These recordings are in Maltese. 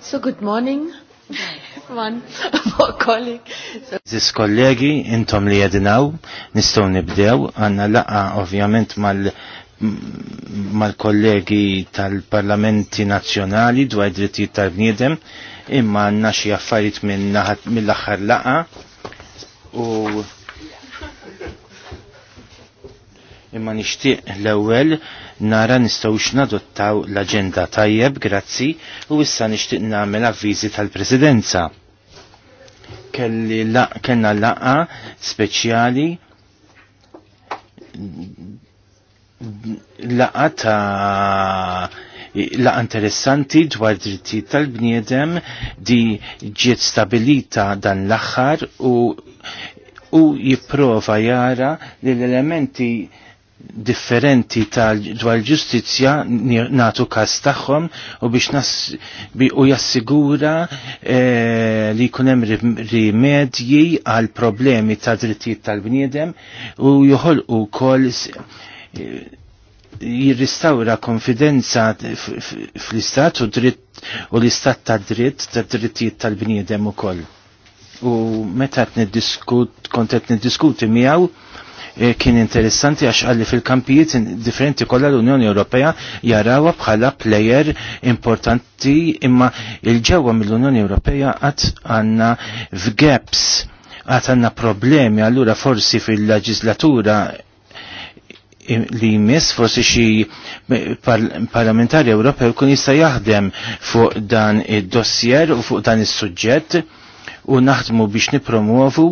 So good morning. One Ziz kollegi, intom li jednaw, nistaw nibdew, għanna laqa ovvjament mal mal-kollegi tal-parlamenti nazjonali dwar drittijiet tal-bniedem imma għanna xi affarijiet mill-aħħar laqa u imma nixtieq l-ewwel nara nistgħux nadottaw l agenda tajjeb, grazzi, u issa nixtieq nagħmel avviżi tal-Presidenza. kellna laqa speċjali laqa ta' laqa interessanti dwar drittijiet tal-bniedem di ġiet stabilita dan l-aħħar u u jipprova jara li l-elementi differenti tal dwar ġustizja natu kas tagħhom u biex nas bi u jassigura e, li jkun hemm rimedji għal problemi ta' drittijiet tal-bniedem u joħolqu kol eh, jirristawra konfidenza fl-istat u dritt u l-istat ta' dritt ta' drittijiet tal-bniedem ukoll. U meta qed niddiskut kont qed niddiskuti miegħu Eh, kien interessanti għax għalli fil-kampijiet differenti kollha l-Unjoni Ewropea jarawa bħala plejer importanti imma il-ġewwa mill-Unjoni Ewropea qatt għandna f'gaps għat għanna problemi allura forsi fil-leġislatura li jmiss forsi xi parlamentari Ewropew kun jista' jaħdem fuq dan id-dossier u fuq dan is-suġġett u naħdmu biex nipromuovu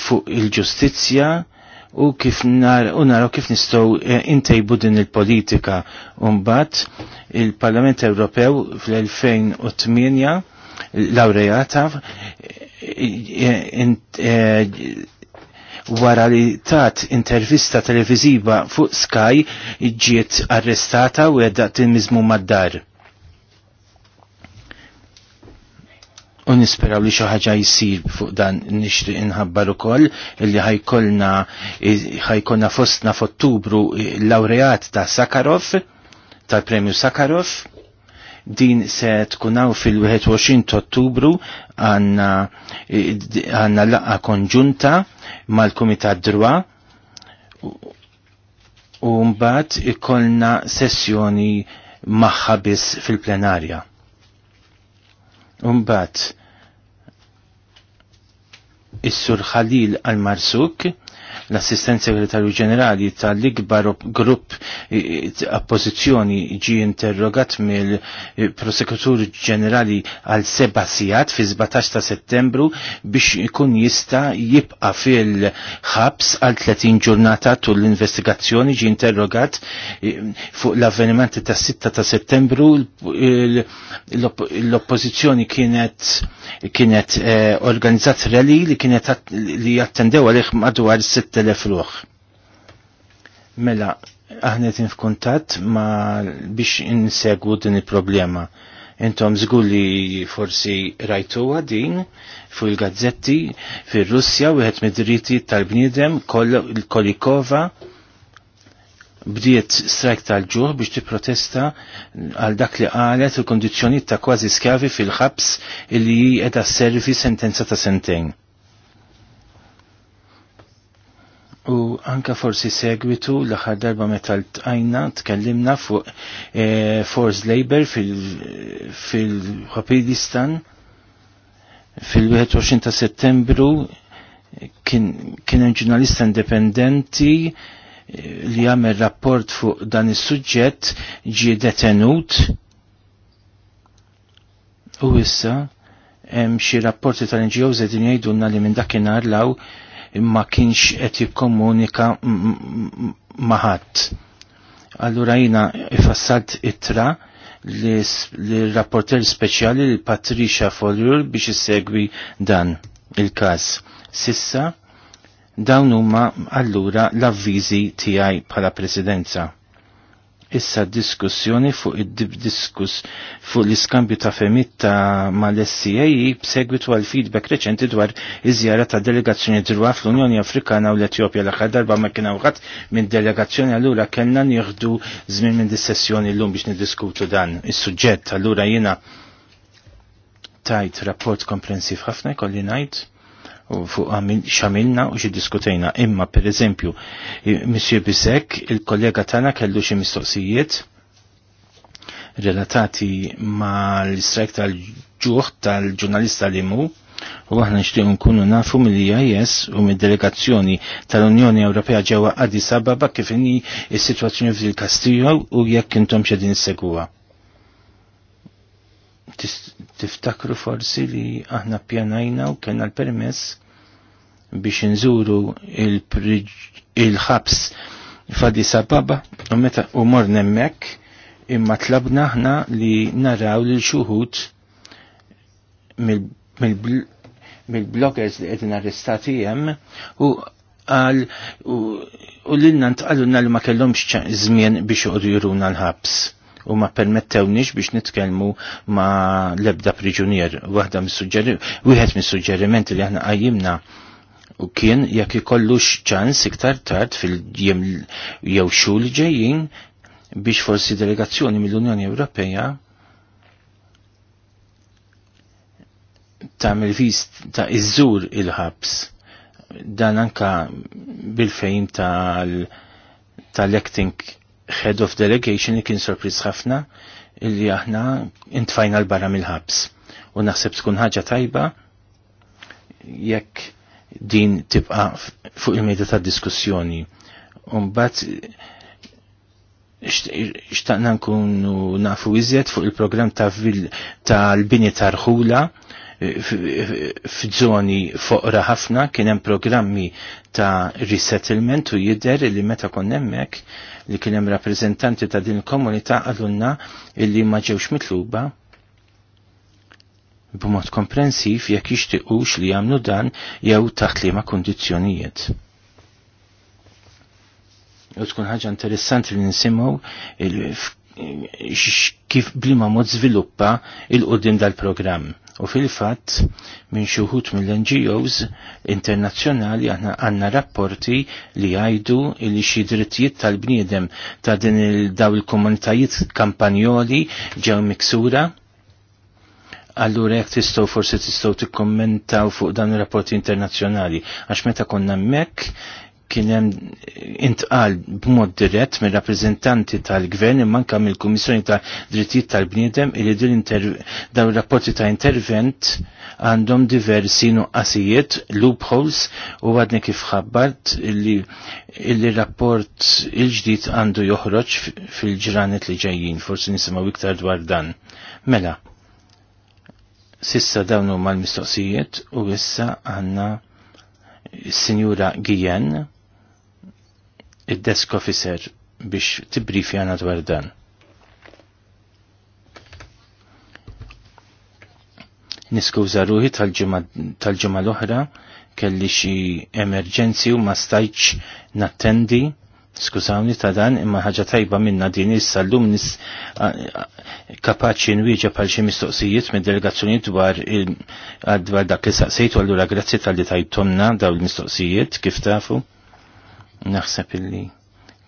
fuq il-ġustizzja u kif nar, u naraw kif nistgħu eh, intejbu din il-politika mbagħad il-Parlament Ewropew fl-2008 laureata eh, eh, wara li tat intervista televiziva fuq Sky ġiet arrestata u għedda tinmizmu mad-dar. u nisperaw li xaħġa jisir fuq dan nixri inħabbar u koll illi ħajkolna fostna f'Ottubru laureat ta' Sakarov tal-Premju Sakarov din se tkunaw fil-21 Ottubru għanna għanna laqa konġunta mal-Kumitat Drua u mbagħad ikollna sessjoni maħħabis biss fil-plenarja Umbat, is-sur Khalil al-Marsuk l-assistent segretarju ġenerali tal-ikbar grupp oppozizjoni ġi interrogat mill-prosekutur eh, ġenerali għal seba sijat fi 17 ta' settembru biex ikun jista jibqa fil-ħabs għal 30 ġurnata tul l-investigazzjoni ġi interrogat eh, fuq l-avvenimenti ta' 6 ta' settembru l-oppozizjoni kienet kienet eh, organizzat rally li kienet li jattendew għalih madwar 6 telef ruħ. Mela, aħna tin ma biex insegwu din il-problema. Intom żgur li forsi rajtuha din fuq il-gazzetti fir-Russja wieħed mid-dritti tal-bniedem Kolikova bdiet strajk tal-ġuħ biex tipprotesta għal dak li qalet il kondizjoni ta' kważi skjavi fil-ħabs illi qiegħda servi sentenza ta' sentejn. U anka forsi segwitu l-aħħar darba meta l-tqajna tkellimna fuq e, eh, Force Labor fil-Ħapiristan fil kapidistan fil 21 ta' settembru kien hemm ġurnalista indipendenti eh, li għamel rapport fuq dan is-suġġett ġie detenut u issa hemm xi rapporti tal-NGOs qegħdin jgħidulna li minn dakinhar law imma kienx qed jikkomunika maħat. Allura jina ifassalt itra li rapporter speċjali l Patricia Folliur biex issegwi dan il-każ. Sissa dawn huma allura l-avviżi tiegħi bħala presidenza issa diskussjoni fuq id-diskus fuq l-iskambju ta' femit ta' mal-SCA b'segwitu għal feedback reċenti dwar iż-żjara ta' delegazzjoni drwa fl-Unjoni Afrikana u l-Etjopja l-aħħar darba ma kien ħadd minn delegazzjoni allura kellna nieħdu żmien minn dis-sessjoni llum biex niddiskutu dan is-suġġett allura jiena tajt rapport komprensiv ħafna kolli ngħid u fuq xamilna u xidiskutejna. Imma, per eżempju, Monsieur Bisek, il-kollega tana kellu xi mistoqsijiet relatati ma l-istrajk tal-ġuħ tal-ġurnalista li mu u aħna nixtieq nkunu nafu mill-IAS u mid-delegazzjoni tal-Unjoni Ewropea ġewwa għaddi sababa kif inhi s-sitwazzjoni fil-Kastijo u jekk intom xedin segwa Tiftakru forsi li aħna pjanajna u kena l-permess biex nżuru il-ħabs il fadi sababa u meta u mor nemmek imma tlabna aħna li naraw li l-xuhut mill-bloggers li għedin arrestati jem u għal u l-innan tqallu nal ma kellomx żmien biex uqdu juruna l-ħabs u ma permettewniex biex nitkellmu ma lebda priġunier. Waħda wieħed mis-suġġerimenti li aħna għajimna u kien jekk ikollux ċans iktar tard fil-jiem jew xul ġejjin biex forsi delegazzjoni mill-Unjoni Ewropea mil vist ta' iżżur il-ħabs dan anka bil-fejn tal-acting ta head of delegation li kien sorpriż ħafna illi aħna intfajna l-barra mill-ħabs. U naħseb tkun ħaġa tajba jekk din tibqa fuq il-mejda ta' diskussjoni. Umbat xtaqna nkunu nafu iżjed fuq il-program tal-bini ta tarħula f'żoni foqra ħafna kien hemm programmi ta' resettlement u jidher li meta kon hemmhekk li kien hemm rappreżentanti ta' din il-komunità għalunna illi ma ġewx mitluba b'mod komprensiv jekk jixtiequx li jagħmlu dan jew taħt liema kundizzjonijiet. U tkun ħaġa interessanti li nsimgħu kif blima mod żviluppa il-qudiem dal-programm. U fil-fatt minn xi wħud mill-NGOs internazzjonali aħna għandna rapporti li jgħidu li xi drittijiet tal-bniedem ta' din il-daw il-komunitajiet kampanjoli ġew miksura Allura jekk tistgħu forsi tistgħu tikkommentaw fuq dan ir-rapporti internazzjonali għax meta konna hemmhekk kienem intqal b'mod dirett minn rappresentanti tal-gvern imma anke mill-Kummissjoni ta' Drittijiet tal-Bniedem illi din daw rapporti ta' intervent għandhom diversi nuqqasijiet, loopholes u għadni kif ħabbart illi rapport il-ġdid għandu joħroġ fil-ġranet li ġejjin, forsi nisimgħu iktar dwar dan. Mela, sissa dawnu mal-mistoqsijiet u issa għanna Signora Guillen id-desk officer biex tibrifjana dwar dan. Niskuża ruħi tal-ġimgħa l-oħra kelli xi emerġenzi u ma stajtx nattendi skużawni ta' dan imma ħaġa tajba minna din issa lum nis kapaċi nwieġa bħal xi mistoqsijiet minn delegazzjoni dwar dwar dak li saqsejtu allura grazzi tal-li tajtomna daw il-mistoqsijiet kif tafu. Naħseb illi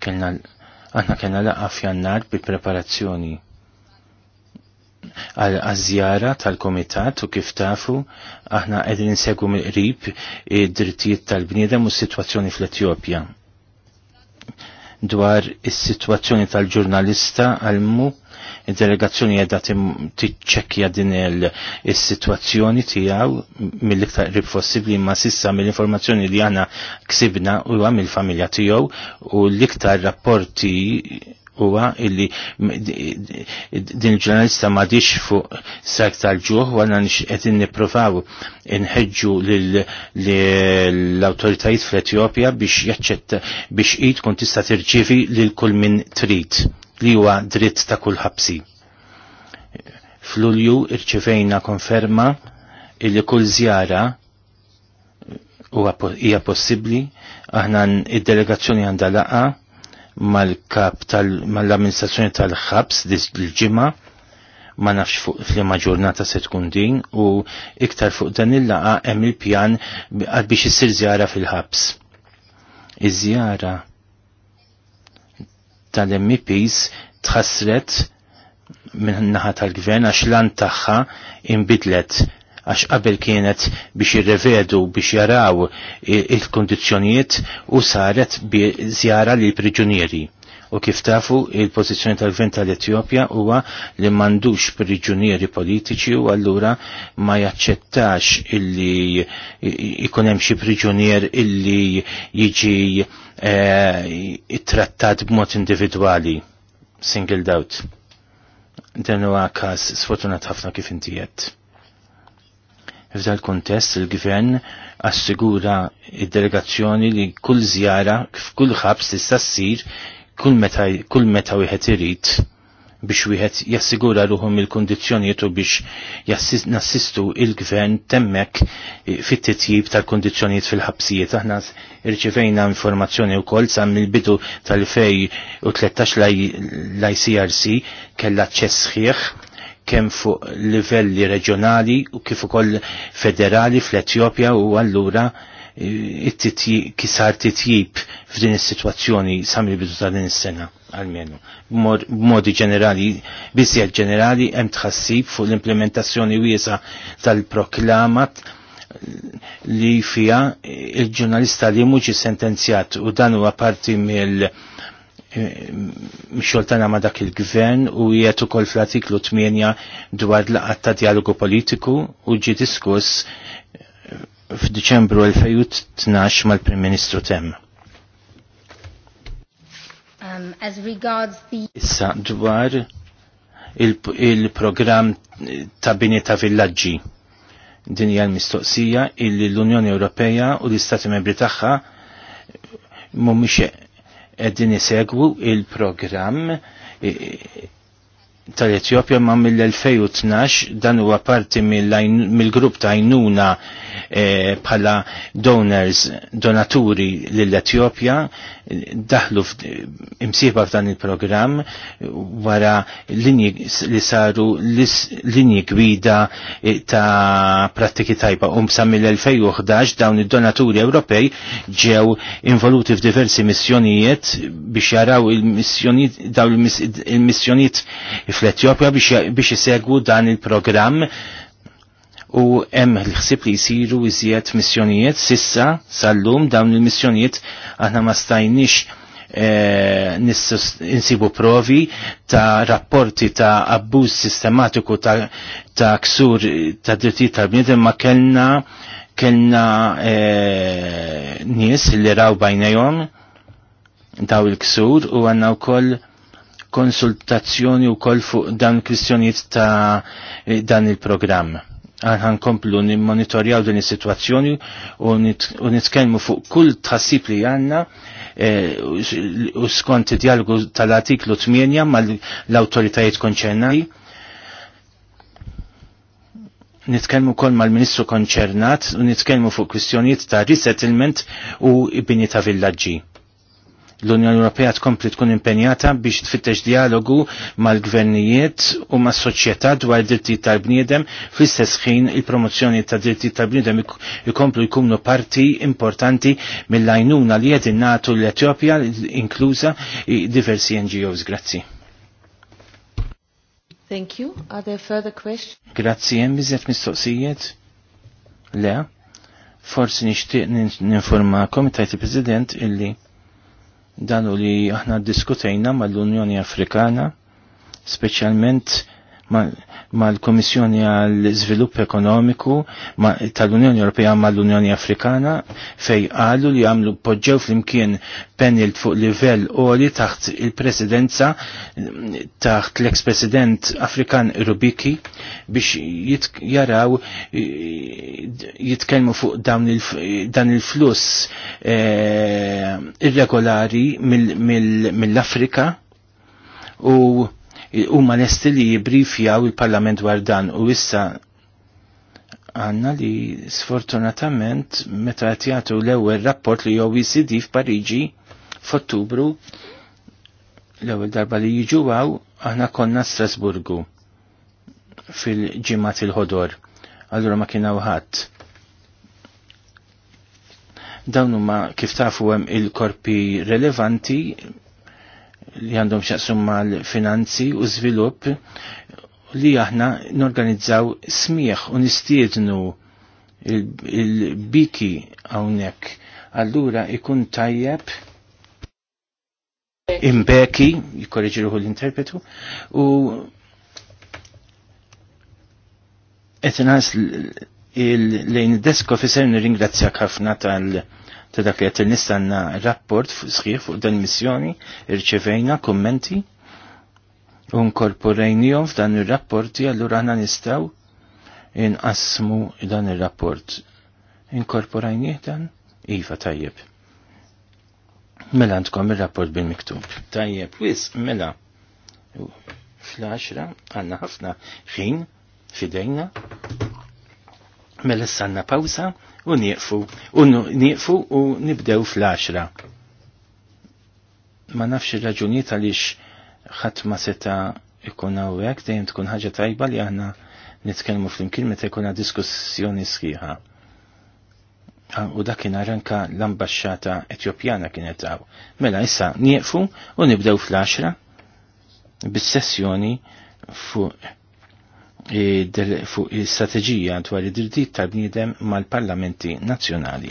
kellna aħna kellna laqqa f'jannar bil-preparazzjoni għal żjara tal-komitat u kif tafu aħna qegħdin insegwu mill-qrib id-drittijiet tal-bniedem u s-sitwazzjoni fl-Etjopja dwar is-sitwazzjoni tal-ġurnalista għalmu il delegazzjoni għedha tiċċekkja din il-situazzjoni tiegħu mill-iktar rib possibbli ma sissa mill-informazzjoni li għana ksibna u għam il-familja tiegħu u l-iktar rapporti huwa illi din il-ġurnalista ma dix fuq sajk tal-ġuħ u għanna qed nipprovaw inħeġġu l autoritajt fl-Etjopja biex jaċċetta biex id kun tista' tirċivi lil kull min trid li huwa dritt ta' kull ħabsi. F'Lulju irċevejna konferma illi kull żjara hija possibbli, aħna id-delegazzjoni għandha laqa mal-kap tal-amministrazzjoni tal-ħabs l-ġimgħa ma nafx fuq flima ġurnata se tkun din u iktar fuq dan il-laqa hemm il-pjan għal biex issir żjara fil-ħabs. Iż-żjara tal-MPs tħassret minn naħa tal-gvern għax lan tagħha inbidlet għax qabel kienet biex jirrevedu biex jaraw il kundizzjonijiet u saret bi zjara li priġunieri u kif tafu il-pozizjoni tal-gvern tal-Etjopja huwa li mandux priġunieri politiċi u allura ma jaċċettax illi ikun hemm xi priġunier illi jiġi eh, trattat b'mod individwali singled out. Dan huwa każ sfortunat ħafna kif intijiet. F'dan F'dal kontest il-gvern assigura id-delegazzjoni li kull zjara kif kull ħabs tista' ssir kull meta kull meta wieħed irid biex wieħed jassigura ruhom il-kondizzjonijiet u biex nassistu il-gvern temmek fit-titjib tal-kondizzjonijiet fil-ħabsijiet. Aħna irċivejna informazzjoni wkoll sa mill-bidu tal-2013 l-ICRC kellha ċess kem kemm fuq livelli reġjonali u kif ukoll federali fl-Etjopja u allura kisar titjib f'din is-sitwazzjoni samil bidu ta' din is-sena għalmenu. B'modi ġenerali, biżjed ġenerali hemm tħassib fuq l-implementazzjoni wiesa tal-proklamat li fija il-ġurnalista li muġi sentenzjat u dan huwa parti mill mxoltana eh, ma dak il-gvern u jietu ukoll fl-artiklu 8 dwar l-qatt ta' dialogu politiku u ġi diskuss f'Diċembru 2012 mal-Prim Ministru Tem. Um, as regards the... Issa dwar il-programm il ta' bini ta' villaġġi. Din hija l-mistoqsija illi l-Unjoni Ewropea u l-Istati Membri tagħha mhumiex qegħdin isegwu il-programm tal-Etjopja ma mill-2012 dan huwa parti mill-grupp ta' għajnuna eh, bħala donors, donaturi lill-Etjopja daħlu imsiba f'dan il-programm wara linji li saru linji gwida e, ta' prattiki tajba um sa' mill-2011 dawn id-donaturi Ewropej ġew involuti f'diversi missjonijiet biex jaraw il-missjonijiet daw il-missjonijiet fl-Etjopja biex jisegwu dan il-programm u hemm l-ħsib li jsiru iżjed missjonijiet sissa sal-lum dawn il-missjonijiet aħna ma stajniex eh, insibu provi ta' rapporti ta' abbuż sistematiku ta', ta ksur ta' dritti tal-bniedem ma kellna kellna e, nies li raw bajnejhom daw il-ksur u għanna wkoll konsultazzjoni u koll fuq dan kwistjonijiet ta' dan il-programm għanħan komplu nimmonitorjaw din is-sitwazzjoni u nitkellmu fuq kull tħassib li għanna eh, u skont dialogu tal-artiklu 8 mal-autoritajiet konċernati. Nitkellmu kol mal-Ministru konċernat u nitkellmu fuq kwistjonijiet ta' resettlement u bini ta' villaġġi L-Unjoni Ewropea tkompli tkun impenjata biex tfittex dialogu mal-gvernijiet u mas soċjetà dwar dritti tal-bniedem fl-istess ħin il-promozzjoni ta' drittijiet tal-bniedem ikomplu jkunu parti importanti mill-għajnuna li qed nagħtu l-Etjopja inkluża diversi NGOs. Grazzi. Thank you. Are there further questions? Grazzi, hemm biżet mistoqsijiet? Le? forsi nishtiq ninformakom tajt il-President illi dan u li aħna diskutejna mal-Unjoni Afrikana, speċjalment mal-Komissjoni ma għal zvilupp Ekonomiku tal-Unjoni Ewropea mal-Unjoni Afrikana fej għallu li għamlu poġġew flimkien penilt fuq livell għoli taħt il-presidenza taħt l-ex-president Afrikan Rubiki biex jit jaraw jitkelmu fuq dan il-fluss il eh, irregolari mill-Afrika mil mil u huma lesti li jibrifjaw il-Parlament dwar dan u issa għanna li sfortunatament meta għatijatu jagħtu l-ewwel rapport li OECD f'Pariġi f'Ottubru l-ewwel darba li jiġu għaw aħna konna Strasburgu fil ġimat il-ħodor. Allura ma kien ħadd dawn huma kif tafu hemm il-korpi relevanti li għandhom xaqsum mal-finanzi u żvilupp li aħna norganizzaw smieħ u nistiednu il-biki għawnek. hawnhekk. Allura ikun tajjeb imbeki, jikorreġiruħu l-interpretu, u etnas il-lejn desk officer nirringrazzjak ħafna tal- ta' dak li qed nistanna rapport sħiħ fuq dan missjoni irċevejna kummenti u nkorporejnihom f'dan ir-rapporti allura aħna nistgħu inqasmu dan ir-rapport. Inkorporajnieh dan? Iva tajjeb. Mela għandkom ir-rapport bil-miktub. Tajjeb, wis, mela. Fl-10 għandna ħafna ħin fidejna. Mela s-sanna pawsa u nieqfu, u nieqfu u nibdew fl-10. Ma nafx il-raġunijiet għaliex ħadd ma seta' ikun hawnhekk dejjem tkun ħaġa tajba li aħna nitkellmu flimkien meta jkunha diskussjoni sħiħa. U dak kien anka l-ambasċata Etjopjana kienet hawn. Mela issa nieqfu u nibdew fl-10 bis-sessjoni fuq E, fuq il-strategija e, dwar id dritti tal-bniedem mal-parlamenti nazzjonali.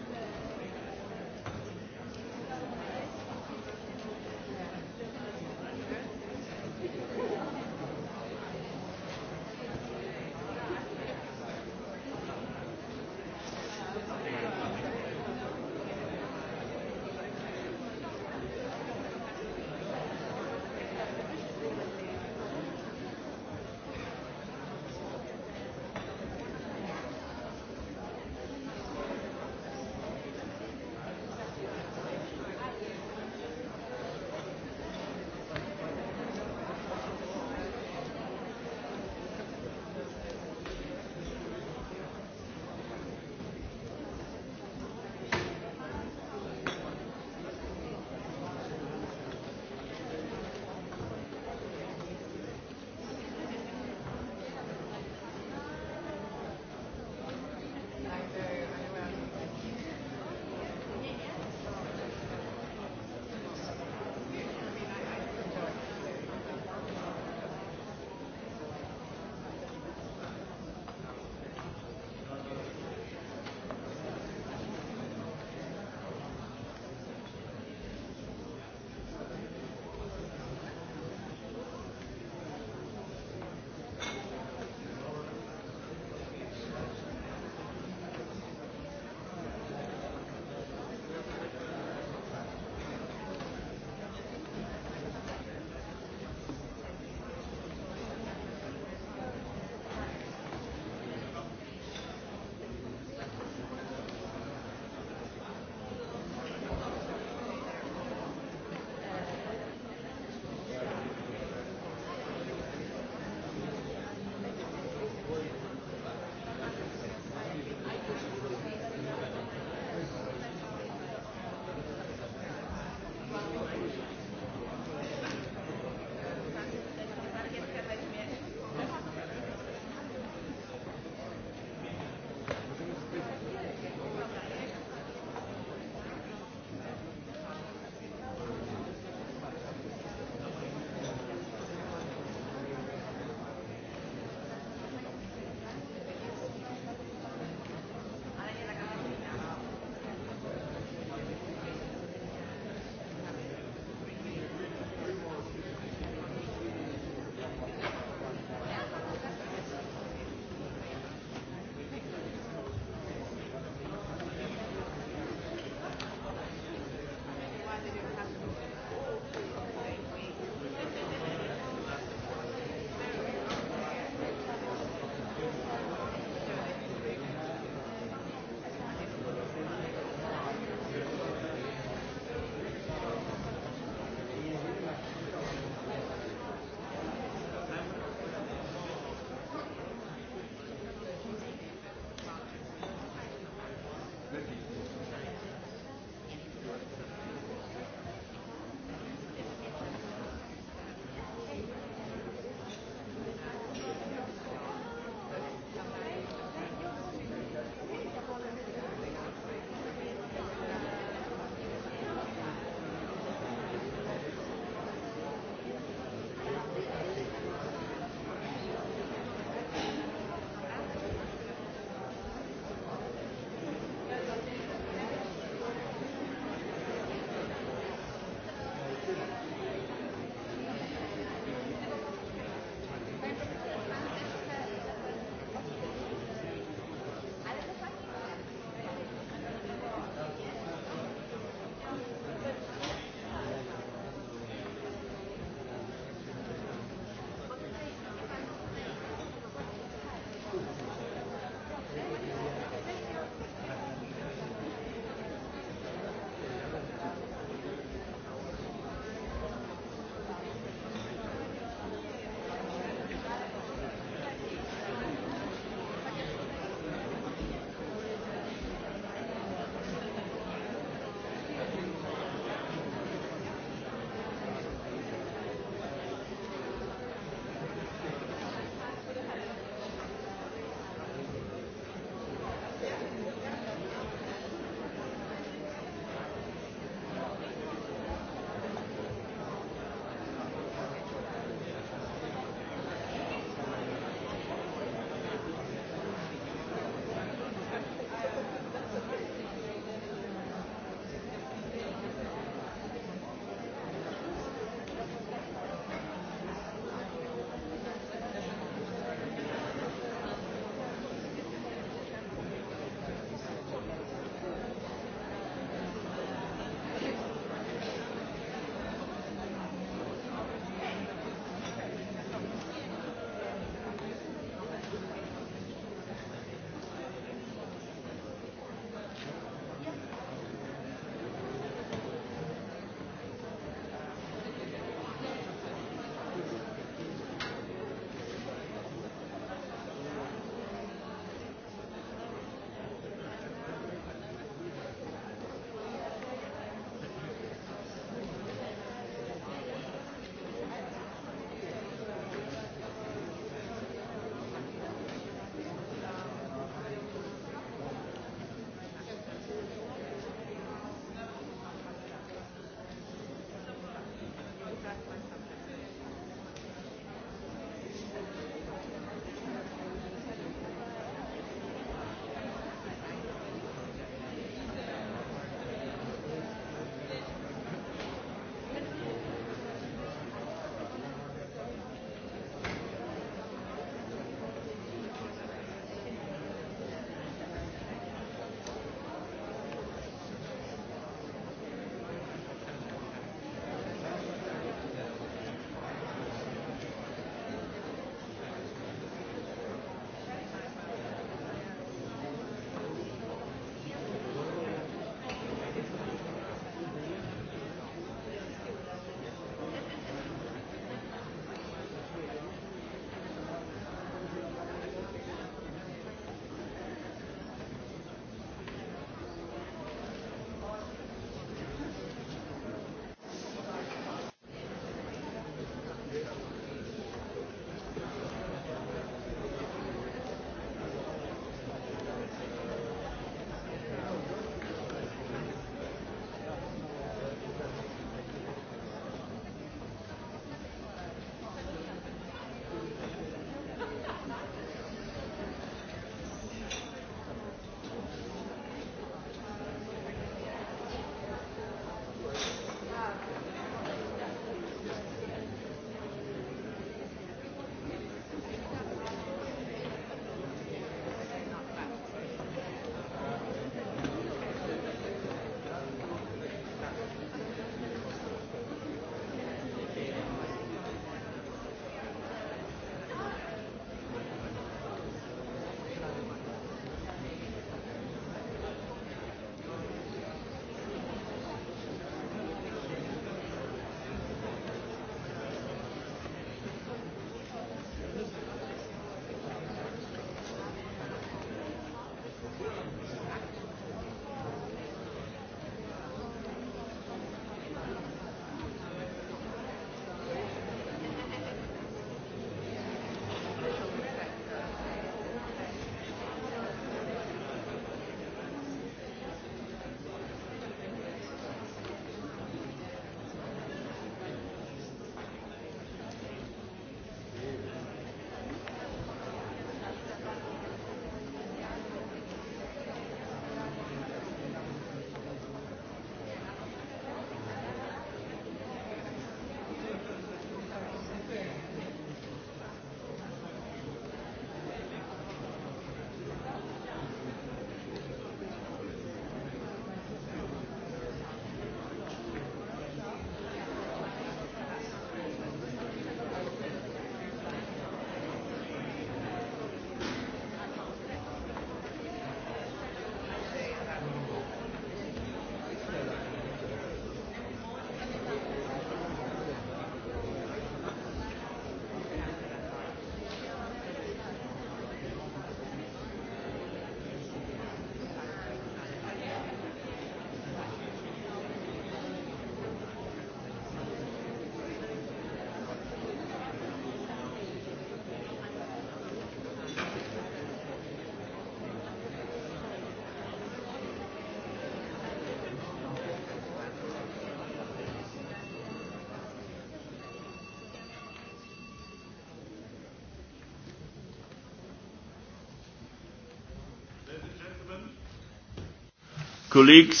colleagues.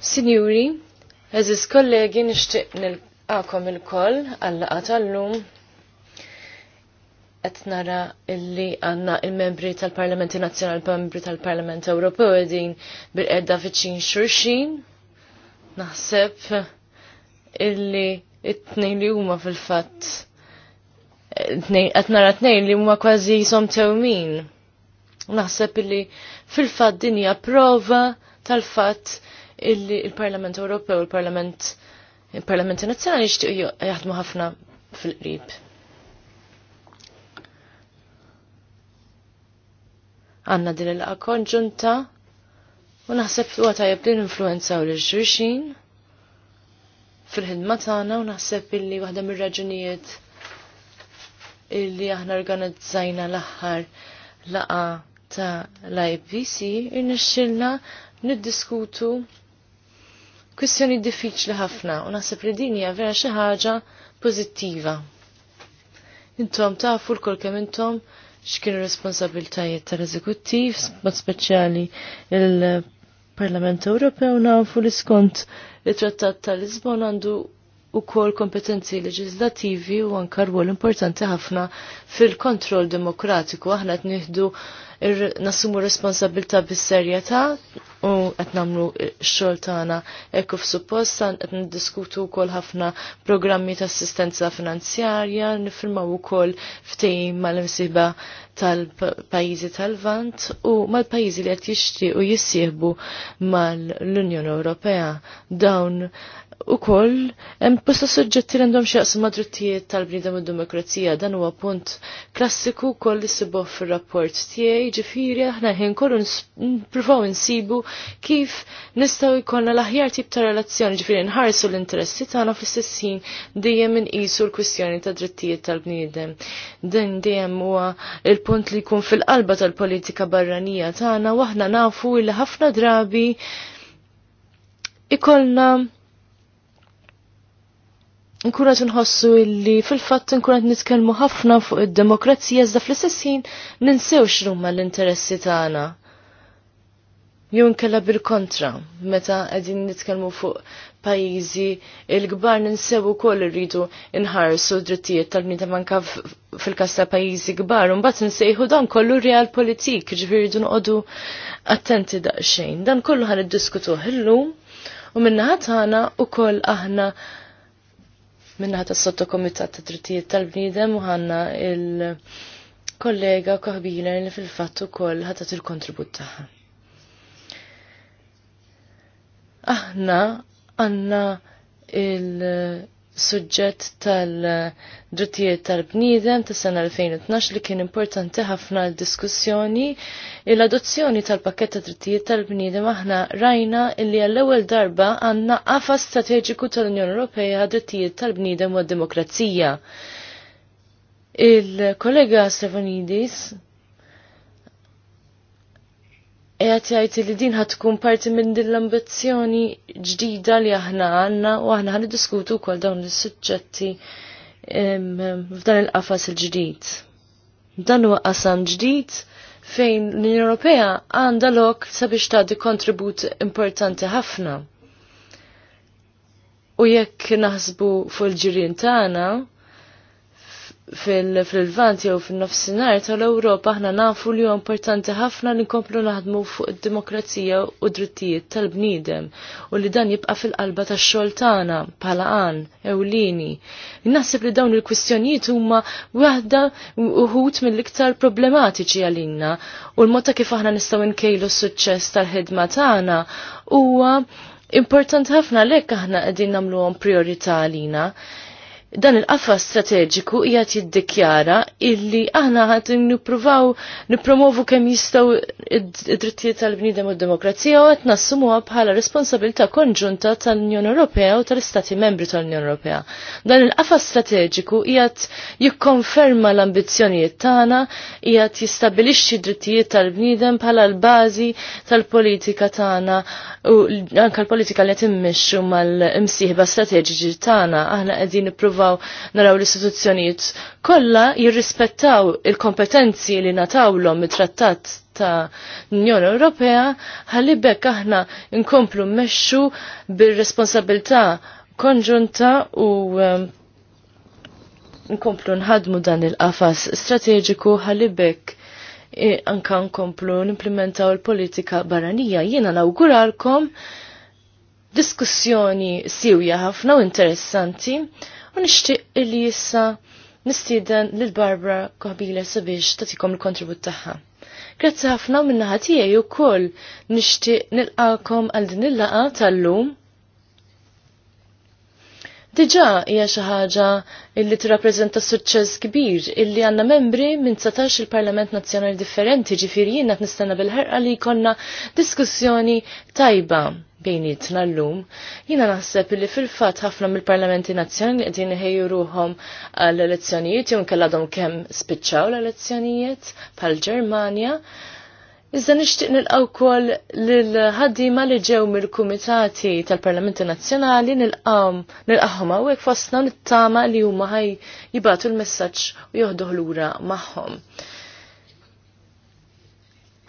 Signori, eżis kollegi nishtiq nil-għakom il-koll għallaqa tal-lum nara illi għandna il-membri tal-Parlamenti Nazzjonali membri tal-Parlament Ewropew qegħdin bil-qedda fiċin xurxin. Naħseb illi it-tnejn li huma fil-fatt qed eh, nara tnejn li huma kważi somtew min Naħseb illi fil-fat dinja prova tal-fat illi il-Parlament Ewropew u il-Parlament il-Parlament Nazzjonali jixtieq jaħdmu ħafna fil-qrib. Għanna din il-laqa konġunta u naħseb huwa tajjeb li ninfluenzaw lil xulxin fil-ħidma tagħna u naħseb illi waħda mir-raġunijiet illi aħna organizzajna l-aħħar laqa' ta' l-IPC irnexxilna niddiskutu kwistjoni diffiċli ħafna u naħseb li din hija vera xi ħaġa pożittiva. Intom tafu l-kol kemm intom x'kienu responsabiltajiet tal-eżekuttiv, mod speċjali il-Parlament Ewropew nafu li skont it-Trattat tal-Lisbon għandu u kol kompetenzi leġislativi u anka rwol importanti ħafna fil-kontroll demokratiku. Aħna t-nihdu nassumu responsabilta bis-serjetà u qed nagħmlu x-xogħol tagħna hekk f'suppost qed niddiskutu wkoll ħafna programmi ta' assistenza finanzjarja, nifirmaw ukoll ftehim mal-imsiba tal-pajizi tal-vant u mal-pajizi li għet jishti u jissieħbu mal-Unjoni Ewropea dawn u koll, hemm posta suġġetti li għandhom xieqs mad-drittijiet tal-bnidem u demokrazija, dan huwa punt klassiku koll li sibuh fir-rapport tiegħi, ġifieri aħna ħin kollu nippruvaw insibu kif nistgħu jkollna l-aħjar tip ta' relazzjoni, ġifieri nħarsu l-interessi tagħna fl-istess ħin dejjem inqisu l-kwistjoni ta' drittijiet tal-bniedem. Din dejjem huwa il punt li jkun fil-qalba tal-politika barranija tagħna waħna nafu li ħafna drabi ikollna nkunet nħossu illi fil-fatt nkunet nitkellmu ħafna fuq id-demokrazija iżda fl-istess ħin ninsew l-interessi tagħna jew bil-kontra, meta qegħdin nitkellmu fuq pajjiżi il-kbar ninsew ukoll irridu nħarsu drittijiet tal-bnieta manka fil-każ ta' pajjiżi kbar, u mbagħad dan kollu real politik, ġviri dun noqogħdu attenti daqsxejn. Dan kollu id iddiskutuh illum u minnaħat tagħna koll aħna minnaħat tas-sottokomitat ta' drittijiet tal-bniedem u ħanna il- kollega kohbila li fil-fatt ukoll ħatat il-kontribut tagħha aħna għanna il sujġet tal-drittijiet tal-bniedem ta' sena 2012 li kien importanti ħafna l-diskussjoni il-adozzjoni tal-pakket ta' drittijiet tal-bniedem aħna rajna illi għall-ewwel darba għandna qafa strateġiku tal-Unjoni Ewropea drittijiet tal-bniedem u d-demokrazija. Il-kollega Stefanidis Ejat jgħid li din ħatkun parti minn din l-ambizzjoni ġdida li aħna għandna u aħna ħan diskutu wkoll dawn is-suġġetti f'dan il-qafas il-ġdid. Dan huwa qasam ġdid fejn l-Unjoni Ewropea għandha lok sabiex tagħti kontribut importanti ħafna. U jekk naħsbu fuq il-ġirien tagħna, fil-vant jew fil-nofsinar tal-Ewropa aħna nafu li huwa importanti ħafna li nkomplu naħdmu fuq id-demokrazija u drittijiet tal-bniedem u li dan jibqa' fil-qalba tax-xogħol tagħna bħala qan ewlieni. Naħseb li dawn il-kwistjonijiet huma waħda uħut mill-iktar problematiċi għalina u l-mod kif aħna nistgħu nkejlu s-suċċess tal-ħidma tagħna huwa importanti ħafna lek aħna qegħdin nagħmluhom priorità għalina dan il-qafas strateġiku qiegħed jiddikjara illi aħna għat nippruvaw nippromovu kemm jistgħu id-drittijiet tal-bniedem u d-demokrazija u qed nassumuha bħala responsabilità konġunta tal-Unjoni Ewropea u tal-Istati Membri tal-Unjoni Ewropea. Dan il-qafas strateġiku qiegħed jikkonferma l-ambizzjonijiet tagħna, qiegħed jistabilixxi drittijiet tal-bniedem bħala l-bażi tal-politika tagħna u anke l-politika li qed immixxu mal-imsieħba strateġiċi tagħna aħna qegħdin nippruvaw nippruvaw naraw l-istituzzjonijiet kollha jirrispettaw il-kompetenzi li natawlhom it-trattat ta' Unjoni Ewropea ħalli bekk aħna nkomplu mmexxu bir-responsabilità konġunta u ehm, nkomplu nħadmu dan il-qafas strateġiku ħalli bekk e, anka nkomplu nimplementaw il-politika barranija. Jiena nawguralkom diskussjoni siwja ħafna u interessanti u nixtieq li issa nistieden lil Barbara Kohbila sabiex tagħtikom il-kontribut tagħha. Grazzi ħafna minnaħa tiegħi wkoll nixtieq nilqakom għal din il-laqa tal-lum. Diġa hija xi ħaġa li tirrappreżenta suċċess kbir illi għandna membri minn satax il-Parlament Nazzjonali differenti ġifieri jiena qed nistenna bil-ħerqa li jkollna diskussjoni tajba bejnietna l-lum, jina naħseb li fil-fat ħafna mill-parlamenti nazzjonali qegħdin iħejju ruhom għall-elezzjonijiet jew kelladhom kemm spiċċaw l-elezzjonijiet bħal-Ġermanja. Iżda nixtieq nilqgħu wkoll lil ħaddiema li ġew mill-kumitati tal-Parlamenti Nazzjonali nilqgħu nilqgħuhom hawnhekk fostna nittama li huma ħaj jibatu l-messaġġ u joħduh lura magħhom.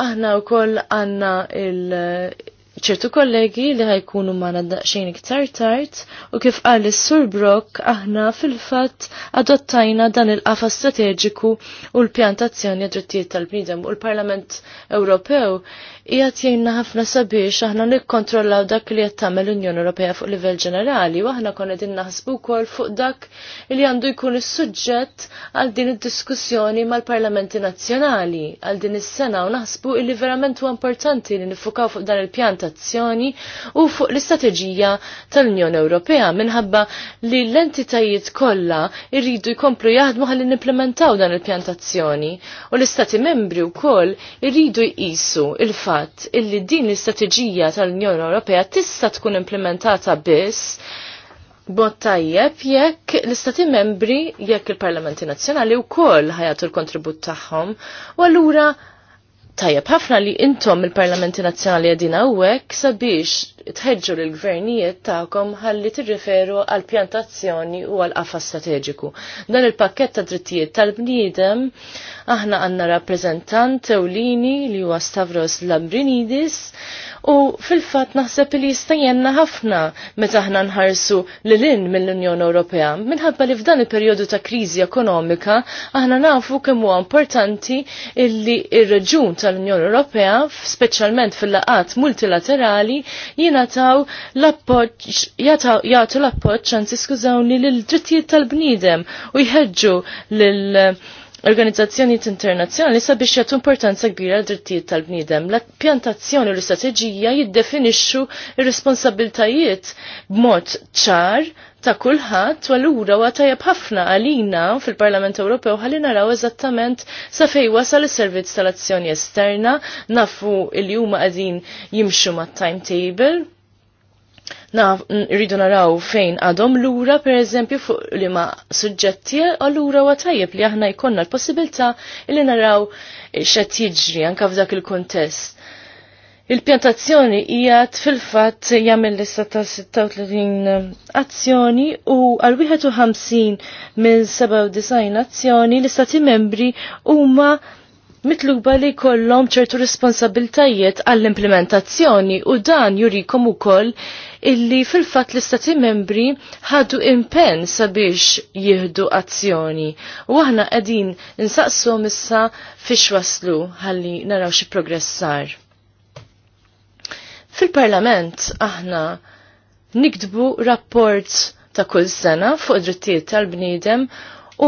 Aħna wkoll għandna il- ċertu kollegi li ħajkunu ma naddaqxejn iktar tard u kif qal is-Sur Brock aħna fil-fatt adottajna dan il-qafa strateġiku u l-pjantazzjoni għad-drittijiet tal bnidem u l-Parlament Ewropew Ijat jgħinna ħafna sabiex aħna nikkontrollaw dak li qed tagħmel l-Unjoni Ewropea fuq livell ġenerali u aħna konna din naħsbu wkoll fuq dak li għandu jkun is-suġġett għal din id-diskussjoni mal-Parlamenti Nazzjonali għal din is-sena u naħsbu li verament huwa importanti li nifukaw fuq dan il-pjan tazzjoni u fuq l-istrateġija tal-Unjoni Ewropea minħabba li l-entitajiet kollha irridu jkomplu jaħdmu ħalli implementaw dan il-pjan tazzjoni u l-istati membri wkoll irridu jqisu il-fatt fatt illi din l-istrateġija tal-Unjoni Ewropea tista' tkun implementata biss Bot tajjeb jekk l-istati membri jekk il-parlamenti nazzjonali wkoll ħajatu l-kontribut tagħhom u allura Tajab, ħafna li intom il-Parlamenti Nazzjonali għedin għawek sabiex tħedġu l-gvernijiet ta'kom ħalli tirriferu għal pjantazzjoni u għal qafa strateġiku. Dan il-pakket ta' drittijiet tal-bniedem aħna għanna rappresentant Ewlini li huwa Stavros Lambrinidis u fil-fat naħseb li jistajenna ħafna meta aħna nħarsu l-lin mill-Unjoni Ewropea. Minħabba li f'dan il periodu ta' kriżi ekonomika aħna nafu kemm huwa importanti illi ir-reġun tal-Unjoni Ewropea, speċjalment fil-laqat multilaterali, jingħataw l-appoġġ jagħtu l-appoġġ anzi skużawni lil drittijiet tal-bniedem u jħeġġu lil organizzazzjonijiet internazzjonali sabiex jagħtu importanza kbira drittijiet tal-bniedem. L-pjantazzjoni u l-istrateġija jiddefinixxu r-responsabiltajiet b'mod ċar ta' kulħadd u allura huwa tajjeb ħafna għalina fil-Parlament Ewropew ħalli naraw eżattament sa fejn wasal is-servizz tal-azzjoni esterna nafu il huma qegħdin jimxu mat-timetable rridu naraw fejn għadhom lura per eżempju fuq li ma suġġetti għallura huwa tajjeb li aħna jkollna l-possibilità li naraw xed jiġri anke f'dak il-kuntest. Il-pjantazzjoni hija fil-fatt jagħmel lista ta' 36 azzjoni u għal 51 minn 97 azzjoni l-istati membri huma mitluba li kollom ċertu responsabiltajiet għall-implementazzjoni u dan jurikom ukoll illi fil-fat l-istati membri ħadu impen sabiex jihdu azzjoni. U aħna qegħdin insaqsu missa fiex waslu ħalli naraw xi progress sar. Fil-Parlament aħna nikdbu rapport ta' kull sena fuq drittijiet tal-bniedem U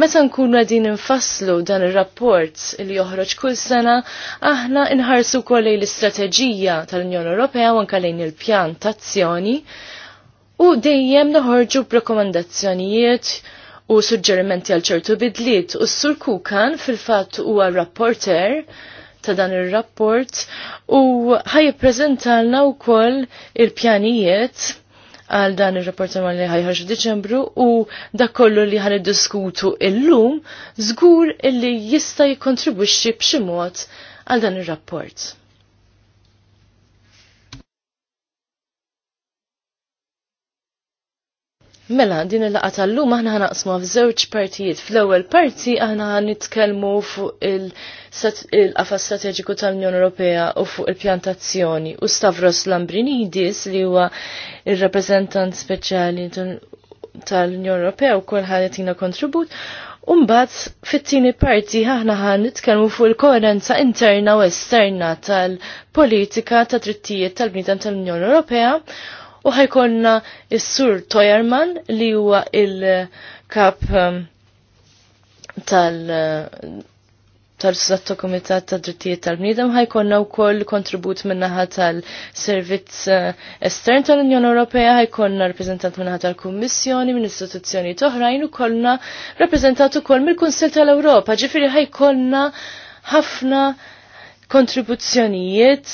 meta nkunu qegħdin infasslu dan ir-rapport li joħroġ kull sena, aħna inħarsu wkoll lejn l-istrateġija tal-Unjoni Ewropea u nkalejn lejn il-pjan tazzjoni u dejjem noħorġu b'rakkomandazzjonijiet u suġġerimenti għal ċertu bidliet u s-sur Kukan fil-fatt huwa rapporter ta' dan ir-rapport u ħaj u wkoll il-pjanijiet għal dan ir-rapport li ħajħarġ f'Diċembru u dak kollu li ħan iddiskutu illum żgur illi jista' jikkontribwixxi b'xi mod għal dan ir-rapport. Mela, din il-laqa tal-lum aħna ħanaqsmu f'żewġ partijiet. Fl-ewwel parti aħna nitkellmu fuq il-qafas strateġiku tal-Unjoni Ewropea u fuq il-pjantazzjoni u Stavros Lambrinidis li huwa il rappreżentant speċjali tal-Unjoni Ewropea u kol ħadetina kontribut. Umbat, fit-tieni parti aħna ħan nitkellmu fuq il-koerenza interna u esterna tal-politika ta' drittijiet tal bnidan tal-Unjoni Ewropea u ħajkonna s-sur Toyerman li huwa il-kap um, tal- uh, tal sattu Komitat ta' Drittijiet tal-Bniedem ħajkonna wkoll kontribut minnaħa tal-Servizz uh, Estern tal-Unjoni Ewropea, ħajkonna rappreżentant minnaħa tal-Kummissjoni, minn istituzzjoni toħrajn u kollna rappreżentat ukoll mill-Kunsill tal-Ewropa, ġifieri ħajkonna ħafna kontribuzzjonijiet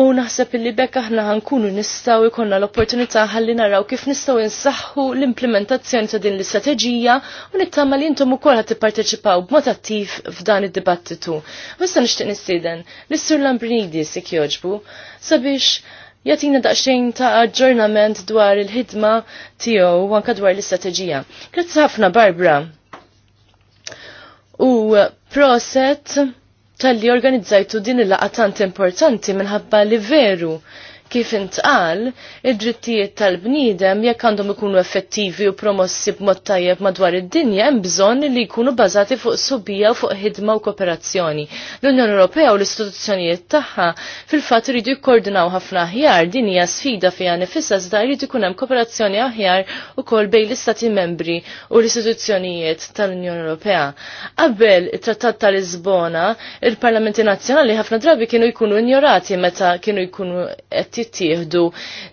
u naħseb illi bekk aħna ħankunu nistaw ikonna l-opportunità ħalli naraw kif nistaw insaħħu l-implementazzjoni ta' din l-istrateġija u nittama li intom ukoll ħad tipparteċipaw b'mod attiv f'dan id-dibattitu. Issa nixtieq nistieden l Lambrinidi Lambrinidis jogħġbu sabiex jatina daqxejn ta' aġġornament dwar il-ħidma tiegħu u anke dwar l-istrateġija. Grazzi ħafna Barbara. U proset tal-li organizzajtu din il-laqa tant importanti minħabba li veru kif intqal, id-drittijiet tal-bniedem jekk għandhom ikunu effettivi u promossi b'mod tajjeb madwar id-dinja hemm bżonn li jkunu bażati fuq subija u fuq ħidma u kooperazzjoni. L-Unjoni Ewropea u l-istituzzjonijiet tagħha fil-fatt iridu jikkordinaw ħafna aħjar din hija sfida fiha nifisha iżda jrid ikun hemm kooperazzjoni aħjar ukoll bejn l-istati membri u l-istituzzjonijiet tal-Unjoni Ewropea. Qabel it-Trattat tal-Lisbona, il-Parlamenti Nazzjonali ħafna drabi kienu jkunu injorati meta kienu jkunu qed jittieħdu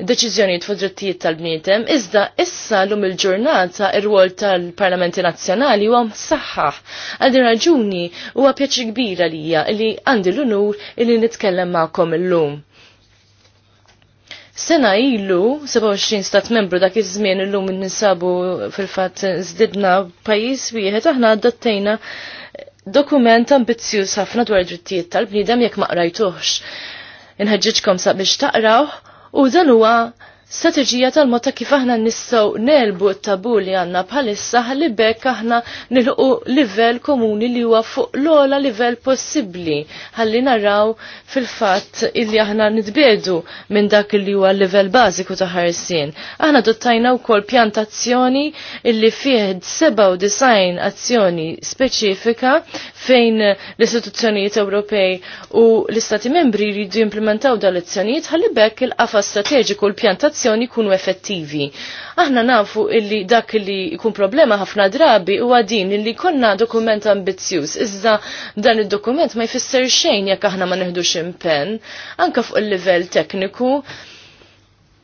deċiżjonijiet fuq drittijiet tal-bniedem, iżda issa lum il-ġurnata ir-rwol tal-Parlamenti Nazzjonali huwa msaħħaħ. Għal din raġuni huwa pjaċi kbira lija li għandi l-unur li nitkellem magħkom illum. Sena ilu, 27 stat membru dak iż-żmien illum ninsabu fil-fatt żdidna pajjiż wieħed aħna adattejna dokument ambizzjuż ħafna dwar id drittijiet tal-bniedem jekk ma qrajtuhx. Inħeġġiġkom sabiex taqraw u dan huwa strateġija tal mota kif aħna nistgħu nelbu t-tabu li għandna bħalissa ħalli bekk aħna nilqu livell komuni li huwa fuq l-ola livell possibbli ħalli naraw fil-fatt illi aħna nitbiedu minn dak li huwa livell bażiku ta' ħarsien. Aħna dottajna wkoll pjantazzjoni illi fih 97 azzjoni speċifika fejn l-istituzzjonijiet Ewropej u l-Istati membri jridu jimplementaw dal-azzjonijiet ħalli bekk il-qafa strateġiku l-pjantazzjoni tal kunu effettivi. Aħna nafu illi dak li jkun problema ħafna drabi huwa din illi konna dokument ambizjus. iżda dan id-dokument ma jfisser xejn jekk aħna ma neħdux impenn, anke fuq il-livell tekniku.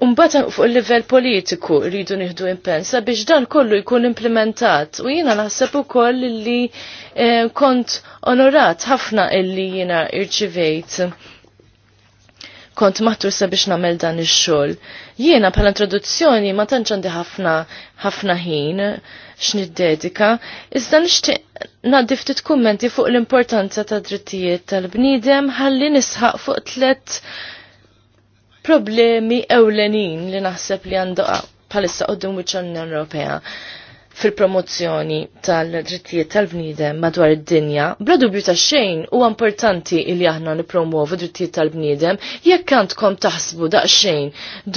Umbata fuq il-livell politiku rridu nieħdu impenn sabiex dan kollu jkun implementat u jiena naħseb ukoll li eh, kont onorat ħafna illi jiena irċivejt kont maħtur sabiex namel dan ix-xogħol. Jiena bħala introduzzjoni ma tantx għandi ħafna ħafna ħin x'niddedika, iżda nixtieq naddi ftit kummenti fuq l-importanza ta' drittijiet tal-bniedem ħalli nisħaq fuq tliet problemi ewlenin li naħseb li għandu palissa qoddum wiċċ l-Unjoni Ewropea fil-promozzjoni tal-drittijiet tal-bniedem madwar id-dinja, bla dubju ta' xejn u importanti li aħna nipromuovu drittijiet tal-bniedem, jekk għandkom taħsbu daqsxejn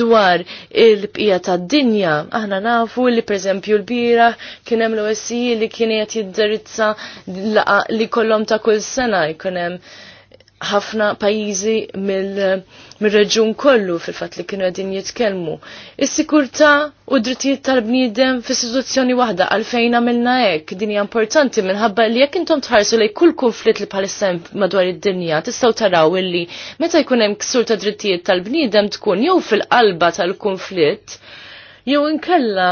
dwar il-bqija tad-dinja, aħna nafu li pereżempju l-bira kien hemm l-OSI li kien qed jiddirizza li kollhom ta' kull sena jkun hemm ħafna pajjiżi mill-reġun mil kollu fil-fatt li kienu għedin jitkellmu. Is-sikurta u drittijiet tal-bniedem fi situazzjoni waħda għalfejn għamilna hekk din hija importanti minħabba li jekk intom tħarsu lejn kull konflitt li bħalissa madwar id-dinja tistgħu taraw illi meta jkun hemm ksur ta' drittijiet tal-bniedem tkun jew fil-qalba tal-konflitt jew inkella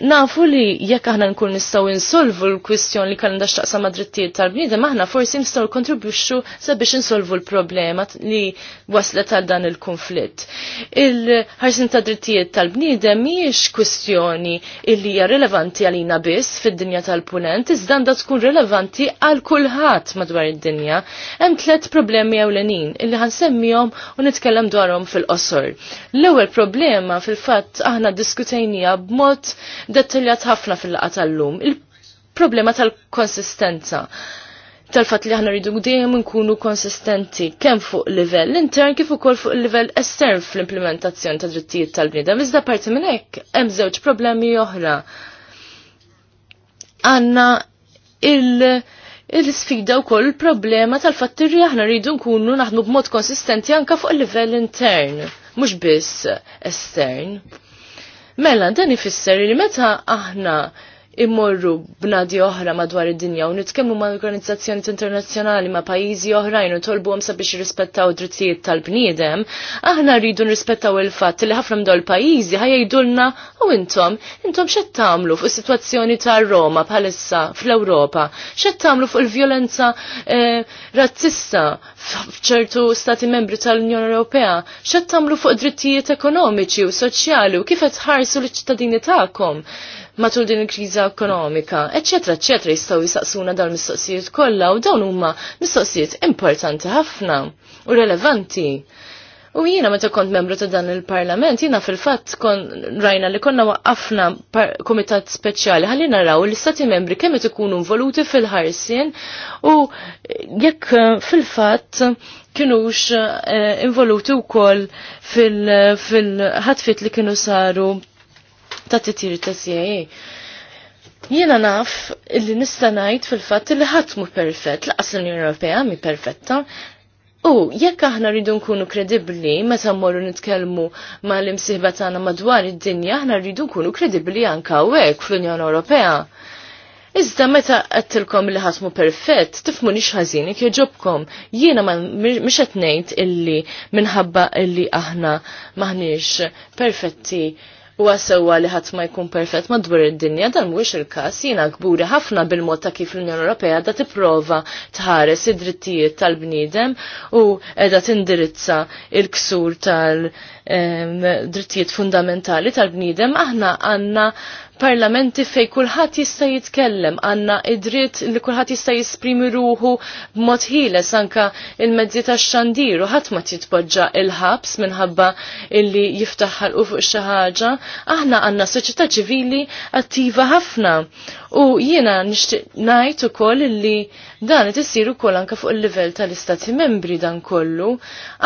nafu li jekk aħna nkun nistgħu insolvu l-kwistjon li kellna xtaqsam ma' drittijiet tal-bniedem aħna forsi nistgħu kontribwixxu sabiex insolvu l-problema li waslet għal dan il-konflitt. Il-ħarsin ta' drittijiet tal-bniedem mhijiex kwistjoni li hija rilevanti għalina biss fid-dinja tal-punent, iżda għandha tkun rilevanti għal kulħadd madwar id-dinja. Hemm tliet problemi ewlenin illi ħansemmihom u nitkellem dwarhom fil-qosor. L-ewwel problema fil-fatt aħna diskutejnija b'mod b'mod dettaljat ħafna fil-laqa tal-lum. Il-problema tal-konsistenza tal-fat li ħana rridu dejjem nkunu konsistenti kemm fuq livell intern kif ukoll fuq livell estern fl-implementazzjoni ta' drittijiet tal bnidem Iżda parti minn hekk hemm żewġ problemi oħra. Għanna il- il-sfida u koll problema tal-fatt li aħna rridu nkunu naħdmu b'mod konsistenti anka fuq il-livell intern, mhux biss estern. Mela, dan ifisser li meta aħna immorru b'nadi oħra madwar id-dinja u nitkemmu ma' organizzazzjoni internazzjonali ma' pajjiżi oħrajn u tolbu għom sabiex jirrispettaw drittijiet tal-bniedem, aħna rridu nrispettaw il-fatt li ħafna mdaw pajjiżi ħajajdulna u intom, intom xed tagħmlu fuq is-sitwazzjoni ta' Roma bħalissa fl-Ewropa, xed tagħmlu fuq il-vjolenza eh, razzista f'ċertu stati membri tal-Unjoni Ewropea, xed tagħmlu fuq drittijiet ekonomiċi u soċjali u kif qed ħarsu l-ċittadini tagħkom matul din il-kriża ekonomika, eccetera, eccetera, jistgħu jistaqsuna dawn mistoqsijiet kollha u dawn huma mistoqsijiet importanti ħafna u relevanti. U jiena meta kont membru ta' dan il-parlament, jiena fil-fatt kon rajna li konna waqqafna komitat speċjali ħalli naraw li stati membri kemm qed ikunu involuti fil-ħarsien u jekk eh, fil-fatt kienux eh, involuti wkoll fil-ħatfit li kienu saru ta' titir ta' CIA. Jiena naf illi nista' ngħid fil-fatt li ħadd mhu perfett, laqas l-Unjoni Ewropea mi perfetta, U jekk aħna rridu nkunu kredibbli meta mmorru nitkellmu mal-imsieħba tagħna madwar id-dinja, aħna rridu nkunu kredibbli anke hawnhekk fl-Unjoni Ewropea. Iżda meta għattilkom li ħasmu perfett, tifmu nix ħazinik jġobkom. Jiena ma qed għatnejt illi minħabba illi aħna maħnix perfetti huwa sewwa li ħadd ma jkun perfett madwar id-dinja dan mux il-każ jiena kburi ħafna bil-mod ta' kif l-Unjoni Ewropea t tipprova tħares id-drittijiet tal-bniedem u qiegħda tindirizza il-ksur tal-drittijiet fundamentali tal-bniedem aħna għandna parlamenti fej kulħadd jista' jitkellem, għandna id-dritt li kulħadd jista' jisprimi ruħu b'mod ħieles anka il-mezzi tax-xandir u ħadd ma titpoġġa il-ħabs minħabba illi jiftaħ ħalqu fuq xi ħaġa. Aħna għandna soċjetà ċivili attiva ħafna U jiena nixtieq ngħid ukoll li dan qed isir koll anke fuq il-livell tal-Istati Membri dan kollu.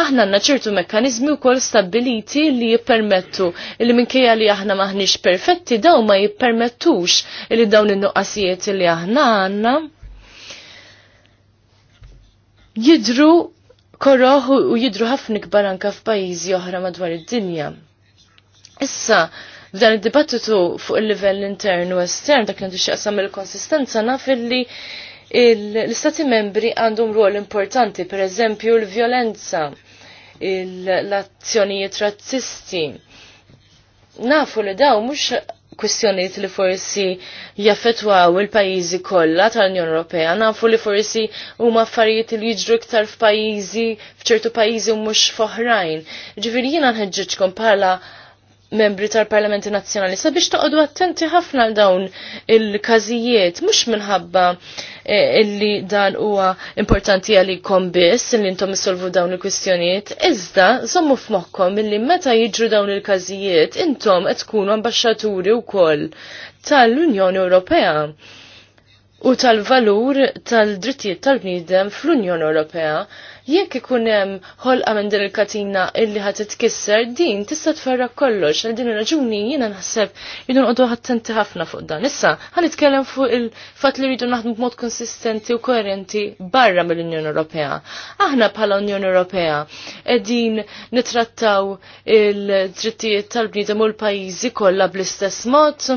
Aħna għandna ċertu mekkaniżmi wkoll stabiliti li jippermettu li minkejja li aħna maħniex perfetti daw ma jippermettux li dawn in-nuqqasijiet li aħna għandna jidru korroħ u jidru ħafna kbar anke f'pajjiżi oħra madwar id-dinja. Issa, F'dan id-dibattitu fuq il-livell intern u estern dak li għandu il-konsistenza naf li l-istati membri għandhom ruol importanti, per eżempju l-violenza, l-azzjonijiet razzisti. Nafu li daw mux kwestjoniet li forsi jaffetwaw il-pajizi kollha tal-Unjoni Ewropea. Nafu li forsi huma affarijiet li jiġru iktar f'pajjiżi f'ċertu pajjiżi u mhux f'oħrajn. Ġifieri jiena nħeġġitkom bħala membri tal-Parlamenti Nazzjonali sabiex toqgħodu attenti ħafna għal dawn il-każijiet mhux minħabba eh, illi dan huwa importanti għalikom biss illi intom issolvu dawn il-kwistjonijiet, iżda żommu f'moħħkom illi meta jiġru dawn il-każijiet intom qed tkunu ambaxxaturi wkoll tal-Unjoni Ewropea u tal-valur tal-drittijiet tal-bniedem fl-Unjoni Ewropea jekk ikun hemm ħolqa minn din il-katina illi ħadd titkisser din tista' tfarrak kollox għal din ir-raġuni jiena naħseb jridu nqogħdu ħattenti ħafna fuq dan. Issa Ħa nitkellem fuq il-fatt li rridu naħdmu b'mod konsistenti u koerenti barra mill-Unjoni Ewropea. Aħna bħala Unjoni Ewropea qegħdin nitrattaw il-drittijiet tal-bniedem u l-pajjiżi kollha bl-istess mod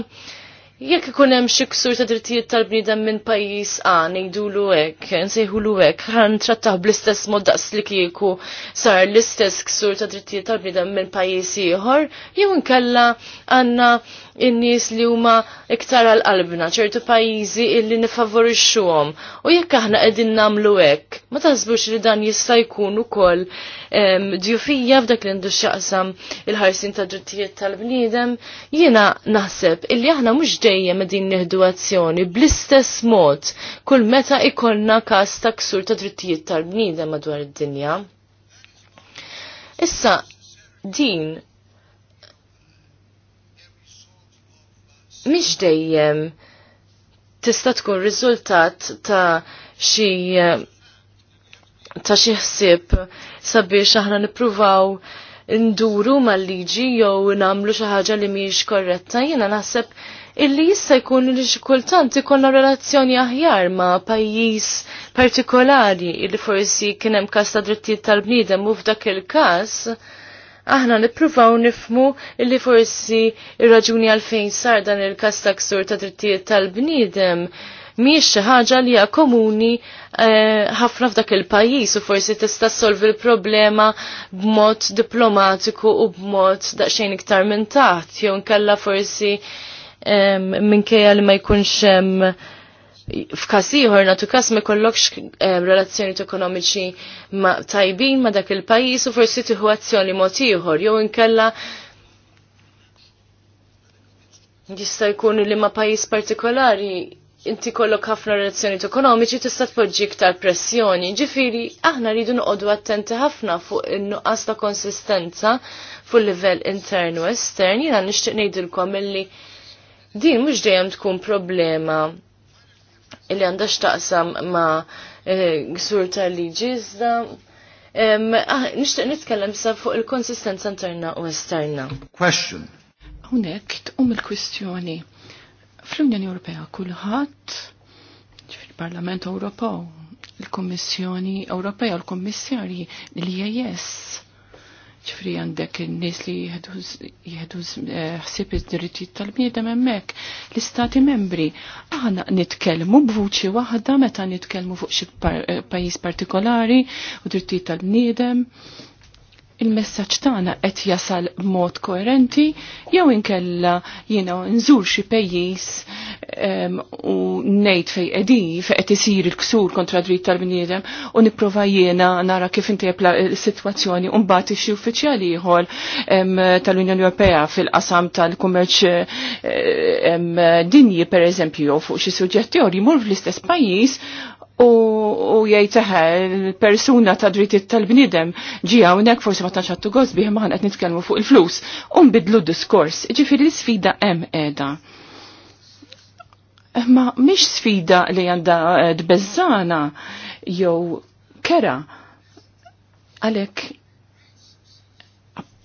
Jekk ikun hemm xi ksur ta' drittijiet tal-bniedem minn pajjiż A ngħidulu hekk, nsejħulu hekk, ħan trattaħ bl-istess mod daqs li kieku sar l-istess ksur ta' drittijiet tal-bniedem minn pajjiż ieħor, jew inkella għandna in-nies li huma iktar għal qalbna ċertu pajjiżi illi nifavorixxuhom. U jekk aħna qegħdin nagħmlu hekk, ma tażbux li dan jista' jkun ukoll djufija f'dak li ndux xaqsam il-ħarsin ta' drittijiet tal-bniedem, jiena naħseb illi aħna mhux dejjem qegħdin nieħdu azzjoni bl-istess mod kull meta ikollna każ ta' ksur ta' drittijiet tal-bniedem madwar id-dinja. Issa, din mhix dejjem tista' tkun riżultat ta' xi ta' xi ħsieb sabiex aħna nippruvaw nduru mal-liġi jew nagħmlu xi ħaġa li mhijiex korretta, jiena naħseb illi jista' jkun li xi kultant ikollna relazzjoni aħjar ma' pajjiż partikolari illi forsi kien hemm każ ta' drittijiet tal-bniedem u f'dak il-każ aħna nippruvaw nifmu li forsi ir-raġuni għalfejn sar dan il-kas ta' ksur ta' drittijiet tal-bniedem miex xi ħaġa li hija komuni eh, ħafna eh, f'dak il-pajjiż u forsi tista' solvi l-problema b'mod diplomatiku u b'mod daqsxejn iktar minn taħt jew nkella forsi e, minkejja li ma jkunx hemm f'kas ieħor natu kas ma jkollokx relazzjoni ekonomiċi tajbin ma dak il-pajjiż u forsi tieħu azzjoni mod ieħor jew inkella jista' jkun li ma pajjiż partikolari inti kollok ħafna relazzjoni ekonomiċi tista' tpoġġi iktar pressjoni. Ġifieri aħna rridu noqogħdu attenti ħafna fuq in-nuqqas ta' konsistenza fuq livell intern u estern. Jiena nixtieq ngħidilkom illi din mhux dejjem tkun problema illi għandha x'taqsam ma' eh, sur tal-liġi iżda ah, nixtieq nitkellem sa fuq il-konsistenza interna u esterna. Question. Hawnhekk tqum il-kwistjoni. Fl-Unjoni Ewropea kulħadd fil-Parlament Ewropew il kummissjoni Ewropea u l-Kommissarji l-IAS ċifri għandek n-nis li jihdu eh, ħsib id dritti tal-bniedem hemmhekk l-istati membri aħna nitkellmu b'vuċi waħda meta nitkellmu fuq xi eh, pajjiż partikolari u dritti tal-bniedem il-messaġġ tagħna qed jasal b'mod koerenti jew inkella jiena nżur xi pejjiż u ngħid fejn qedi qed isir il-ksur kontra dritt tal-bniedem u nipprova jiena nara kif intepla s-sitwazzjoni u mbagħad ixi uffiċjali ieħor tal-Unjoni Ewropea fil-qasam tal-kummerċ dinji pereżempju jew fuq xi suġġetti jor jmur fl-istess pajjiż u jgħid eħe persuna ta' drittijiet tal-bniedem ġi hawnhekk forsi ma tantx ħadtu gost maħan qed nitkellmu fuq il-flus u bidlu diskors Ġifieri l sfida hemm qiegħda. Ma mhix sfida li għandha eh, bezzana jew kera għalhekk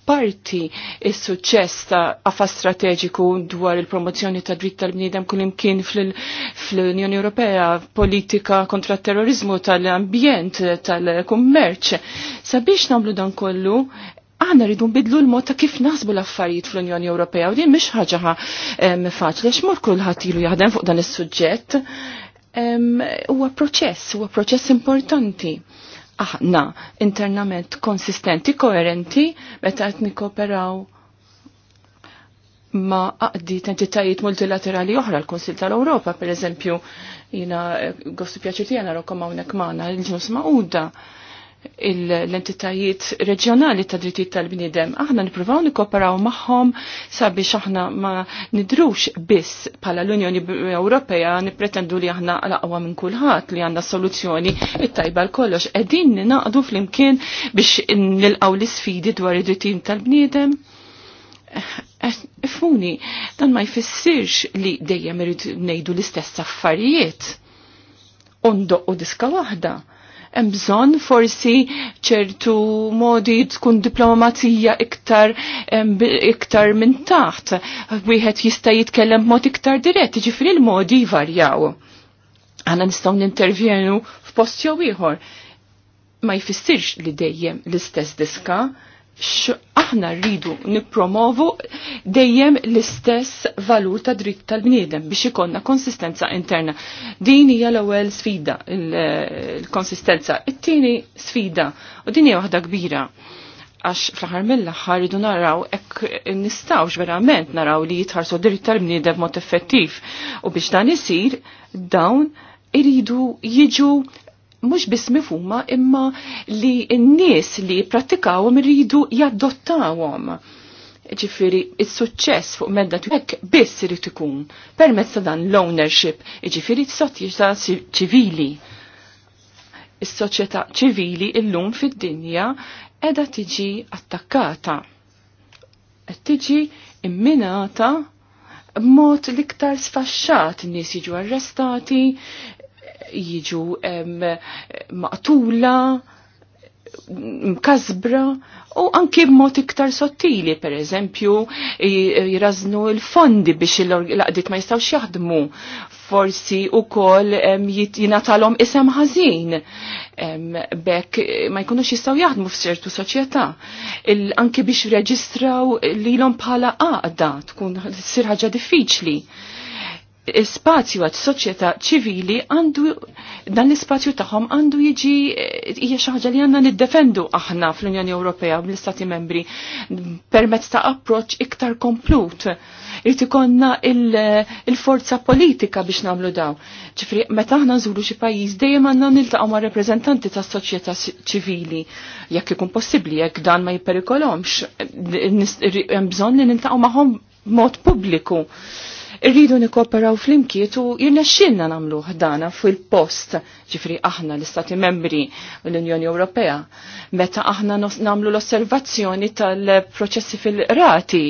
parti il suċċess ta' għafa strateġiku dwar il-promozzjoni ta' dritt tal-bniedem kull imkien fl-Unjoni Ewropea, politika kontra terrorizmu tal-ambjent, tal-kummerċ. Sabiex namlu dan kollu, għanna rridu bidlu l-mod ta' kif nasbu l-affarijiet fl-Unjoni Ewropea u din mhix ħaġa faċli x'mur kulħadd ilu jaħdem fuq dan is-suġġett. Huwa proċess, huwa proċess importanti aħna internament konsistenti, koerenti, meta qed nikoperaw ma għaddi entitajiet multilaterali oħra l-Konsil tal-Europa, per eżempju, jina eh, għossu pjaċir tijana rokom għawnek maħna l-ġnus maħuda. Ma l-entitajiet reġjonali ta' drittijiet tal-bniedem. Aħna nippruvaw nikoperaw magħhom sabiex aħna ma nidrux biss bħala l-Unjoni Ewropea nippretendu li aħna l-aqwa minn kulħadd li għandna soluzzjoni it-tajba l-kollox. Qegħdin ninaqdu flimkien biex nilqaw l-isfidi dwar id-drittijiet tal-bniedem. Ifuni, dan ma jfissirx li dejjem irid ngħidu l-istess affarijiet. Undoq u diska waħda hemm bżonn forsi ċertu modi tkun diplomazija iktar iktar minn taħt. Wieħed jista' jitkellem b'mod iktar dirett, ġifri l-modi jvarjaw. Għana nistgħu nintervjenu f'post jew ieħor. Ma jfissirx li dejjem l-istess diska aħna rridu nippromovu dejjem l-istess valur ta' dritt tal-bniedem biex ikonna konsistenza interna. Din hija l-ewwel sfida l-konsistenza. Eh, It-tieni sfida u din hija waħda kbira għax fl aħħar mill aħħar idu naraw ek nistawx verament naraw li jitħarsu dritt tal-bniedem mod effettiv u biex dan isir dawn iridu jiġu mhux biss mifhuma imma li n-nies li pratikawom iridu jaddottawhom. Ġifiri, il-suċċess fuq medda hekk biss irid ikun permezz ta' dan l-ownership, ġifiri s-soċjetà ċivili. Is-soċjetà ċivili illum fid-dinja qiegħda tiġi attakkata. tiġi imminata b'mod l-iktar sfaxxat nies jiġu arrestati, jiġu maqtula, mkazbra u anki b'mod iktar sottili, per eżempju, jiraznu l-fondi biex l-laqdit ma jistaw jaħdmu. Forsi u kol jinatalom isem ħażin bekk ma jkunux jistaw jaħdmu f'ċertu soċjetà. Anki biex reġistraw li l-om bħala għaqda tkun sir diffiċli spazju għat soċjeta ċivili għandu dan l-spazju tagħhom għandu jiġi hija xi ħaġa li għandna niddefendu aħna fl-Unjoni Ewropea u l-Istati Membri permezz ta' approċċ iktar komplut. Irid ikonna il-forza politika biex nagħmlu daw. Ċifri, meta aħna nżuru xi pajjiż dejjem għandna niltaqgħu ma' reprezentanti tas-soċjetà ċivili jekk ikun possibbli jekk dan ma jipperikolhomx hemm bżonn li niltaqgħu magħhom mod pubbliku Irridu nikoperaw fl-imkiet u jirnexxinna namlu ħdana fil-post, ġifri aħna l-Istati membri l-Unjoni Ewropea. Meta aħna namlu l-osservazzjoni tal-proċessi fil-rati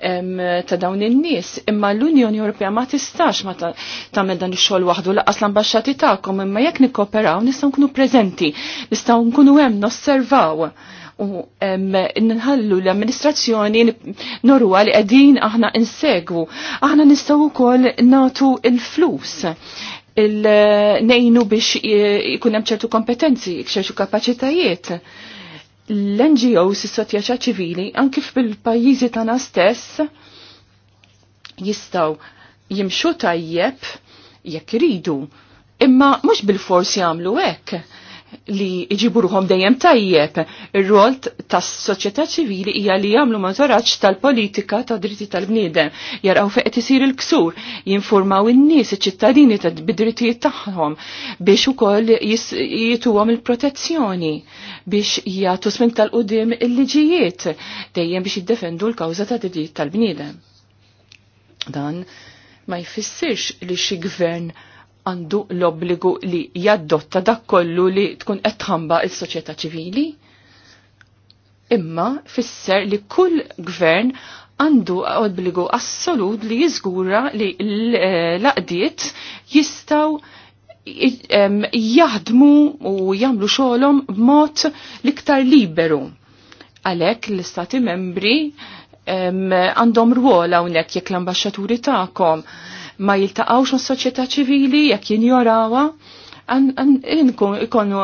ta' dawn in-nies, imma l-Unjoni Ewropea ma tistax ma tagħmel dan ix-xogħol waħdu laqas l-ambaxxati tagħkom, imma jekk nikoperaw nistgħu nkunu preżenti, nistgħu nkunu hemm nosservaw u nħallu l-amministrazzjoni norwa li għedin aħna insegwu. Aħna nistaw ukoll natu il-flus il-nejnu biex ikunem ċertu kompetenzi, ċertu kapacitajiet. L-NGOs, is-sotjaċa ċivili, anki fil-pajjiżi tagħna stess, jistaw jimxu tajjeb jekk ridu, imma mhux bil-fors jagħmlu hekk li iġibu ruħom dejjem tajjeb. Ir-rol tas soċjetà ċivili hija li jagħmlu mażoraġġ tal-politika ta' dritti tal-bniedem, jaraw fejn qed isir il-ksur, jinformaw in-nies iċ-ċittadini bid-drittijiet tagħhom biex ukoll jituhom il-protezzjoni biex jagħtu smink tal-qudiem il-liġijiet dejjem biex jiddefendu l-kawża ta' drittijiet tal-bniedem. Dan ma jfissirx li xi gvern għandu l-obbligu li jaddotta dak kollu li tkun qed tħamba s-soċjetà ċivili. Imma fisser li kull gvern għandu obbligu assolut li jiżgura li l-laqdiet jistaw jaħdmu u jagħmlu xogħolhom b'mod l-iktar liberu. Għalhekk l-istati membri għandhom ruola hawnhekk jekk l-ambaxxaturi tagħkom ma jiltaqawx ma' soċjetà ċivili jekk jinjorawa ikonu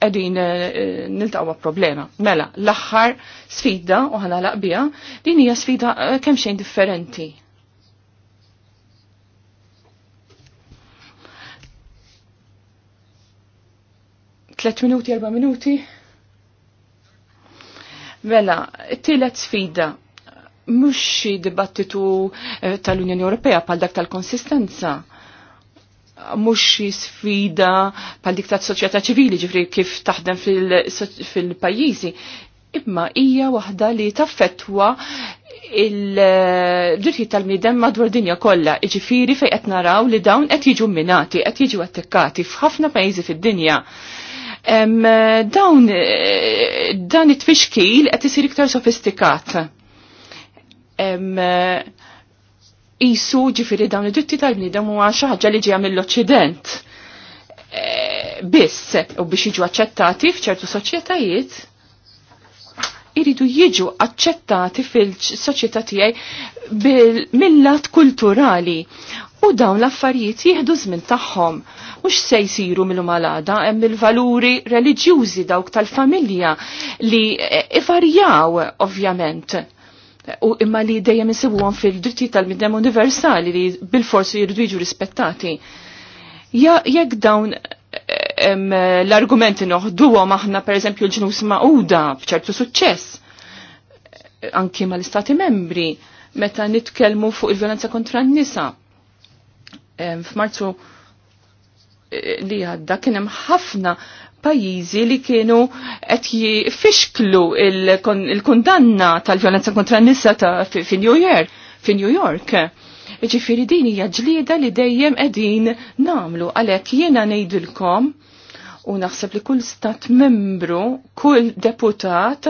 għedin eh, niltaqwa problema. Mela, l aħħar sfida u ħana laqbija, din hija sfida eh, kemm xejn differenti. Tlet minuti, erba minuti. Mela, t-tielet sfida mhux dibattitu eh, tal-Unjoni Ewropea bħal dak tal-konsistenza mhux xi sfida pal dik tas-soċjetà ċivili ġifri kif taħdem fil-pajjiżi, imma hija waħda li taffettwa il-ġirħi tal-midem madwar dinja kollha, iġifiri fejn qed naraw li dawn qed jiġu minati, qed jiġu attekkati f'ħafna pajjiżi fid-dinja dawn eh, dan it-tfixkil qed isir iktar sofistikat jisu eh, ġifiri dawn id-dritti tal-bnidem u xi ħaġa li ġejja mill-Oċċident. Eh, biss, u biex jiġu aċċettati f'ċertu soċjetajiet, iridu jiġu aċċettati fil-soċjetà tiegħi mill-lat kulturali. U dawn l-affarijiet jieħdu żmien tagħhom. Mhux se jsiru mill malada hemm il-valuri reliġjużi dawk tal-familja li eh, ivarjaw ovvjament u imma li dejjem insibuhom fil-dritti tal-bidem universali li bil-forsi jirdu jiġu rispettati. Ja, jekk dawn l-argumenti noħduhom aħna pereżempju l-ġnus ma'uda b'ċertu suċċess anki mal-istati membri meta nitkellmu fuq il-violenza kontra n-nisa. F'Marzu eh, li għadda kien hemm ħafna pajizi li kienu qed jifixklu il-kundanna tal vjolenza kontra n-nisa ta' fi New York. Fi New York. Ġifiri din hija ġlieda li dejjem qegħdin namlu għalhekk jiena ngħidilkom u naħseb li kull stat membru, kull deputat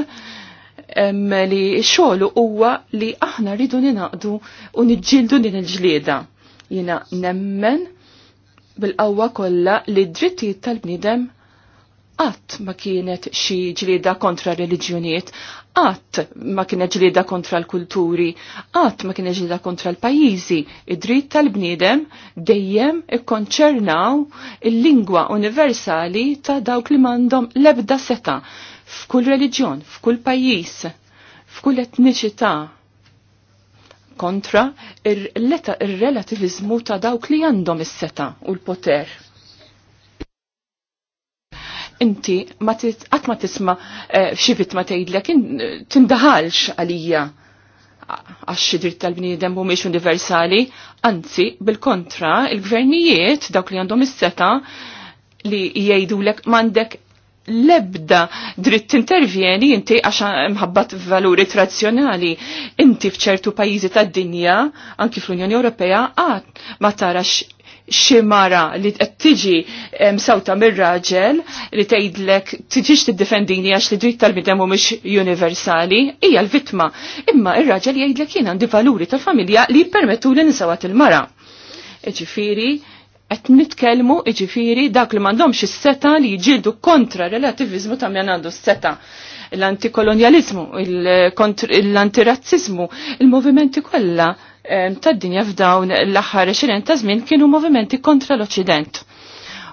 li xogħlu huwa li aħna rridu ninaqdu u niġġieldu din il-ġlieda. Jiena nemmen bil-qawwa kollha li d-drittijiet tal-bniedem qatt ma kienet xi ġlieda kontra reliġjonijiet, qatt ma kienet ġlieda kontra l-kulturi, qatt ma kienet ġlieda kontra l-pajjiżi. Id-dritt tal-bniedem dejjem ikkonċernaw il-lingwa universali ta' dawk li mandom l-ebda seta' f'kull reliġjon, f'kull pajjiż, f'kull etniċità kontra ir-relativizmu ta' dawk li għandhom is-seta' u l-poter inti qatt ma tisma eh, xi vittma tgħidlek tindaħalx għalija għax xi dritt tal-bniedem mhumiex universali, anzi bil-kontra il-gvernijiet dawk li għandhom is-seta li jgħidulek m'għandek lebda dritt intervjeni inti għax mħabbat valuri tradizjonali. Inti fċertu pajizi ta' dinja, anki fl-Unjoni Ewropea, għat ma tarax ximara li qed tiġi sawta mir-raġel li tgħidlek tiġix t-defendini għax li dritt tal-bidem mhumiex universali, hija l-vittma. Imma ir-raġel jgħidlek jien għandi valuri tal-familja li permettu li nisawat il-mara. Ġifieri, qed nitkellmu ġifieri dak li m'għandhomx is-seta li jġildu kontra relativizmu ta' min għandu s-seta l-antikolonializmu, l-antirazzizmu, il-movimenti kollha tad-dinja f'dawn l-aħħar 20 ta' żmien kienu movimenti kontra l-Oċident.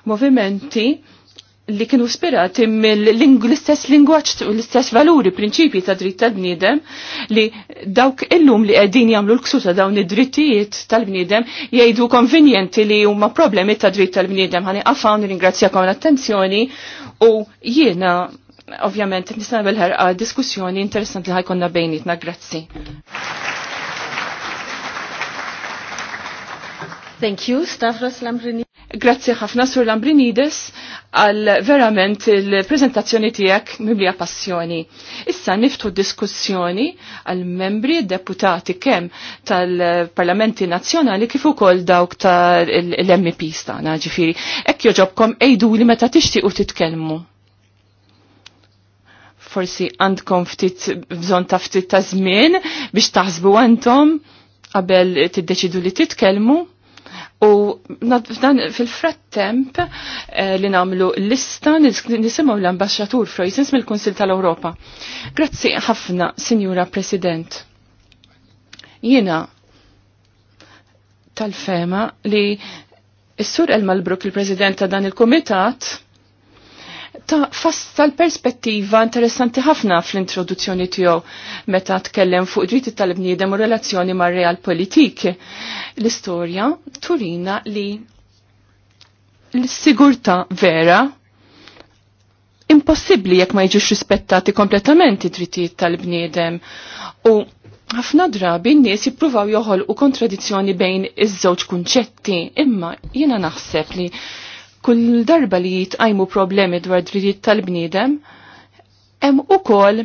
Movimenti li kienu spirati mill-istess lingwaċ u l-istess valuri, prinċipji ta' dritt ta' bniedem li dawk illum li qegħdin jagħmlu l-ksur ta' dawn id-drittijiet tal-bniedem jgħidu konvenjenti li huma problemi ta' dritt tal-bniedem. Ħani qafawn ringrazzjakom l-attenzjoni u jiena ovvjament nista' bil ħarqa diskussjoni interessanti li ħajkonna bejnietna. Grazzi. Thank you, Stavros Lambrini. Grazie ħafna sur Lambrinides għal verament il-prezentazzjoni tijak miblija passjoni. Issa niftu diskussjoni għal membri deputati kem tal-parlamenti nazjonali kif ukoll dawk tal-MP stana ġifiri. Ekk joġobkom ejdu li meta tixti u titkelmu. Forsi għandkom ftit bżon ta' ftit ta' żmien biex taħsbu għantom qabel tiddeċidu li titkellmu U fil frattemp temp eh, li namlu lista nisimaw l ambasġatur Freusens mill-Kunsil tal-Europa. Grazzi ħafna, Signora President. Jiena tal-fema li s-sur Elma Bruk, il-President ta' dan il-Komitat, ta' fasta l-perspettiva interessanti ħafna fl-introduzzjoni tiegħu meta tkellem fuq dritti tal-bniedem u relazzjoni mar real politik. L-istorja turina li l-sigurta vera impossibbli jekk ma jiġux rispettati kompletament id-drittijiet tal-bniedem u ħafna drabi n-nies jippruvaw joħolqu kontradizzjoni bejn iż-żewġ kunċetti, imma jiena naħseb li Kull darba li jitqajmu problemi dwar drittijiet tal-bniedem, hemm ukoll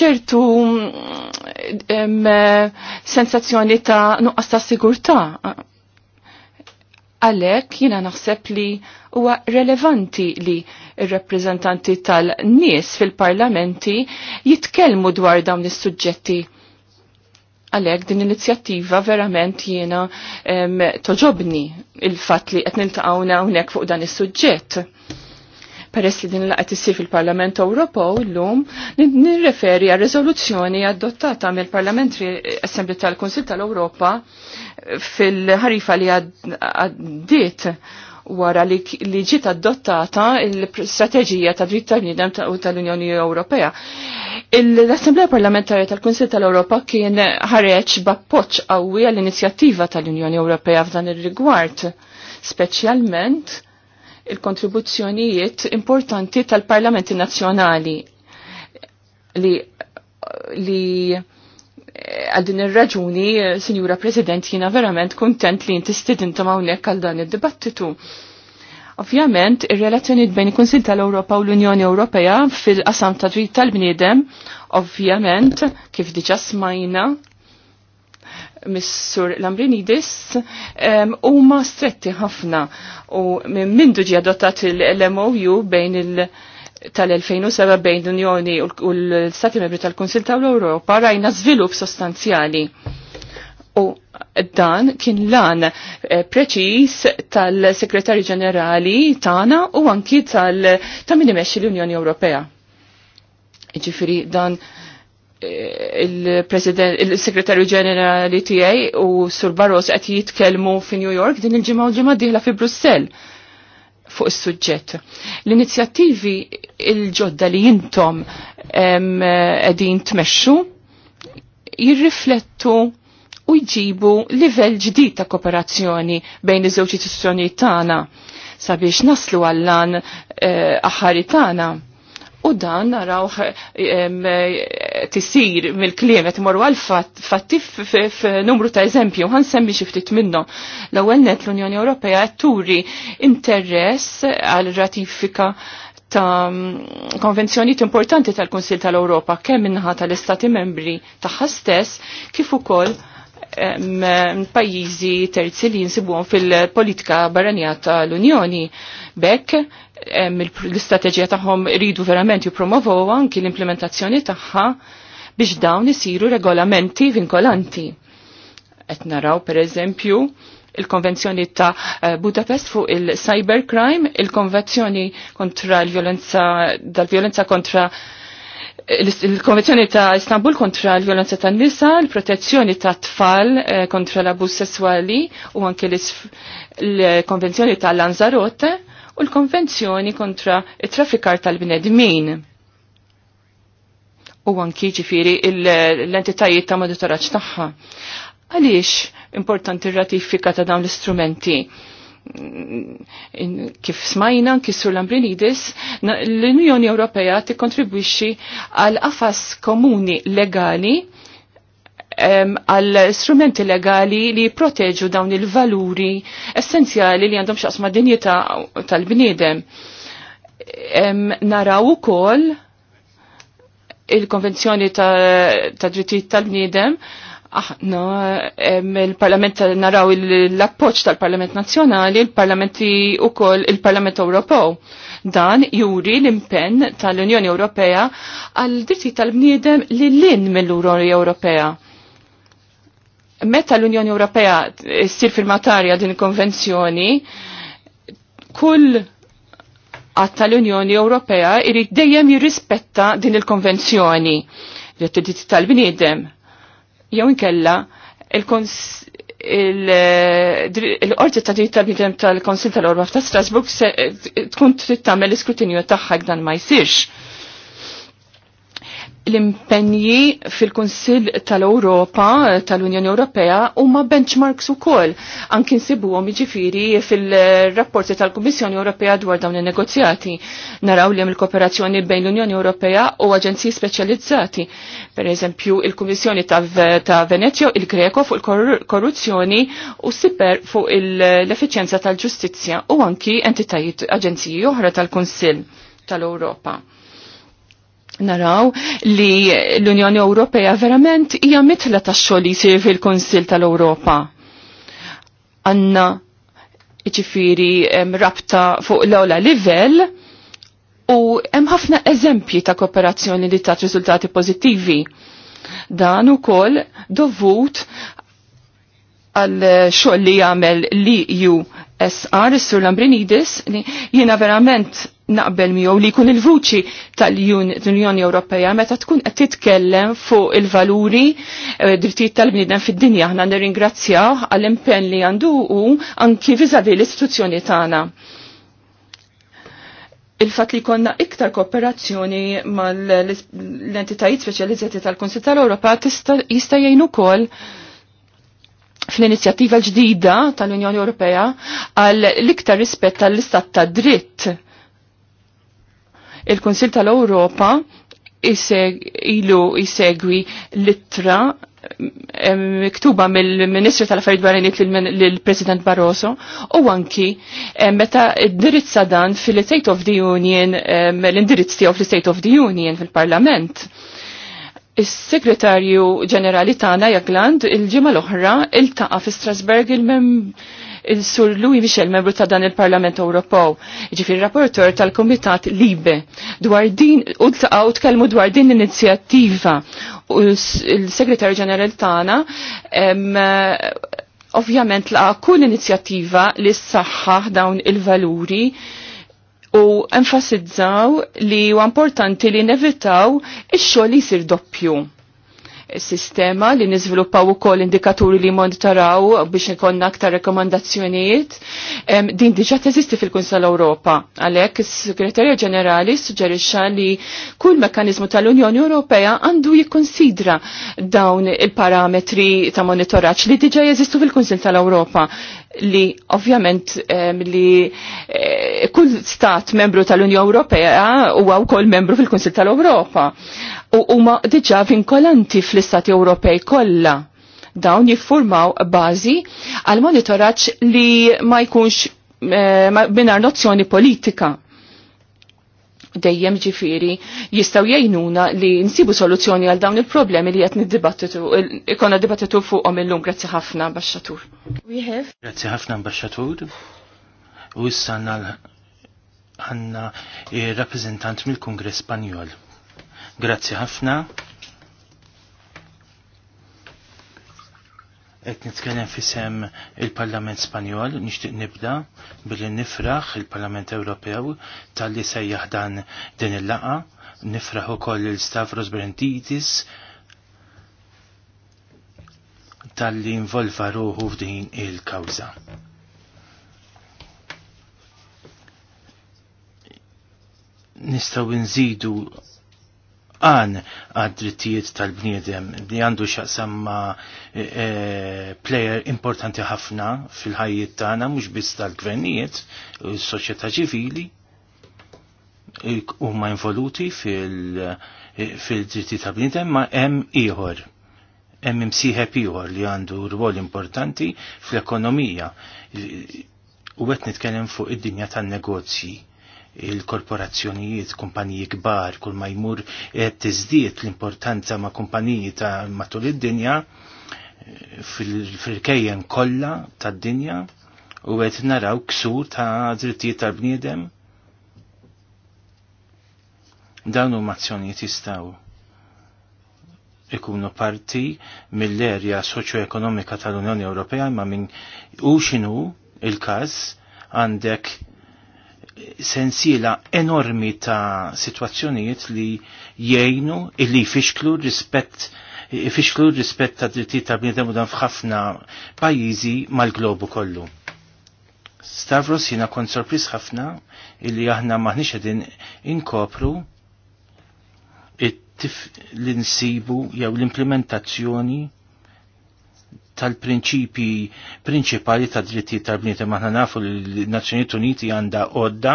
ċertu sensazzjoni ta' nuqqas ta' sigurtà. Għalhekk jiena naħseb li huwa relevanti li r-rappreżentanti tal-nies fil-parlamenti jitkellmu dwar dawn is-suġġetti Għalek din inizjattiva verament jiena toġobni il-fat li qed niltaqgħuna hawnhekk fuq dan is-suġġett. Peress li din laqet issir fil-Parlament Ewropew llum nirreferi għal riżoluzzjoni adottata mill-Parlament Assembli tal-Kunsil tal-Ewropa fil-ħarifa li għaddit ad wara li, ġiet adottata l-strateġija ta' dritt tal-bniedem tal-Unjoni Ewropea. L-Assemblea Parlamentarja tal-Kunsil tal-Ewropa kien ħareġ b'appoġġ qawwi għall-inizjattiva tal-Unjoni Ewropea f'dan ir-rigward, speċjalment il-kontribuzzjonijiet importanti tal-Parlamenti Nazzjonali li li għal din ir-raġuni, Sinjura President, jiena verament kontent li inti stidintom hawnhekk għal dan id-dibattitu. Ovvjament, ir-relazzjoni bejn il-Kunsil tal-Ewropa u l-Unjoni Ewropea fil-qasam ta' dritt tal-bniedem, ovvjament, kif diġà smajna, Missur Lambrinidis huma stretti ħafna u minn ġi adottat l-MOU bejn il- tal-2007 bejn l-Unjoni u l-Stati Membri tal-Kunsil tal-Europa rajna żvilupp sostanzjali. U dan kien lan eh, preċis tal-Segretarju Ġenerali tana u anki tal-min imexxi l-Unjoni Ewropea. Ġifiri dan eh, il-Segretarju Ġenerali tiegħi u Sur Barros qed jitkellmu fi New York din il-ġimgħa u ġimgħa diħla fi Brussell fuq is-suġġett. L-inizjattivi il-ġodda li jintom qegħdin tmexxu jirriflettu u jġibu livell ġdid ta' kooperazzjoni bejn iż-żewġ istituzzjonijiet tagħna sabiex naslu għall-lan eh, aħħari tagħna U dan naraw tisir mill klim qed imorru għal fatti f'numru ta' eżempju ħan semmi xi ftit minnhom. L-ewwel net l-Unjoni Ewropea qed turi interess għal ratifika ta' konvenzjoniet importanti tal-Kunsil tal-Ewropa kemm minnaħa tal-Istati membri tagħha stess kif ukoll pajjiżi terzi li jinsibuhom fil-politika barranija tal-Unjoni Bekk l-istrateġija tagħhom ridu verament jippromovow anki l-implementazzjoni tagħha biex dawn isiru regolamenti vinkolanti. Qed naraw pereżempju il-konvenzjoni ta' eh, Budapest fuq il-cybercrime, il-konvenzjoni kontra l-violenza dal-violenza kontra eh, il-Konvenzjoni ta' Istanbul kontra l-violenza tan nisa, l-protezzjoni ta' tfal eh, kontra l-abus sessuali u anke l-Konvenzjoni ta' Lanzarote u l-Konvenzjoni kontra it-traffikar tal-bnedmin. U anki ġifiri l-entitajiet ta' monitoraġġ tagħha. Għaliex importanti r-ratifika ta' dawn l-istrumenti? kif smajna nkissru l-Ambrinidis, l-Unjoni Ewropea tikkontribwixxi għal qafas komuni legali għal strumenti legali li proteġu dawn il-valuri essenzjali li għandhom xaqsma dinjita tal-bniedem. Naraw ukoll il-konvenzjoni ta', drittijiet tal-bniedem aħna il-Parlament naraw l-appoċ tal-Parlament Nazzjonali, il-Parlamenti u koll il-Parlament Ewropew. Dan juri l-impenn tal-Unjoni Ewropea għal dritti tal-bniedem li l-in mill-Unjoni Ewropea meta l-Unjoni Ewropea ssir firmatarja din konvenzjoni, kull għatta tal-Unjoni Ewropea irid dejjem jirrispetta din il-konvenzjoni li t tal-bniedem. Jew inkella il-qorti ta' dritt tal-bniedem tal-Konsil tal-Orba ta' Strasburg tkun trid tagħmel iskrutinju tagħha dan ma jsirx l-impenji fil-Kunsill tal-Europa, tal-Unjoni Ewropea, huma benchmarks ukoll. Anki għom jiġifieri fil-rapporti tal-Kummissjoni Ewropea dwar dawn in-negozjati. Naraw li hemm il-kooperazzjoni bejn l-Unjoni Ewropea u aġenziji speċjalizzati. Per eżempju, il-Kummissjoni ta' Venezio, il-Greko fuq il-korruzzjoni u siper fuq l-effiċjenza tal-ġustizzja u anki entitajiet aġenziji oħra tal-Kunsill tal-Ewropa naraw li l-Unjoni Ewropea verament hija mitla tax-xogħol li jsir fil-Kunsill tal-Ewropa. Għandna ġifiri rabta fuq l ewla livell u hemm ħafna eżempji ta' kooperazzjoni li tat riżultati pożittivi. Dan ukoll dovut għal xogħol li jagħmel li ju SR, Sur Lambrinidis, jiena verament naqbel miegħu li jkun il-vuċi tal-Unjoni Ewropea meta tkun qed titkellem fuq il-valuri eh, drittijiet tal-bniedem fid-dinja aħna nirringrazzjaw għall-impenn li għandu u anki viżavi l-istituzzjoni tagħna il-fat li konna iktar kooperazzjoni mal l-entitajiet speċjalizzati tal-Konsil tal-Europa jista' jgħinu kol fl-inizjattiva l-ġdida tal-Unjoni Ewropea għal l-iktar rispett tal-istat ta' dritt. il konsil tal-Ewropa ilu jisegwi l-ittra miktuba mill-Ministru tal-Affarijiet Barranin lill-President Barroso u anki meta indirizza dan fil-State of the Union l-indirizz tiegħu fil-State of the Union fil-Parlament. fil parlament Is-Segretarju Ġenerali tagħna Jagland il-ġimgħa l-oħra iltaqa' fi Strasberg il-mem il-Sur Louis Michel, membru ta' dan il-Parlament Ewropew, ġifir rapporteur tal kumitat Libe, dwar din u ltaqgħu tkellmu dwar din l-inizjattiva. Il-Segretarju Ġenerali tagħna ovvjament laqgħa kull inizjattiva li ssaħħaħ dawn il-valuri u enfasizzaw li u importanti li nevitaw ix-xogħol li jsir doppju. Sistema li niżviluppaw ukoll indikaturi li monitoraw biex ikonna aktar rekomandazzjonijiet din diġà teżisti fil-Kunsel Ewropa. Għalhekk is-Segretarja Ġenerali suġġerixxa li kull mekkaniżmu tal-Unjoni Ewropea għandu jikkonsidra dawn il-parametri ta' monitoraġġ li diġa' jeżistu fil-Kunsel tal-Ewropa li ovvjament um, li uh, kull stat membru tal unjoni Ewropea huwa wkoll membru fil konsil tal-Ewropa u huma diġà vinkolanti fl-Istati Ewropej kollha dawn jiffurmaw bażi għal monitoraġġ li ma jkunx uh, eh, binar nozzjoni politika dejjem ġifiri jistaw jajnuna li nsibu soluzzjoni għal dawn il-problemi li jatni dibattitu ikona dibattitu fuqom il-lum. Grazzi ħafna, baxxatur. Grazzi ħafna, baxxatur. U issa għanna rappresentant mill-Kongress Spanjol. Grazzi ħafna. qed nitkellem fisem il-Parlament Spanjol, nixtieq nibda billi nifraħ il-Parlament Ewropew tal-li se jaħdan din il-laqa, nifraħ ukoll il-Stavros Brentitis tal-li involva ruħu f'din il-kawża. Nistgħu nżidu għan għad-drittijiet tal-bniedem li għandu xaqsam ma' e, e, player importanti ħafna fil-ħajjiet tagħna mhux biss tal-gvernijiet, is-soċjetà ċivili huma involuti e, fil-dritti fil drittijiet fil tal bniedem ma' hemm ieħor hemm imsieħeb ieħor li għandu rwol importanti fl-ekonomija u qed nitkellem fuq id-dinja tan-negozji il-korporazzjonijiet, kumpaniji kbar, kull ma jmur qed tiżdied l-importanza ma' kumpaniji ta' matul id-dinja fil-kejjen kollha tad-dinja u qed naraw ksur ta' drittijiet tal-bniedem. Dawn huma azzjonijiet jistgħu ikunu parti mill-erja soċjoekonomika tal-Unjoni Ewropea imma minn u x'inhu il-każ għandek sensiela enormi ta' situazzjonijiet li jgħinu illi fixklu rispett fixklu rispett ta' drittijiet ta' bniedem u dan f'ħafna pajjiżi mal-globu kollu. Stavros jiena kont sorpris ħafna illi aħna maħniex edin inkopru l-insibu jew l-implementazzjoni tal-prinċipi prinċipali ta' dritti tal bnietem maħna nafu li l-Nazzjonijiet Uniti għandha għodda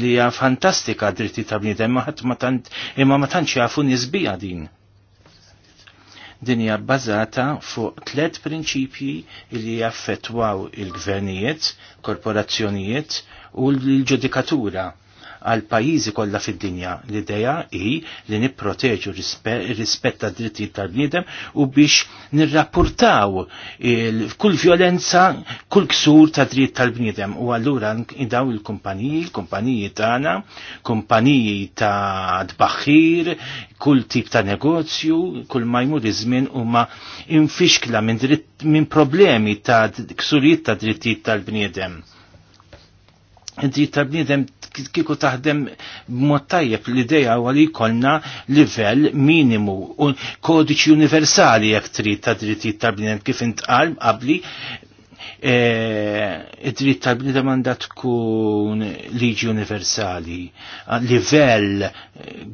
li hija fantastika dritti tal-bniedem imma ma tantx jafu nisbija din din hija bbażata fuq tliet prinċipji li jaffettwaw il-gvernijiet, korporazzjonijiet u l-ġudikatura għal pajjiżi kollha fid-dinja. L-idea hi li nipproteġu rispett tad drittijiet tal-bniedem u biex nirrapportaw kull violenza, kull ksur ta' dritt tal-bniedem. U allura daw il-kumpaniji, il-kumpaniji tagħna, kumpaniji ta' dbaħħir, kull tip ta' negozju, kull ma jmur iż-żmien huma infixkla minn min problemi ta' ksurijiet ta' drittijiet tal-bniedem. id tal-bniedem kiku taħdem mod tajjeb l-ideja huwa li jkollna livell minimu u kodiċi universali jekk trid ta' drittijiet tal-bnien kif intqal qabli E, id-dritt tal-bnidem għandha tkun liġi universali, livell e,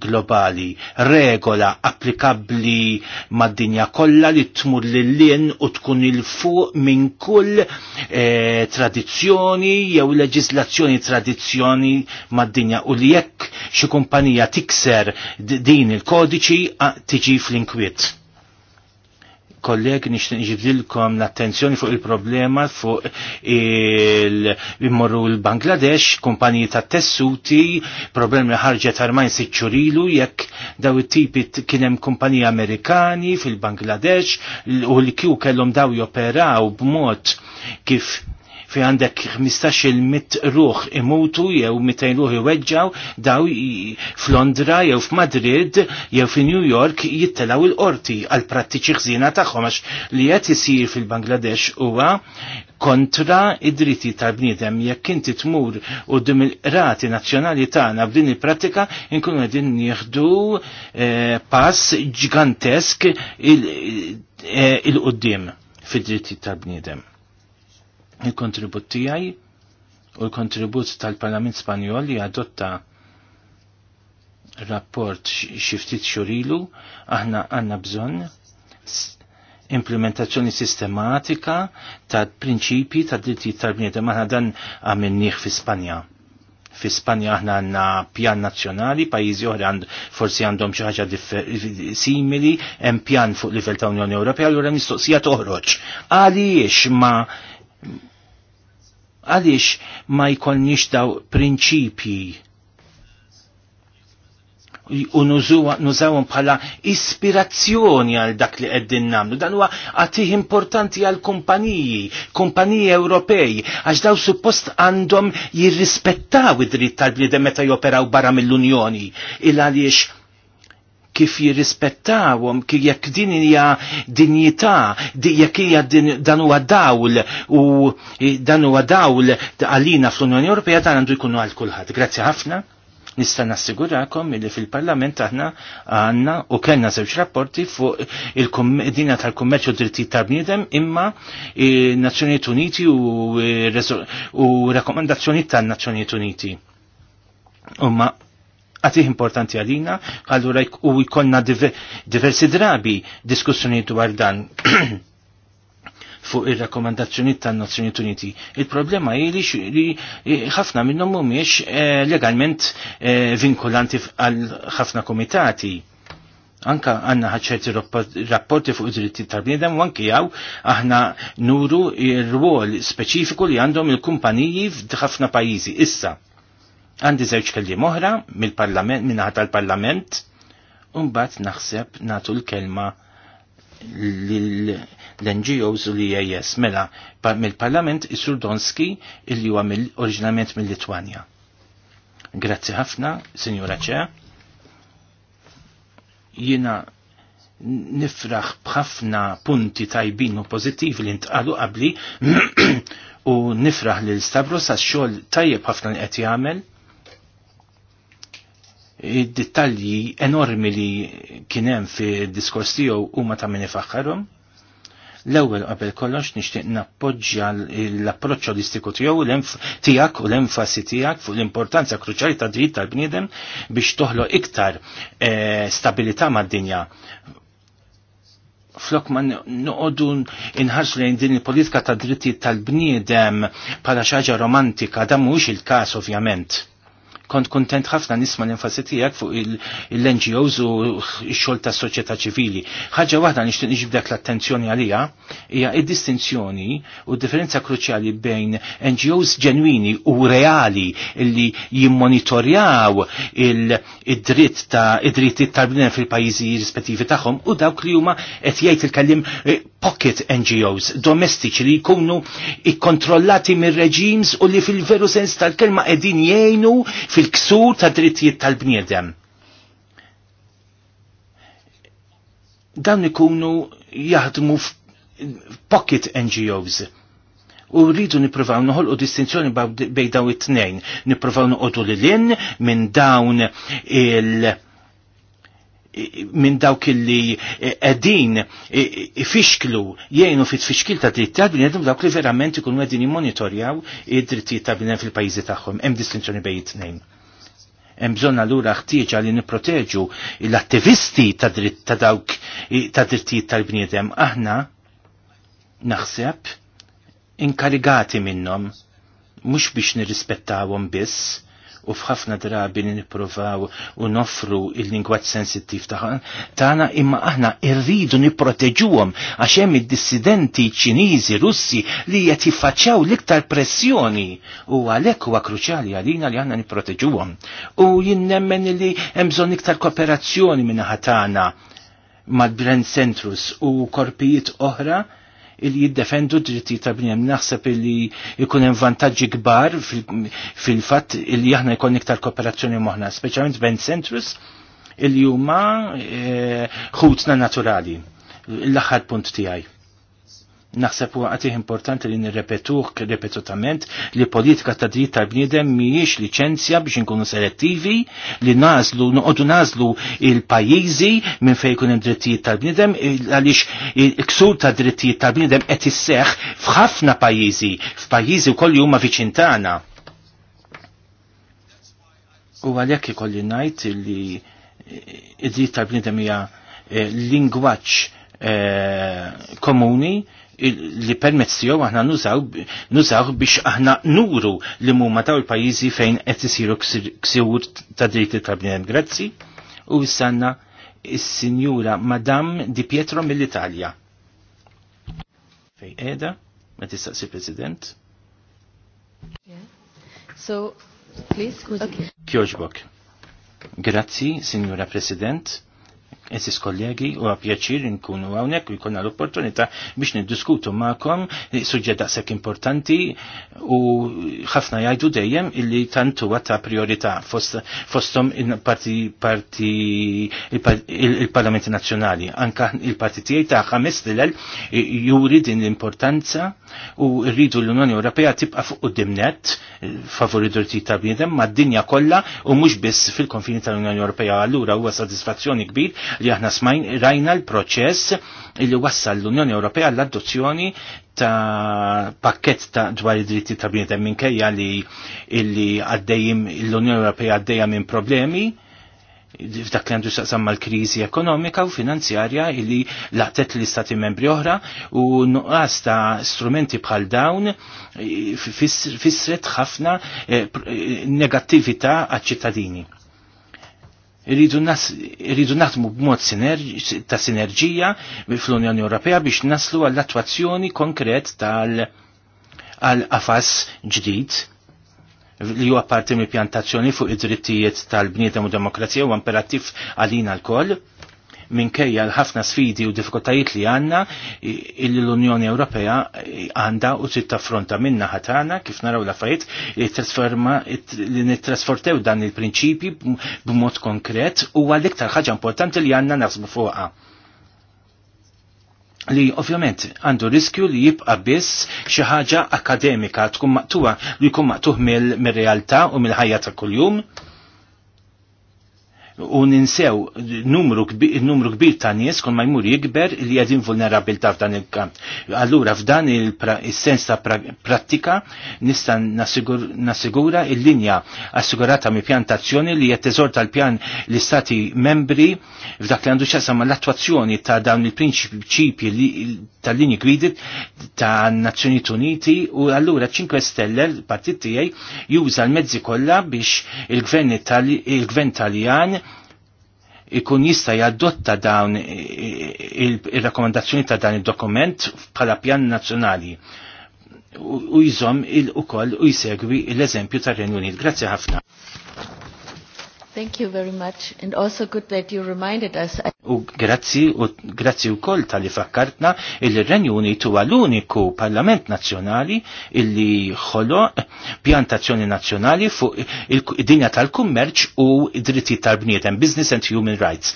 globali, regola applikabbli mad-dinja kollha li tmur lil-lin u tkun il-fuq minn kull e, tradizzjoni jew leġislazzjoni tradizzjoni mad-dinja u li jekk xi kumpanija tikser din il-kodiċi tiġi fl-inkwiet kollegi nishtin iġibdilkom l-attenzjoni fuq il-problema fuq il-immorru l-Bangladesh, kumpaniji ta' tessuti, problemi ħarġet armajn siċċurilu jekk daw it-tipi kien hemm kumpaniji Amerikani fil-Bangladesh u li kju kellhom daw joperaw b'mod kif fi għandek 15 ruħ imutu jew 200 ruħ iweġġaw daw f'Londra jew f'Madrid jew fi New York jittelaw il-qorti għal prattiċi ħżina tagħhom għax li qed isir fil-Bangladesh huwa kontra id-dritti tal-bniedem jekk inti tmur u dim il-rati nazzjonali tagħna b'din il-prattika inkunu qegħdin nieħdu eh, pass ġigantesk eh, il-qudiem fid-dritti tal-bniedem il-kontribut tiegħi u l-kontribut tal-Parlament Spanjol li adotta rapport xiftit xurilu, aħna għanna bżonn implementazzjoni sistematika ta' prinċipi ta' dritti tal-bniedem aħna dan għamenniħ fi Spanja. Fi Spanja aħna għanna pjan nazzjonali, pajjiżi oħra għand forsi għandhom xi ħaġa simili, hemm pjan fuq livell ta' Unjoni Ewropea, allura mistoqsija toħroġ. Għaliex ma' Għaliex ma jkollniex daw prinċipji u nużawhom bħala ispirazzjoni għal dak li qegħdin nagħmlu. Dan huwa għatih importanti għal kumpaniji, kumpaniji Ewropej, għax daw suppost għandhom jirrispettaw id-dritt tal-bliedem meta joperaw barra mill-Unjoni. Il għaliex kif jirrispettawhom kif jekk din hija dinjità, jekk hija dan huwa dawl u dan huwa dawl għalina fl-Unjoni Ewropea dan għandu jkunu għal kulħadd. Grazzi ħafna. Nista' nassigurakom li fil-Parlament aħna għandna u kellna żewġ rapporti fuq il-dinja tal kummerċu dritti drittijiet tal-bniedem imma Nazzjonijiet Uniti u, u rakkomandazzjonijiet tan-Nazzjonijiet Uniti. Umma għatih importanti għalina, rajk u jkonna diversi drabi diskussjoni dwar dan fuq il-rakkomandazzjoni tan nazzjonijiet Uniti. Il-problema hi li ħafna minnhom mhumiex eh, legalment eh, vinkolanti għal ħafna komitati. Anka għanna ħadċerti rapporti fuq id-dritti tal-bniedem u anki għaw aħna nuru il rwol speċifiku li għandhom il-kumpaniji f'ħafna pajjiżi. Issa, Għandi żewġ kelliem oħra mill-parlament, minnaħat tal-parlament, mbagħad naħseb natu l-kelma l-NGOs u l-IAS. Mela, mill-parlament Isur Donski, illi huwa oriġinament mill-Litwanja. Grazzi ħafna, Sinjura Ċe. Jina nifraħ bħafna punti tajbin u pozittivi li ntqalu qabli u nifraħ lil Stavros għax xogħol tajjeb ħafna li qed jagħmel id-dettalji enormi li kienem fi diskors tiegħu huma ta' min ifaħħarhom. L-ewwel qabel kollox nixtieq nappoġġja l-approċċ holistiku tiegħu tiegħek u l-enfasi tiegħek fuq l-importanza kruċjali ta' dritt tal-bniedem biex toħloq iktar eh, stabilità mad-dinja flok ma noqodu inħarsu lejn din il-politika ta' dritti tal-bniedem pala xaġa romantika, da mhux il-każ ovvjament kont kontent ħafna nisma l-enfasi tiegħek fuq il-NGOs u xol xogħol tas soċjetà ċivili. Ħaġa waħda nixtieq niġibdek l-attenzjoni għaliha hija id-distinzjoni u d-differenza kruċjali bejn NGOs ġenwini u reali li jimmonitorjaw id-dritt ta' id-dritt tal-bnien fil-pajjiżi rispettivi tagħhom u dawk li huma qed jgħid il-kellim eh, pocket NGOs domestiċi li jkunu ikkontrollati mir-reġims u li fil-veru sens tal-kelma qegħdin jgħinu fil-ksur ta' drittijiet tal-bniedem. Dawn ikunu jaħdmu f'pocket NGOs. U rridu niprofaw noħolqu distinzjoni bej it-tnejn, niprofaw noqogħdu lil minn dawn il- minn dawk illi edin eh, eh, ifixklu jgħinu fit fixkil ta' dritt ta' bnedem dawk li verament ikunu għedin jimmonitorjaw id-drittijiet ta' bnedem fil-pajjiżi tagħhom. Hemm distinzjoni bejn tnejn. Hemm bżonn allura ħtieġa li nipproteġu l-attivisti ta' dritt ta' dawk eh, ta' drittijiet tal-bniedem. Aħna naħseb inkarigati minnhom mhux biex nirrispettawhom biss, u f'ħafna drabi li nippruvaw u nofru il-lingwaġġ sensittiv tagħna imma aħna rridu nipproteġuhom għax hemm id-dissidenti Ċiniżi, Russi li qed jiffaċċjaw l-iktar pressjoni u għalhekk huwa kruċjali għalina li aħna nipproteġuhom. U jien li hemm bżonn iktar kooperazzjoni minna ħatana mal-Brand Centrus u korpijiet oħra il jiddefendu d-dritti ta' bniem. Naħseb illi jkun hemm vantaġġi kbar fil-fatt illi aħna jkun iktar kooperazzjoni moħna, speċjalment bejn centrus illi huma eh, ħutna naturali. L-aħħar punt tiegħi naħseb huwa għatih importanti li nirrepetuh ripetutament li politika ta' dritt tal-bniedem mhijiex liċenzja biex inkunu selettivi li nażlu noqogħdu nażlu il-pajjiżi minn fejn ikun hemm drittijiet tal-bniedem għaliex il-ksur ta' drittijiet tal-bniedem qed isseħħ f'ħafna pajjiżi, f'pajjiżi wkoll li huma viċin tagħna. U għalhekk ikolli ngħid li id-dritt tal-bniedem hija eh, lingwaġġ eh, komuni li permezz tiegħu aħna nużaw biex aħna nuru li huma daw il-pajjiżi fejn qed isiru ksiwur ta' dritti tal-bniedem. Grazzi u issanna is-Sinjura Madam Di Pietro mill-Italja. Fej qiegħda, ma tistaqsi President. So, please, okay. Kjoġbok. Grazzi, Signora President Eżis kollegi, u għapjaċir nkunu għawnek u jkonna l-opportunita biex niddiskutu ma'kom suġġet daqshekk importanti u ħafna jgħidu dejjem illi tantu ta' priorita fostom il-Parlamenti Nazzjonali. Anka il-parti tiegħi ta' ħames lilel juri din l-importanza u rridu l-Unjoni Ewropea tibqa' fuq dimnet favori dritti ta' bniedem mad-dinja kollha u mhux biss fil-konfini tal-Unjoni Ewropea allura huwa sodisfazzjoni kbir li aħna smajn rajna l-proċess illi wassal l-Unjoni Ewropea l-adozzjoni ta' pakket ta' dwar id-dritti ta' bniedem minkejja li illi għaddejjim l-Unjoni Ewropea għaddejja minn problemi fdak li għandu saqsam mal kriżi ekonomika u finanzjarja illi laqtet l-istati membri oħra u nuqqas ta' strumenti bħal dawn eh, fissret ħafna eh, eh, negattività għal ċittadini Irridu naħdmu b'mod ta' sinerġija fl-Unjoni Ewropea biex naslu għall-attwazzjoni konkret tal-qafas ġdid li huwa parti mill-pjantazzjoni fuq id-drittijiet tal-bniedem u demokrazija u imperattiv għalina l-koll minkejja l-ħafna sfidi u diffikultajiet li għanna illi l-Unjoni Ewropea għanda u trid taffronta minna ħatana kif naraw l fajt li nittrasfortew dan il-prinċipji b'mod konkret u għal-iktar ħaġa importanti li għanna naħsbu fuqha li ovvjament għandu riskju li jibqa biss xi ħaġa akademika tkun maqtuha li jkun maqtuh mill-realtà u mill-ħajja ta' kuljum u ninsew numru, numru kbir ta' nies kon ma jmur jikber li għedin ta' f'dan il-kamp. Allura f'dan il-sens ta' prattika nista' nassigura il-linja assigurata mi pjan tazzjoni li jetteżor tal-pjan l-istati membri f'dak li għandu ma l-attuazzjoni ta' dawn il-prinċipji tal-linji gwidi ta' Nazzjoni Uniti u allura 5 Stelle l-partit tiegħi juża l-mezzi kollha biex il-gvern Taljan ikun jista jadotta dawn il rakomandazzjoni ta' dan il-dokument bħala pjan nazzjonali u jżom il-ukoll u jsegwi l-eżempju tar-Renju Unit. Grazzi ħafna. Thank you very much and also good that you reminded us. U grazzi u grazzi u kol tal-li fakkartna il-Renju Unitu l-uniku Parlament Nazzjonali illi ħolo pjantazzjoni nazzjonali fuq id-dinja tal-kummerċ u dritti tal-bniedem, Business and Human Rights.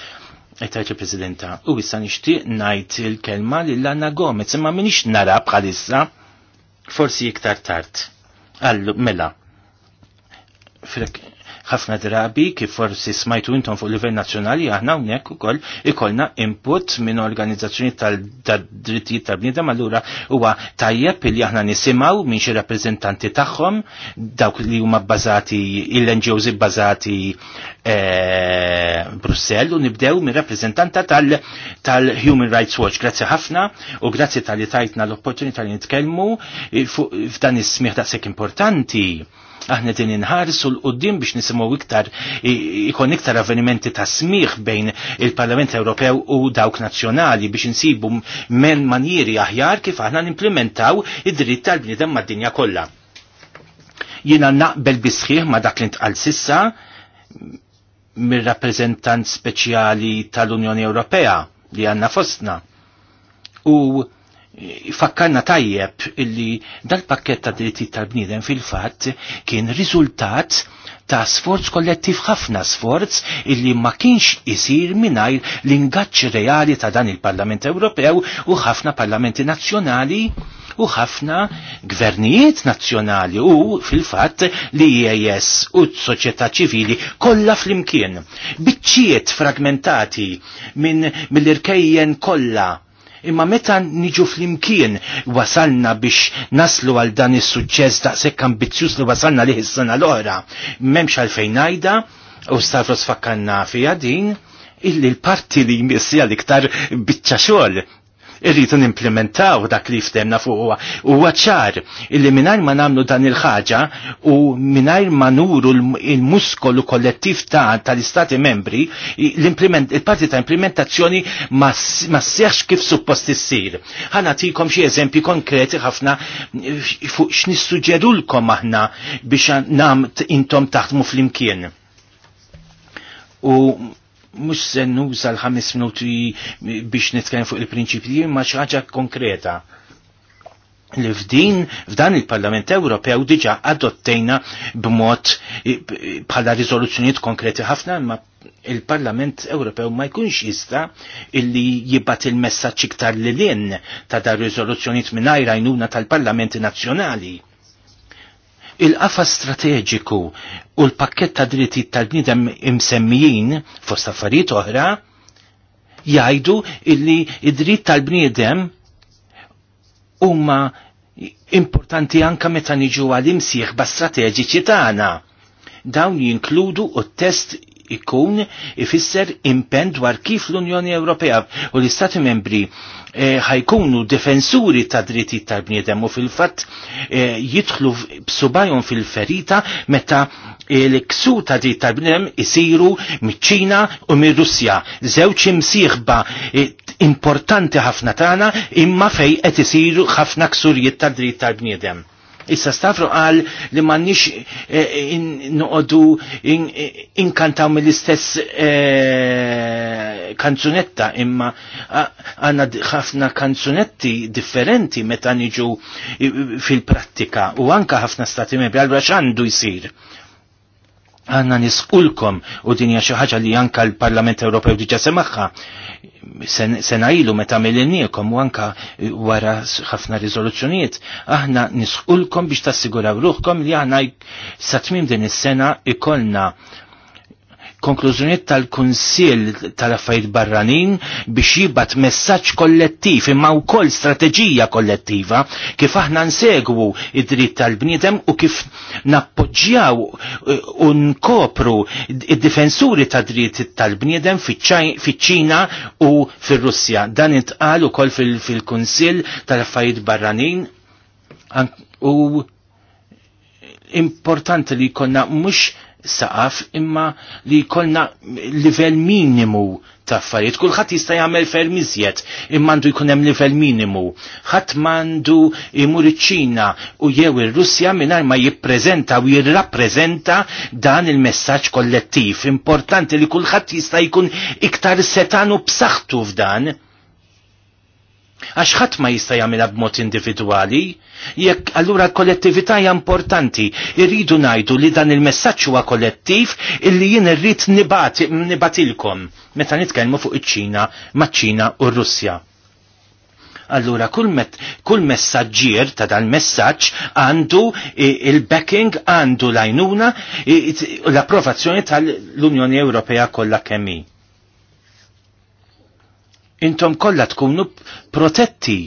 Etajt il-Presidenta, u issa nixtieq ngħid il-kelma lil Anna Gomez, imma minix nara bħalissa, forsi iktar tard. Allu, mela. Frek, ħafna drabi kif forsi smajtu intom fuq livell nazzjonali aħna hawnhekk ukoll ikollna input minn organizzazzjoni tal-drittijiet tal-bniedem allura huwa tajjeb li aħna nisimgħu minn xi rappreżentanti tagħhom dawk li huma bbażati il-NGOs bbażati eh, Brussell u nibdew minn rappreżentanta tal-Human Rights Watch. Grazzi ħafna u grazzi tal-li tajtna l-opportunità li nitkellmu f'dan is-smieħ daqshekk importanti aħna din inħarsu l-qoddim biex nisimgħu iktar ikon iktar avvenimenti ta' smigħ bejn il-Parlament Ewropew u dawk nazzjonali biex insibu men manjieri aħjar kif aħna nimplementaw id-dritt tal-bniedem mad-dinja kollha. Jiena naqbel bisħieħ ma' dak li ntqal sissa mir-rappreżentant speċjali tal-Unjoni Ewropea li għanna fostna. U fakkarna tajjeb illi dal-pakket ta' diritti tal-bniedem fil-fatt kien riżultat ta' sforz kollettiv ħafna sforz illi ma kienx isir mingħajr l-ingaċċ reali ta' dan il-Parlament Ewropew u ħafna parlamenti nazzjonali u ħafna gvernijiet nazzjonali u fil-fatt li IAS u s-soċjetà ċivili kollha flimkien. Biċċiet fragmentati minn mill-irkejjen kollha Imma meta niġu fl-imkien wasalna biex naslu għal dan is-suċċess daqshekk ambizzjuż li wasalna lih is-sena l-oħra, m'hemmx għalfejn ngħidha u Stavros fakkanna fija din illi l-parti li jmissija l-iktar biċċa xogħol irridu nimplementaw dak li ftemna fuq u ċar illi minar ma namlu dan il-ħaġa u minar ma nuru il-muskolu kollettiv ta' tal-istati membri il-parti ta' implementazzjoni ma s-seħx kif suppost issir. ħana tikom xie eżempi konkreti ħafna fuq x'nissuġġerulkom aħna biex nam intom taħdmu fl-imkien. U mux sen nuża l-ħames minuti biex nitkellem fuq il-prinċipji ma ħaġa konkreta li f'din f'dan il-Parlament Ewropew diġa adottejna b'mod bħala riżoluzzjonijiet konkreti ħafna ma il-Parlament Ewropew ma jkunx jista illi jibbat il-messaġġ iktar li lin ta' dar riżoluzzjonijiet mingħajr għajnuna tal-Parlamenti Nazzjonali Il-qafa strateġiku u l-pakket ta' drittijiet tal-bniedem imsemmijin fost affarijiet oħra jgħidu illi id-dritt tal-bniedem huma importanti anka meta niġu għal imsieħba strateġiċi tagħna. Dawn jinkludu u test ikun ifisser impend dwar kif l-Unjoni Ewropea u l-Istati Membri Eh, ħajkunu defensuri ta' drittijiet tal-bniedem u fil-fatt jitħlu eh, jidħlu b'subajhom fil-ferita meta eh, l-ksu ta' dritti tal-bniedem isiru miċ-Ċina u mir-Russja. Żewġ imsieħba importanti ħafna tagħna imma fej qed isiru ħafna ksurijiet ta' dritt tal-bniedem. Issa Stavro qal li nix eh, noqogħdu inkantaw mill-istess eh, kanzunetta imma għandna ħafna kanzunetti differenti meta niġu fil-prattika u anka ħafna stati membri għal għandu jsir għanna nisqulkom u dinja xi ħaġa li anka l-Parlament Ewropew diġa semaxħa sena ilu meta millinijkom u anka wara ħafna rizoluzzjonijiet, aħna nisqulkom biex tassiguraw ruħkom li aħna satmim din is-sena ikolna konklużjoniet tal-Kunsill tal affajt Barranin biex jibat messaġġ kollettiv imma wkoll strateġija kollettiva kif aħna nsegwu id-dritt tal-bniedem u kif nappoġġjaw eh, u nkopru id-difensuri ta' dritt tal-bniedem fiċ-Ċina u fir-Russja. Dan intqal ukoll fil-Kunsill tal affajt Barranin u importanti li jkollna mhux saqaf imma li jkollna livell minimu ta' affarijiet. Kulħadd jista' jagħmel ferm miżjed imma għandu jkun hemm livell minimu. Ħadd m'għandu imur iċ-Ċina u jew ir-Russja mingħajr ma jippreżenta u jirrappreżenta dan il-messaġġ kollettiv. Importanti li kulħadd jista' jkun iktar setanu b'saħħtu f'dan Għax ħadd ma jista' jagħmilha b'mod individwali, jekk allura l-kollettività hija importanti. Irridu ngħidu li dan il-messaġġ huwa kollettiv illi jien irrid nibatilkom meta nitkellmu fuq iċ-Ċina maċ-Ċina u r-Russja. Allura kull, met, kull messaġġier ta' dan messaġġ għandu il-backing, għandu l-għajnuna, l-approvazzjoni tal-Unjoni Ewropea kollha kemm hi intom kollha tkunu protetti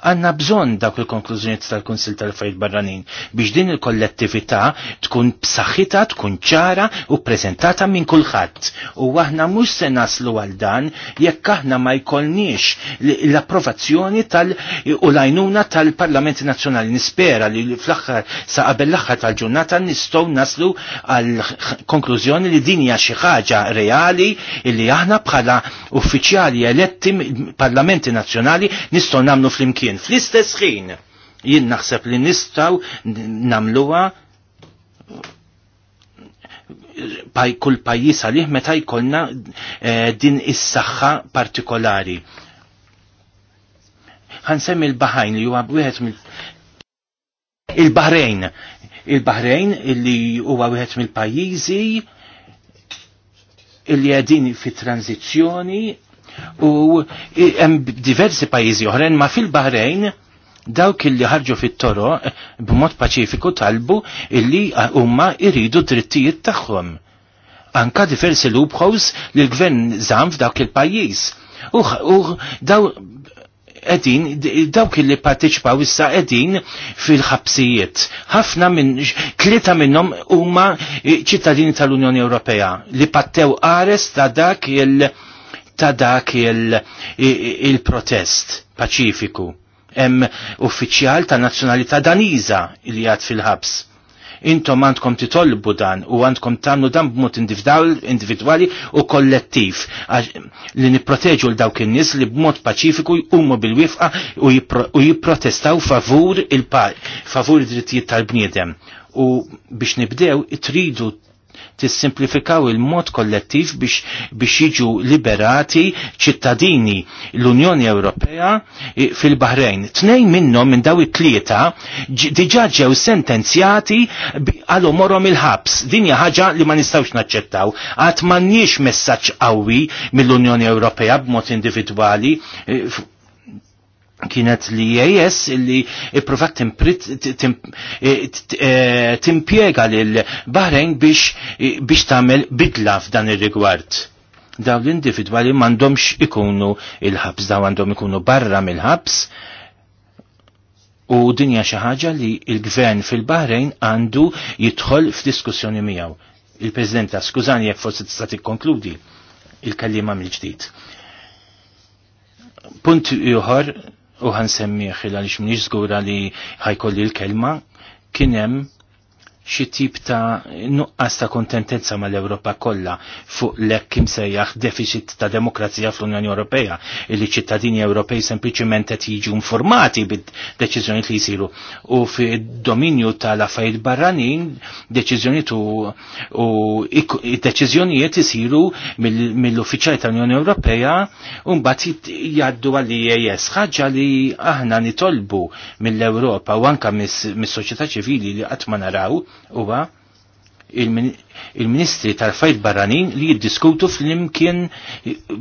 Għanna bżon dak il-konklużjoniet tal-Kunsil tal-Affarijiet Barranin biex din il-kollettività tkun b'saħħitha, tkun ċara u prezentata minn kulħadd. U aħna mhux se naslu għal dan jekk aħna ma jkollniex l-approvazzjoni tal- u l-għajnuna tal-Parlament Nazzjonali. Nispera li fl-aħħar sa qabel l-aħħar tal-ġurnata nistgħu naslu għal konklużjoni li din hija xi ħaġa reali illi aħna bħala uffiċjali eletti parlamenti nazzjonali nistgħu nagħmlu flimkien jien fl-istess ħin jien naħseb li nistaw namluwa paj kull pajjiż għalih meta jkollna eh, din is-saħħa partikolari. Ħansemmi l-Baħajn li huwa wieħed mill il-Baħrejn. Il-Baħrejn illi huwa wieħed mill-pajjiżi illi għedin fit tranzizzjoni U hemm diversi pajjiżi oħrajn ma fil-Bahrejn dawk illi ħarġu fit-toro eh, b'mod paċifiku talbu illi eh, huma jridu drittijiet tagħhom. Anka diversi loopholes li l-gvern żamm f'dawk il-pajjiż. U daw edin, dawk li partiċpaw issa edin fil-ħabsijiet. ħafna minn, tlieta minnhom huma ċittadini tal-Unjoni Ewropea li pattew ares ta' dak il- ta' dak il-protest il paċifiku. Hemm uffiċjal ta' nazzjonalità Daniża li għad fil-ħabs. Intom għandkom titolbu dan u għandkom tagħmlu dan b'mod individwali u kollettiv li nipproteġu l dawk in-nies li b'mod paċifiku jqumu bil-wifqa u jipprotestaw favur il-drittijiet tal-bniedem. U biex nibdew, tridu tissimplifikaw il-mod kollettiv biex, biex jiġu liberati ċittadini l-Unjoni Ewropea fil-Bahrejn. Tnejn minnhom minn daw it-tlieta diġà ġew sentenzjati għal morhom il-ħabs. Din hija ħaġa li ma nistgħux naċċettaw. Għad m'għandniex messaġġ qawwi mill-Unjoni Ewropea b'mod individwali eh, kienet li jajess illi ipprovat e- e- timpiega lil Bahrein e- biex tagħmel bidla f'dan ir-rigward. Daw l-individwali m'għandhomx ikunu il-ħabs, daw għandhom ikunu barra mill-ħabs u dinja xi ħaġa li l-gvern fil-Bahrejn għandu jidħol f'diskussjoni miegħu. Il-Presidenta, skużani jekk forsi tista' tikkonkludi il-kallima mill-ġdid. Punt ieħor u ħansemmiħ il għaliex mniex zgura li ħajkolli l-kelma kien hemm xi tip ta' nuqqas ta' kontentezza mal-Ewropa kollha fuq lekk imsejjaħ deficit ta' demokrazija fl-Unjoni Ewropea illi ċittadini Ewropej sempliċiment qed jiġu informati bid-deċiżjonijiet li jsiru u fid-dominju tal-affarijiet barranin deċiżjonijiet u deċiżjonijiet isiru mill-uffiċjali tal-Unjoni Ewropea u mbagħad jgħaddu għal IAS ħaġa li aħna nitolbu mill-Ewropa u anke mis-soċjetà ċivili li qatt ma naraw huwa il-ministri tal-fajt barranin li jiddiskutu fl-imkien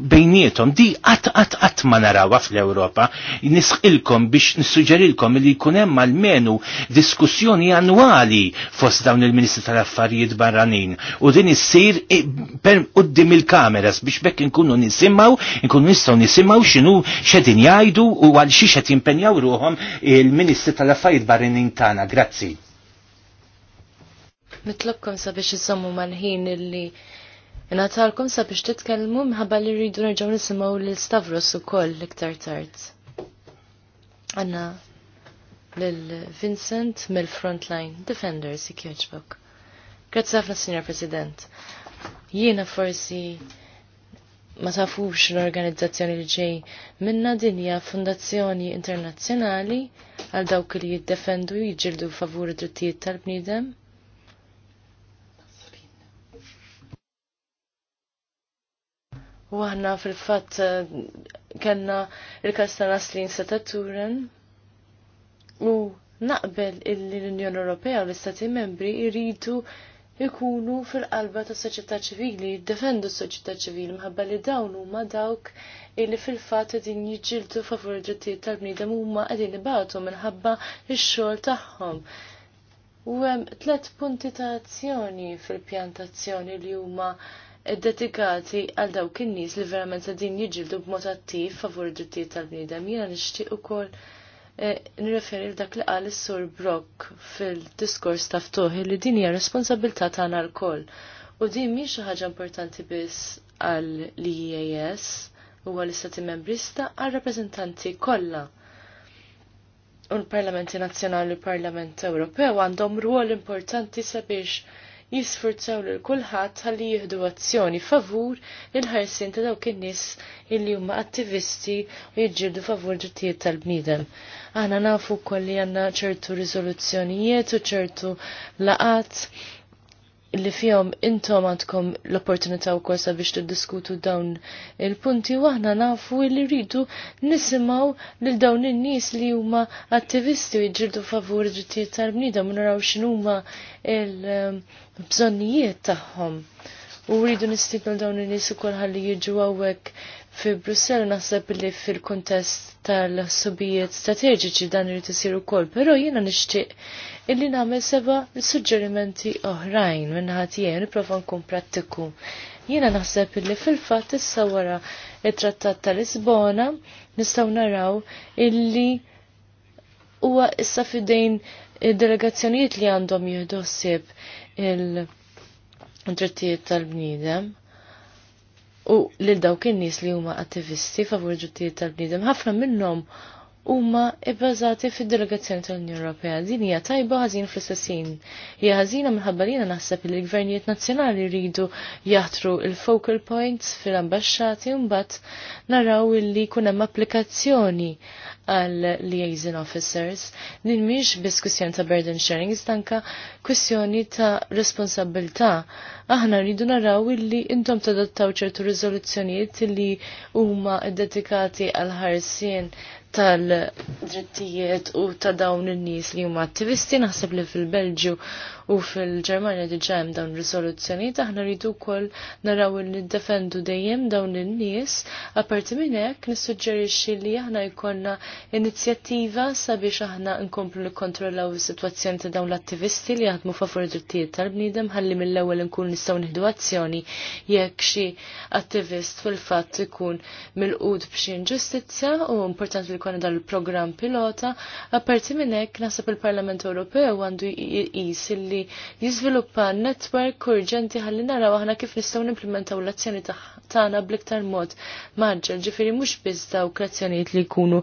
bejnietom. Di għat għat għat ma narawa fl-Europa. Nisqilkom biex nissuġerilkom li kunem mal-menu diskussjoni annuali fost dawn il-ministri tal-affarijiet barranin. U din issir uddim il-kameras biex bekk nkunu nisimaw, nkunu nistaw nisimaw xinu xedin jajdu u għal xie xed jimpenjaw ruħom il-ministri tal-affarijiet barranin tana. Grazzi nitlobkom sabiex iżommu mal-ħin illi natalkom sabiex titkellmu mħabba li rridu nerġgħu nisimgħu l Stavros ukoll l-iktar tard. Għanna lil Vincent mill-Frontline Defenders ikjoġbok. Grazzi ħafna, Signor President. Jiena forsi ma tafux l-organizzazzjoni li ġej minna dinja fundazzjoni internazzjonali għal dawk li jiddefendu jġildu favur id-drittijiet tal-bniedem U għanna fil-fat eh, kanna il kasta naslin sa turen. U naqbel l-Unjoni Ewropea u l-Istati Membri irridu ikunu fil-qalba ta' soċjetà ċivili, jiddefendu s-soċjetà ċivili mħabba li dawn huma dawk illi fil-fatt qegħdin jiġġieldu favur id-drittijiet tal-bniedem huma qegħdin ibatu minħabba il xogħol tagħhom. U hemm tliet punti ta' azzjoni fil-pjantazzjoni li huma dedikati għal dawk in-nies li verament din jiġildu b'mod attiv favur id-drittijiet tal-bniedem. Jiena nixtieq ukoll eh, nirreferi l dak li qal is-Sur Brock fil-diskors ta' ftuħi li din hija responsabilità tagħna l-koll. U din mhix xi ħaġa importanti biss għal l-IAS u għal istati membrista għal rappreżentanti kollha. U l-Parlamenti Nazzjonali u l-Parlament Ewropew għandhom rwol importanti sabiex jisfurzaw lil kulħadd ħalli jieħdu azzjoni favur lil ħarsin ta' dawk in-nies illi huma attivisti u jiġġieldu favur drittijiet tal-bniedem. Aħna nafu wkoll li għandna ċertu riżoluzzjonijiet u ċertu laqat li fihom intom għandkom l-opportunità wkoll sabiex tiddiskutu dawn il-punti u aħna nafu li rridu nisimgħu lil dawn in-nies li huma attivisti u jġildu favur ġittiet tal-bniedem u naraw x'inhuma l bżonnijiet tagħhom u rridu nistidnu dawn in-nies ukoll ħalli jiġu hawnhekk fi Brussel naħseb li fil-kontest tal-subijiet strateġiċi dan irid isir ukoll, però jiena nixtieq illi nagħmel seba suġġerimenti oħrajn minn ħatijaj nipprova nkun prattiku. Jiena naħseb illi fil-fatt issa wara it-Trattat tal-Lisbona nistgħu naraw illi huwa issa fidejn id delegazzjonijiet li għandhom jieħdu ħsieb il- drittijiet tal-bniedem u lil dawk in-nies li huma attivisti favur drittijiet tal-bniedem ħafna minnhom huma ibbażati fid-delegazzjoni tal-Unjoni Ewropea. Din hija tajba ħażin fl-istessin. Hija ħażina minħabba li naħseb li l-gvernijiet nazzjonali jridu jaħtru il-focal points fil ambasċati mbagħad naraw li jkun hemm applikazzjoni għal liaison officers. Din mhix biss kwistjoni ta' burden sharing, istanka kwistjoni ta' responsabilità. Aħna rridu naraw illi intom tadottaw ċertu riżoluzzjonijiet li huma dedikati għal ħarsien tal-drittijiet u ta' dawn in-nies li huma attivisti naħseb li fil-Belġju u fil-Ġermanja diġà hemm dawn risoluzzjonijiet aħna rridu wkoll naraw li niddefendu dejjem dawn in-nies. Apparti minn hekk nissuġġerixxi li aħna jkollna inizjattiva sabiex aħna nkomplu nikkontrollaw is-sitwazzjoni ta' dawn l-attivisti li jaħdmu favur drittijiet tal-bniedem ħalli mill-ewwel nkun nistgħu nieħdu azzjoni jekk xi attivist fil-fatt ikun milqud b'xi inġustizzja u importanti jkun dan il-programm pilota, apparti minn hekk naħseb il-Parlament Ewropew għandu jqis li jiżviluppa netwerk urġenti ħalli naraw aħna kif nistgħu nimplementaw l-azzjoni tagħna bliktar mod maġġel, ġifieri mhux biss dawk l-azzjonijiet li jkunu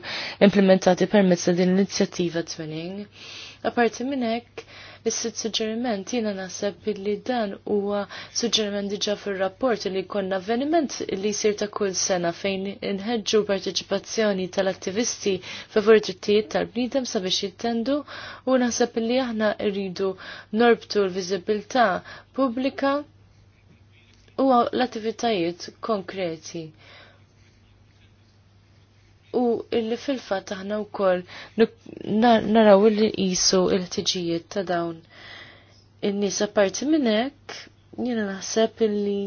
implementati permezz din l-inizjattiva twinning. Apparti minn hekk is-sitt suġġeriment jiena naħseb li dan huwa suġġeriment diġà fir-rapport li jkollna avveniment li jsir ta' kull sena fejn inħeġġu parteċipazzjoni tal-attivisti favur it-trittijiet tal-bniedem sabiex jittendu u naħseb li aħna rridu norbtu l-viżibilità pubblika u l-attivitajiet konkreti u illi fil-fatt aħna wkoll naraw illi qisu l-ħtiġijiet ta' dawn in-nies apparti minn hekk jiena naħseb illi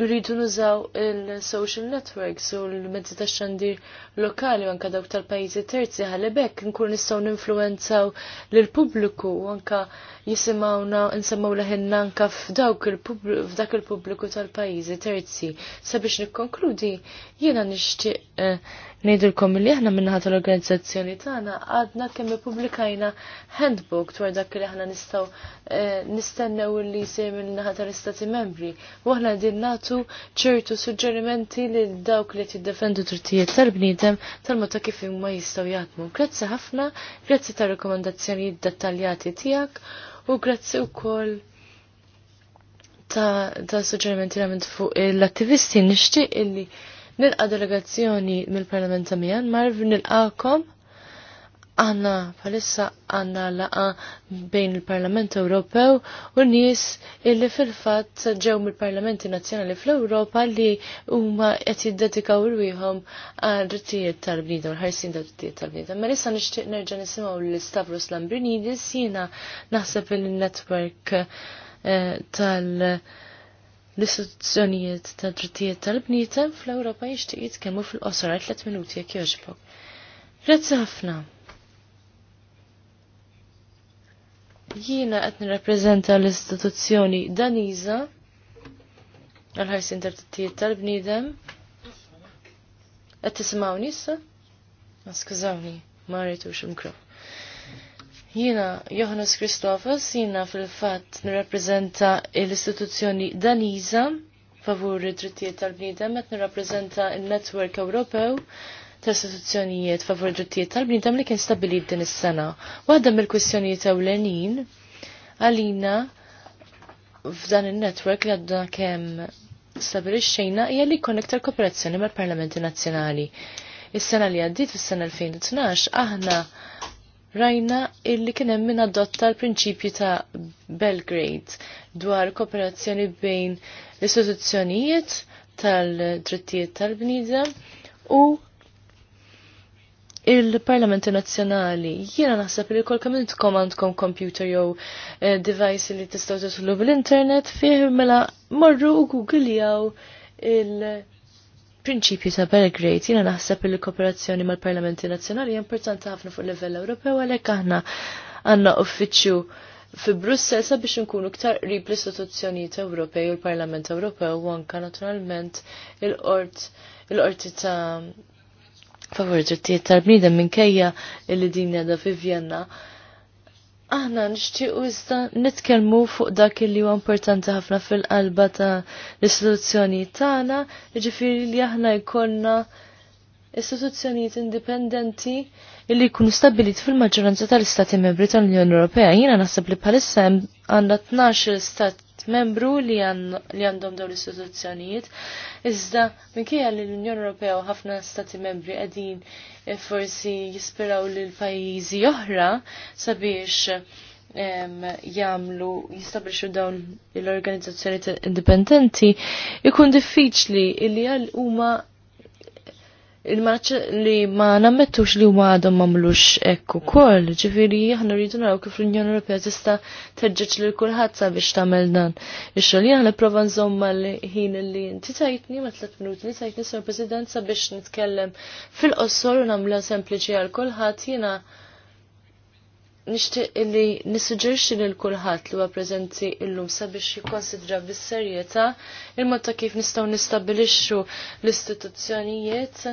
rridu nużaw il-social networks u l-mezzi ta' xandir lokali u anka dawk tal-pajjiżi terzi ħalli bekk nkun nistgħu influenzaw lill-pubbliku u anka jisimgħuna nsemmaw leħinna anka f'dawk f'dak il-pubbliku tal-pajjiżi terzi. Sabiex nikkonkludi jiena nixtieq eh, Ngħidilkom li aħna ħat l organizzazzjoni tagħna għadna kemm ippubblikajna handbook dwar dak li aħna nistgħu eh, nistennew li jsir ħat l istati Membri. U aħna din nagħtu ċertu suġġerimenti li dawk li tiddefendu drittijiet tal-bniedem tal-mod kif huma jistgħu jaħdmu. Grazzi ħafna, grazzi tar rekomendazzjoni dettaljati tiegħek u grazzi wkoll ta', ta suġġerimenti għamilt fuq l-attivisti nixtieq illi Nilqa delegazzjoni mill-Parlament ta' Myanmar, nilqakom għanna palissa għanna laqa bejn il-Parlament Ewropew u nies illi fil-fatt ġew mill-Parlamenti Nazzjonali fl-Ewropa li huma qed jiddedikaw irwihom għal drittijiet tal-bnieda u l-ħarsin ta' drittijiet tal-bnieda. Mela Ma issa nixtieq nerġa' nisimgħu l-Stavros Lambrinidis jiena naħseb il netwerk eh, tal- l-istituzzjonijiet ta' drittijiet tal-bnietem fl-Ewropa jixtieq jitkellmu fil-qosra 3 minuti jekk jogħġbok. Grazzi ħafna. Jiena qed nirrappreżenta l-istituzzjoni Daniża għal-ħarsin drittijiet tal-bniedem. Qed tisimgħuni issa? Ma skużawni, ma rritux il-mikrofon. Jina, Johannes Kristofas, jina fil-fat nirrapprezenta l-istituzzjoni Daniza favur drittijiet tal-bnidem, għet nirrappreżenta il netwerk Ewropew ta' istituzzjonijiet favur drittijiet tal-bnidem li kien stabili din is-sena. Waħda mill-kwistjonijiet ewlenin għalina f'dan in-netwerk li għadna kemm stabilixxejna hija li jkun iktar kooperazzjoni mal-Parlamenti Nazzjonali. Is-sena li għaddiet fis-sena 2012 aħna rajna illi kien hemm min adotta l-prinċipju ta' Belgrade dwar kooperazzjoni bejn l-istituzzjonijiet tal-drittijiet tal-bniedem u il-Parlamenti Nazzjonali. Jiena naħseb li kol kemm intkom għandkom computer jew eh, device li tistgħu tislu bl-internet fih mela morru u jew il- prinċipju ta' Belgrade jiena naħseb li kooperazzjoni mal-Parlamenti Nazzjonali importanti ħafna fuq livell Ewropew għalhekk aħna għandna uffiċċju fi Brussel sabiex nkunu ktar qrib l-istituzzjonijiet Ewropej u l-Parlament Ewropew u anke naturalment il-qort il-qorti ta' favor tal-bniedem minkejja li din għadha fi Vjenna Aħna nixtiequ iżda nitkellmu fuq dak li huwa importanti ħafna fil-qalba ta' l-istituzzjoni tagħna, jiġifieri li aħna jkollna istituzzjonijiet indipendenti illi jkunu stabilit fil-maġġoranza tal-Istati Membri tal-Unjoni Ewropea. Jiena naħseb li bħalissa għandna 12 stat membru li għandhom dawn l-istituzzjonijiet, iżda minkejja li l-Unjoni Ewropea u ħafna stati membri qegħdin eh, forsi jispiraw l pajjiżi oħra sabiex jagħmlu jistabrixu dawn l-organizzazzjoni indipendenti, ikun diffiċli li għal huma il-maċ li ma nammettux li huma għadhom mamlux ekku kol, ġifiri aħna rridu naraw kif l-Unjoni Ewropea tista' terġeġ lil kulħadd sabiex tagħmel dan. Ix-xogħol jien nipprova nżomm l ħin li inti tajtni ma tliet minuti li tajtni sur President sabiex nitkellem fil-qossor u nagħmlu sempliċi għal kulħadd jiena nishtiq illi nissuġġerixxi lil kulħadd li huwa preżenti illum sabiex jikkonsidra bis-serjetà il-mod ta' kif nistgħu nistabbilixxu l-istituzzjonijiet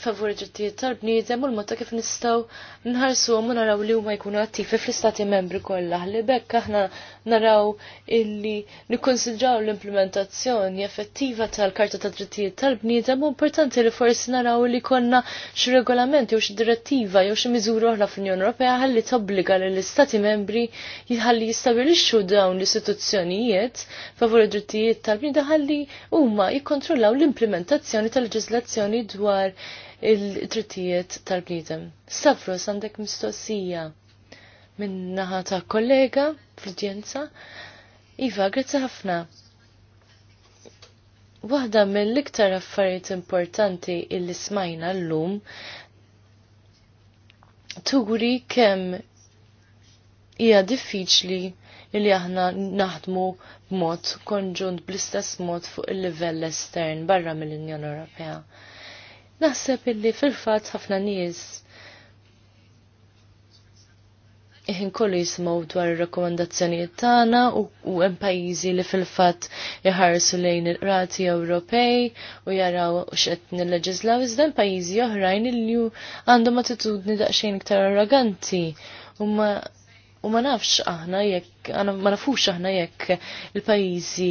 favur ġittijiet tal-bniedem u l-motta kif nistaw nħarsu u naraw li huma jkunu attivi fl-istati membri kollha li bekk aħna naraw illi nikkonsidraw l-implementazzjoni effettiva tal-Karta ta' Drittijiet tal-Bniedem u importanti li forsi naraw li konna xi regolamenti u xi direttiva jew xi miżuri oħra fl-Unjoni Ewropea ħalli tobbliga lill istati membri ħalli jistabilixxu dawn l-istituzzjonijiet favur id-drittijiet tal bnidem ħalli huma jikkontrollaw l-implementazzjoni tal-leġiżlazzjoni dwar il-drittijiet tal bnidem Safru, għandek mistoqsija minn naħa ta' kollega fl ġenza Iva, grazzi ħafna. Waħda mill-iktar affarijiet importanti illi smajna l-lum turi kemm hija diffiċli illi aħna naħdmu b'mod konġunt bl-istess mod fuq il-livell estern barra mill-Unjoni Ewropea. Naħseb illi fil-fatt ħafna nies iħin kollu jismaw dwar il rakkomandazzjonijiet tagħna u hemm pajjiżi li fil-fatt jħarsu lejn il-qrati Ewropej u jaraw x'qed nilleġislaw iżda hemm pajjiżi oħrajn illi għandhom attitudni daqsxejn iktar arroganti u ma u ma nafx aħna jekk ma nafux aħna jekk il-pajjiżi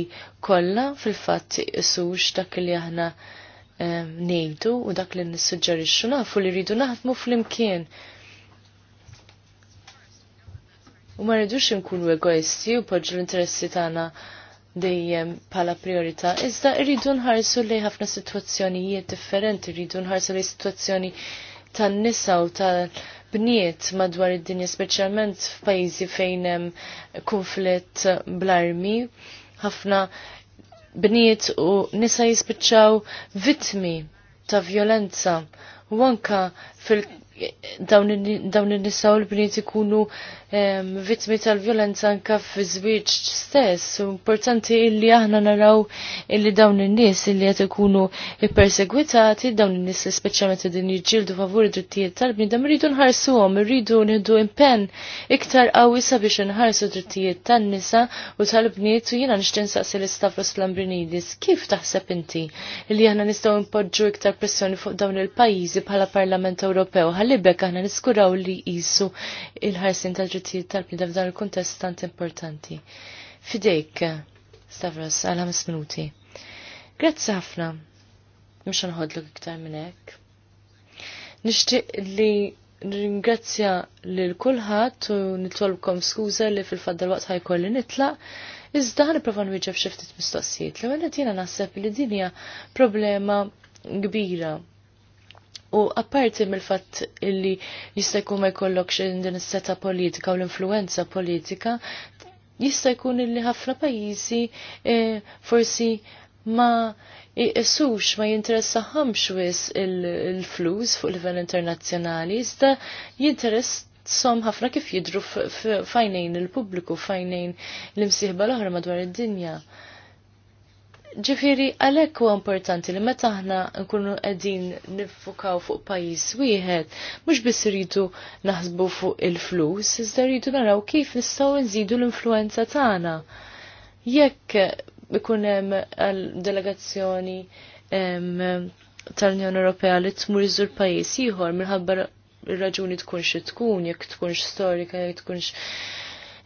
kollha fil-fatt iqisux dak li aħna nejdu u dak li nissuġġerixxu nafu li rridu naħdmu fl-imkien. U ma rridux inkunu egoisti u poġġu l-interessi tagħna dejjem pala priorità, iżda rridu nħarsu li ħafna sitwazzjonijiet differenti, rridu nħarsu li sitwazzjoni tan-nisa u tal-bniet madwar id-dinja, speċjalment f'pajjiżi fejn hemm konflitt bl-armi ħafna bniet u nisa jispiċċaw vittmi ta' violenza u anka fil dawn in-nisa u l-bniet ikunu vittmi tal-violenza anka fi żwieġ stess. Importanti illi aħna naraw illi dawn in-nies illi qed ikunu ippersegwitati, dawn in-nies li speċjalment din jiġġieldu favur drittijiet tal-bniedem rridu nħarsuhom, irridu nieħdu impenn iktar qawwi sabiex inħarsu drittijiet tan-nisa u tal-bniet u jiena nixtieq nsaqsi l-istafros Lambrinidis. Kif taħseb inti illi aħna nistgħu npoġġu iktar pressjoni fuq dawn il-pajjiżi bħala Parlament Ewropew ħalli bekk aħna niskuraw li jqisu il-ħarsin tal drittijiet tal-bnida f'dan il-kuntest tant importanti. Fidejk, Stavros, għal ħames minuti. Grazzi ħafna. Mhux nħodlok iktar minn hekk. Nixtieq li ringrazzja lil kulħadd u nitolbkom skuża li fil-faddal waqt ħajkolli nitlaq. Iżda ħaniprofa nwieġeb xi ftit mistoqsijiet. L-ewwel qed jiena naħseb li din hija problema kbira U apparti mill-fatt illi jista' jkun ma jkollok din is-seta politika u l-influenza politika, jista' jkun illi ħafna pajjiżi e, forsi ma jessux ma jinteressaħamx wis il-flus fuq livell internazzjonali, iżda jinteress som ħafna kif jidru fajnejn il-pubbliku, fajnejn l-imsieħba l-oħra madwar id-dinja. Ġifiri, għalek u importanti li meta aħna nkunu qegħdin nifukaw fuq pajjiż wieħed, mhux biss rridu naħsbu fuq il-flus, iżda rridu naraw kif nistgħu nżidu l-influenza tagħna. Jekk ikun hemm eh, delegazzjoni tal-Unjoni Ewropea li tmur iżur pajjiż ieħor minħabba ir-raġuni tkun xi tkun, jekk tkunx storika, jekk tkunx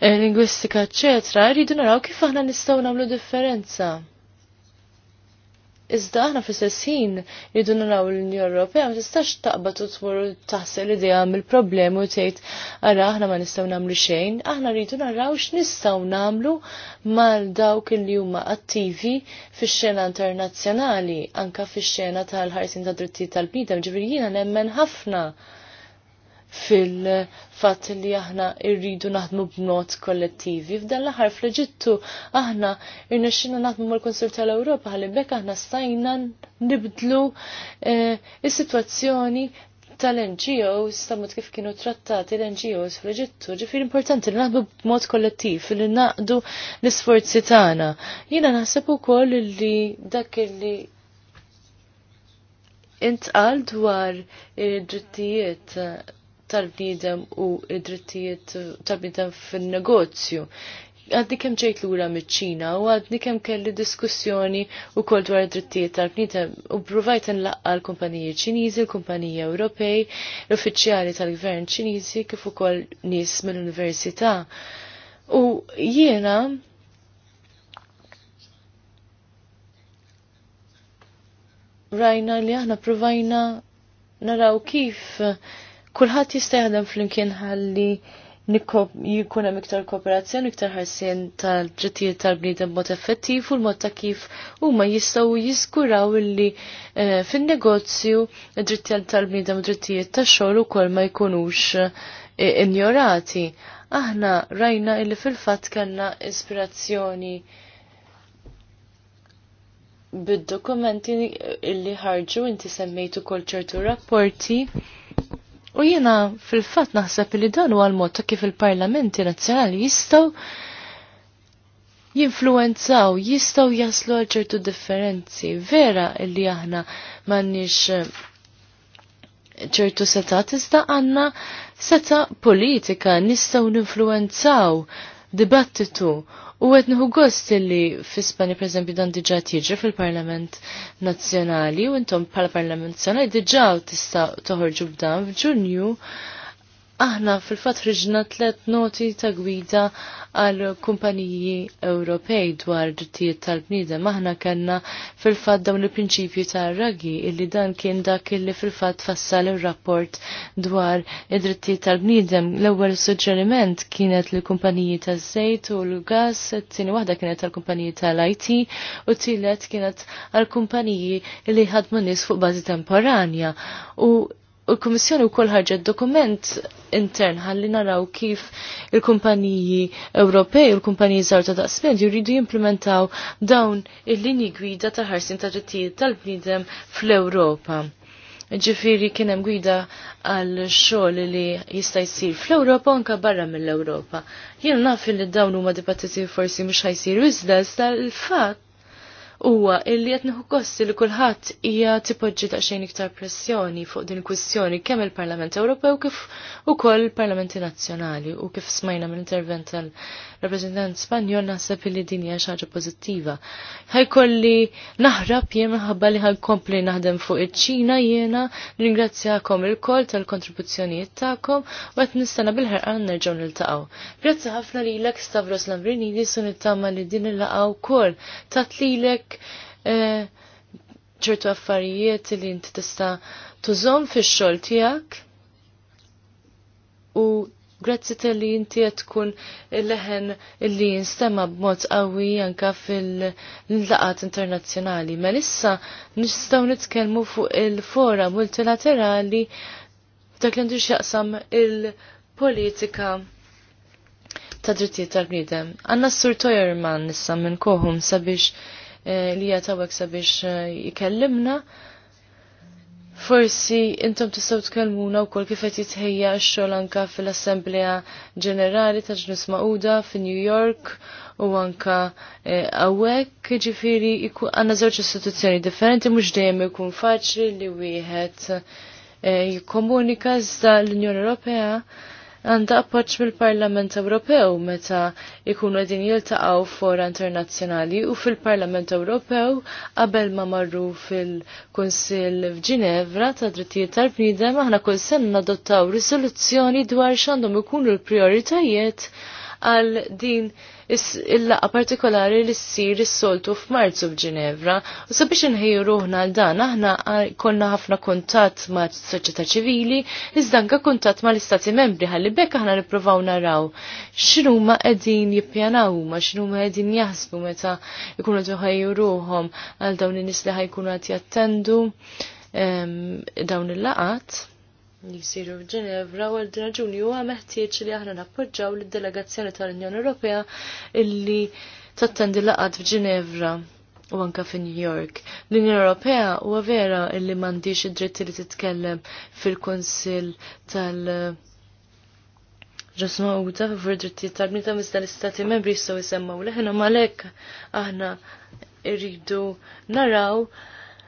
eh, lingwistika, eċċetera, rridu naraw kif aħna nistgħu nagħmlu differenza. Iżda aħna fi' sessin ħin jridu naraw l-Unjoni Ewropea ma tistax taqbad u twur taħsel idea mill-problemi u tgħid ara aħna ma nistgħu nagħmlu xejn, aħna rridu naraw x'nistgħu nagħmlu mal dawk li huma attivi fix-xena internazzjonali, anka fix-xena tal-ħarsin tad drittijiet tal bidem ġifieri jiena nemmen ħafna fil-fatt li aħna irridu naħdmu b'mod kollettivi. F'dan l-aħħar fl-Eġittu aħna irnexxina naħdmu mal-Konsil tal-Ewropa ħalli bekk aħna stajna nibdlu eh, is-sitwazzjoni tal-NGOs, ta' mod kif kienu trattati l-NGOs fl-Eġittu, ġifir importanti li naħdmu b'mod kollettiv, li naqdu l-isforzi tagħna. Jiena naħseb ukoll li dak li intqal dwar id-drittijiet tal-bniedem u id-drittijiet tal-bniedem fin-negozju għadni kem ġejt l-ura mit-ċina u għadni kem kelli diskussjoni u kol dwar drittijiet tal-bniedem u provajt nlaqqa l-kumpaniji ċiniżi, l-kumpaniji Ewropej, l-uffiċjali tal-gvern ċiniżi kif ukoll nies mill-università. U jiena rajna li aħna provajna naraw kif kulħadd jista' jaħdem flimkien ħalli jikun hemm iktar kooperazzjoni, iktar ħarsien tal-ġittijiet tal-bniedem mod effettiv u l-mod ta' kif huma jistgħu jiżguraw illi eh, fin-negozju id-drittijiet tal-bniedem u drittijiet tax-xogħol ukoll ma jkunux eh, injorati. Aħna rajna illi fil-fatt kellna ispirazzjoni bid-dokumenti illi ħarġu inti semmejtu kol ċertu rapporti U jiena fil-fat naħseb li dan huwa l-mod ta' kif il-parlamenti nazzjonali jistgħu jinfluenzaw, jistgħu jaslu għal ċertu differenzi. Vera li aħna m'għandniex eh, ċertu seta' tista' għandna seta' politika nistgħu ninfluenzaw dibattitu U għed nħu gost li fispani per esempio dan diġa tiġi fil-parlament nazjonali u intom pal parlament nazjonali diġa tista toħorġu b'dan f'ġunju Aħna fil-fat ħriġna tlet noti ta' gwida għal kumpaniji Ewropej dwar drittijiet tal-bniedem. Aħna kanna fil-fat dawn il-prinċipju ta' ragi illi dan kien dak illi fil-fat fassal il-rapport dwar id-drittijiet tal-bniedem. L-ewwel suġġeriment kienet li kumpaniji ta' żejt u l-gas, t-tieni waħda kienet għal kumpaniji tal-IT u t-tielet kienet għal kumpaniji li ħadmu nies fuq bażi temporanja. U U l kummissjoni wkoll ħarġet dokument intern ħalli naraw kif il-kumpaniji Ewropej u l-kumpaniji żgħar ta' daqsmed jridu jimplementaw dawn il-linji gwida ta' ħarsin ta' drittijiet tal-bniedem fl-Ewropa. Ġifiri kien hemm gwida għal xogħol li jista' jsir fl-Ewropa u anke barra mill-Ewropa. Jien naf li dawn huma dibattiti forsi mhux ħajsiru iżda iżda l-fatt huwa illi qed neħu kossi li kulħadd hija tipoġġi daqsxejn iktar pressjoni fuq din il-kwistjoni kemm il-Parlament Ewropew kif ukoll parlamenti nazzjonali u kif smajna mill-intervent tal-rappreżentant Spanjol naħseb illi din hija xi ħaġa pożittiva. Ħajkolli naħrab jien minħabba li ħankompli naħdem fuq iċ-Ċina jiena ringrazzjakom il-kol tal-kontribuzzjonijiet tagħkom u qed nistana bil-ħerqa nerġgħu niltaqgħu. Grazzi ħafna lilek Stavros Lambrini li nittama li din il-laqgħa wkoll tatlilek għandek eh, ċertu affarijiet li inti tista' tużom fix-xogħol tiegħek u grazzi ta' li inti qed tkun leħen illi jinstema b'mod qawwi anke fil-laqat internazzjonali. Ma issa nistgħu nitkellmu fuq il-fora multilaterali dak li xjaqsam il-politika ta' drittijiet tal-bniedem. Għanna s-sur Toyerman nissa minn kohum sabiex Eh, li jatawek sabiex eh, jikellimna. Forsi intom tistgħu tkellmuna wkoll kif qed jitħejja x-xogħol anke fil assemblea Ġenerali ta' Ġnus Mauda fi New York u anke għawek eh, ġifiri għanna għandna żewġ istituzzjoni differenti mhux dejjem ikun faċli li wieħed jikkomunika zda l-Unjoni Ewropea għanda appoċ mill-Parlament Ewropew meta jkunu din jiltaqgħu fora internazzjonali u fil-Parlament Ewropew qabel ma marru fil-Kunsill f'Ġinevra ta' drittijiet tal-bniedem aħna kull sena nadottaw risoluzzjoni dwar x'għandhom ikunu l-prijoritajiet għal din il-laqa partikolari li ssir s soltu f'Marzu f'Ġinevra u sabiex inħejju ruħna għal dan aħna konna ħafna kuntatt ma' soċjetà ċivili iżda anke kuntatt ma' l-istati membri ħalli bekk aħna nippruvaw naraw x'inhuma qegħdin jippjanaw ma x'inhuma qegħdin jaħsbu meta jkunu ħejju ruħhom għal dawn in-nies li ħajkunu qed jattendu dawn il-laqat li jisiru f'Ġenevra u għal draġuni huwa meħtieġ li aħna nappoġġaw lid-delegazzjoni tal-Unjoni Ewropea illi tattendi laqad f'Ġenevra u anka fi New York. L-Unjoni Ewropea huwa vera illi m'għandix id dritti li titkellem fil-Kunsill tal- Ġasma u ta' favur drittijiet tal-bnita mizda l-istati membri jistgħu jisemmaw leħna malek aħna irridu naraw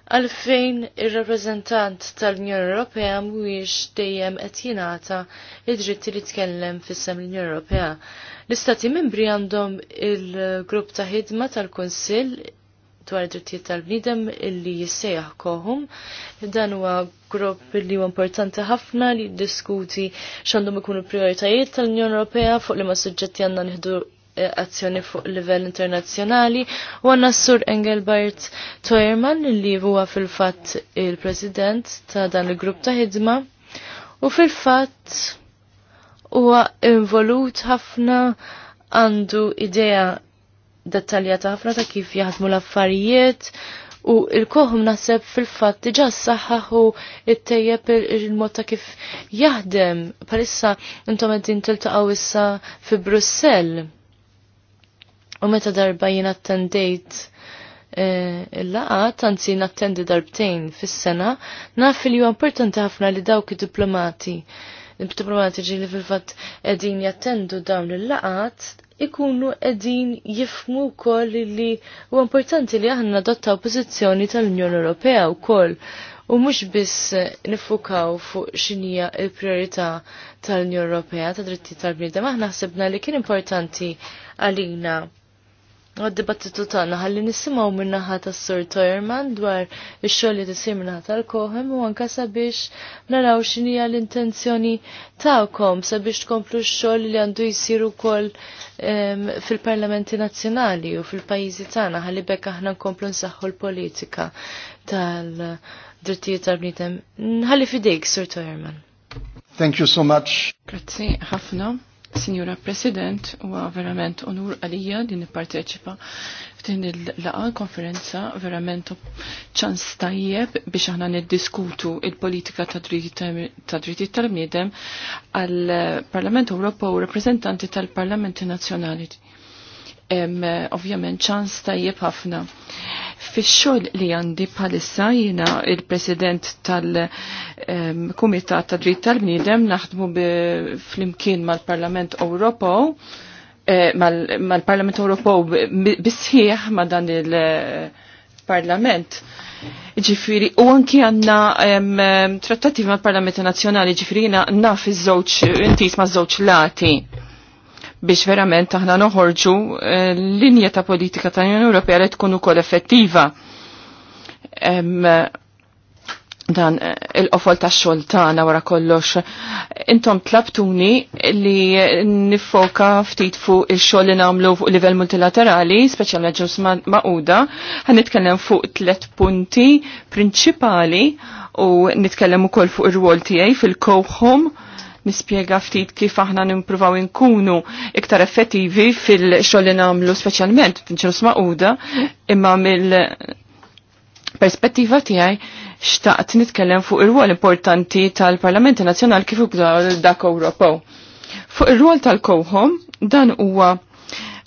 għalfejn ir reprezentant tal-Unjoni Ewropea mhuwiex dejjem qed jingħata id-dritti li tkellem fis-sem l-Unjoni Ewropea. L-istati membri għandhom il-grupp ta' ħidma tal-Kunsill dwar id-drittijiet tal-bniedem illi jissejjaħ kohom. Dan huwa grupp li huwa importanti ħafna li jiddiskuti x'għandhom ikunu prioritajiet tal-Unjoni Ewropea fuq li ma' suġġetti għandna nieħdu azzjoni fuq livell internazzjonali u għanna s-sur Engelbert Toerman li huwa fil-fatt il-president ta' dan il-grupp ta' ħidma u fil-fatt huwa involut ħafna għandu idea dettaljata ħafna ta' kif jaħdmu l-affarijiet u il koħum naħseb fil-fatt diġa s-saħħaħu it-tejjeb il-mod ta' kif jaħdem. Palissa intom għeddin tiltaqaw issa fi Brussell. U meta darba jien attendejt eh, il-laqa tanzi nattendi darbtejn fis-sena, naf li huwa importanti ħafna li dawk id-diplomati, diplomati ġili fil-fatt qegħdin jattendu dawn il-laqat, ikunu qegħdin jifmu wkoll li huwa importanti li aħna adottaw pożizzjoni tal-Unjoni Ewropea wkoll u mhux biss nifukaw fuq x'inhija l-prijorità tal-Unjoni Ewropea ta' dritti tal-bniedem aħna ħsebna li kien importanti għalina għad-dibattitu tagħna ħalli nisimgħu min-naħa tas-Sur Toyerman dwar ix-xogħol li tisir minnaħa naħa tal-kohem u anke sabiex naraw x'inhija l-intenzjoni tagħkom sabiex tkomplu x-xogħol li għandu jsir ukoll fil-parlamenti nazzjonali u fil-pajjiżi tagħna ħalli bekk aħna nkomplu nsaħħu l-politika tal-drittijiet tal-bniedem. Ħalli fidejk, Sur Toyerman. Thank you so much. Grazzi ħafna. Signora President, huwa verament onur għalija din nipparteċipa f'din il-laqa konferenza verament ċans tajjeb biex aħna niddiskutu il-politika ta' dritti tal-bniedem għal-Parlament Ewropew u rappresentanti tal-Parlamenti Nazzjonali ovvjament ċans tajjeb ħafna. Fix-xogħol li għandi bħalissa jiena il-President tal-Kumitat ta' Dritt tal-Bniedem naħdmu flimkien mal-Parlament Ewropew eh, mal-Parlament Ewropew bisħieħ ma' dan il-Parlament. Ġifiri, u anki għanna trattati mal-Parlamenti Nazzjonali ġifiri jina naf iż-żewġ intis ma' żewġ lati biex verament aħna noħorġu eh, linja ta' politika ta' Unjoni Ewropea li tkun ukoll effettiva. Dan eh, il-qofol ta' xoltana wara kollox. Intom tlabtuni li nifoka ftit fuq il-xogħol li nagħmlu fuq livell multilaterali, speċjalment ġus maquda, ħan nitkellem fuq tliet punti prinċipali u nitkellem ukoll fuq ir-rwol tiegħi fil-kowħom nispiega ftit kif aħna nimprovaw inkunu iktar effettivi fil-xogħol li nagħmlu speċjalment f'inċelus smaquda, imma mill-perspettiva tiegħi xtaqt nitkellem fuq ir-rwol importanti tal-Parlamenti Nazzjonal kif ukoll dak Ewropew. Fuq ir-rwol tal-kowhom dan huwa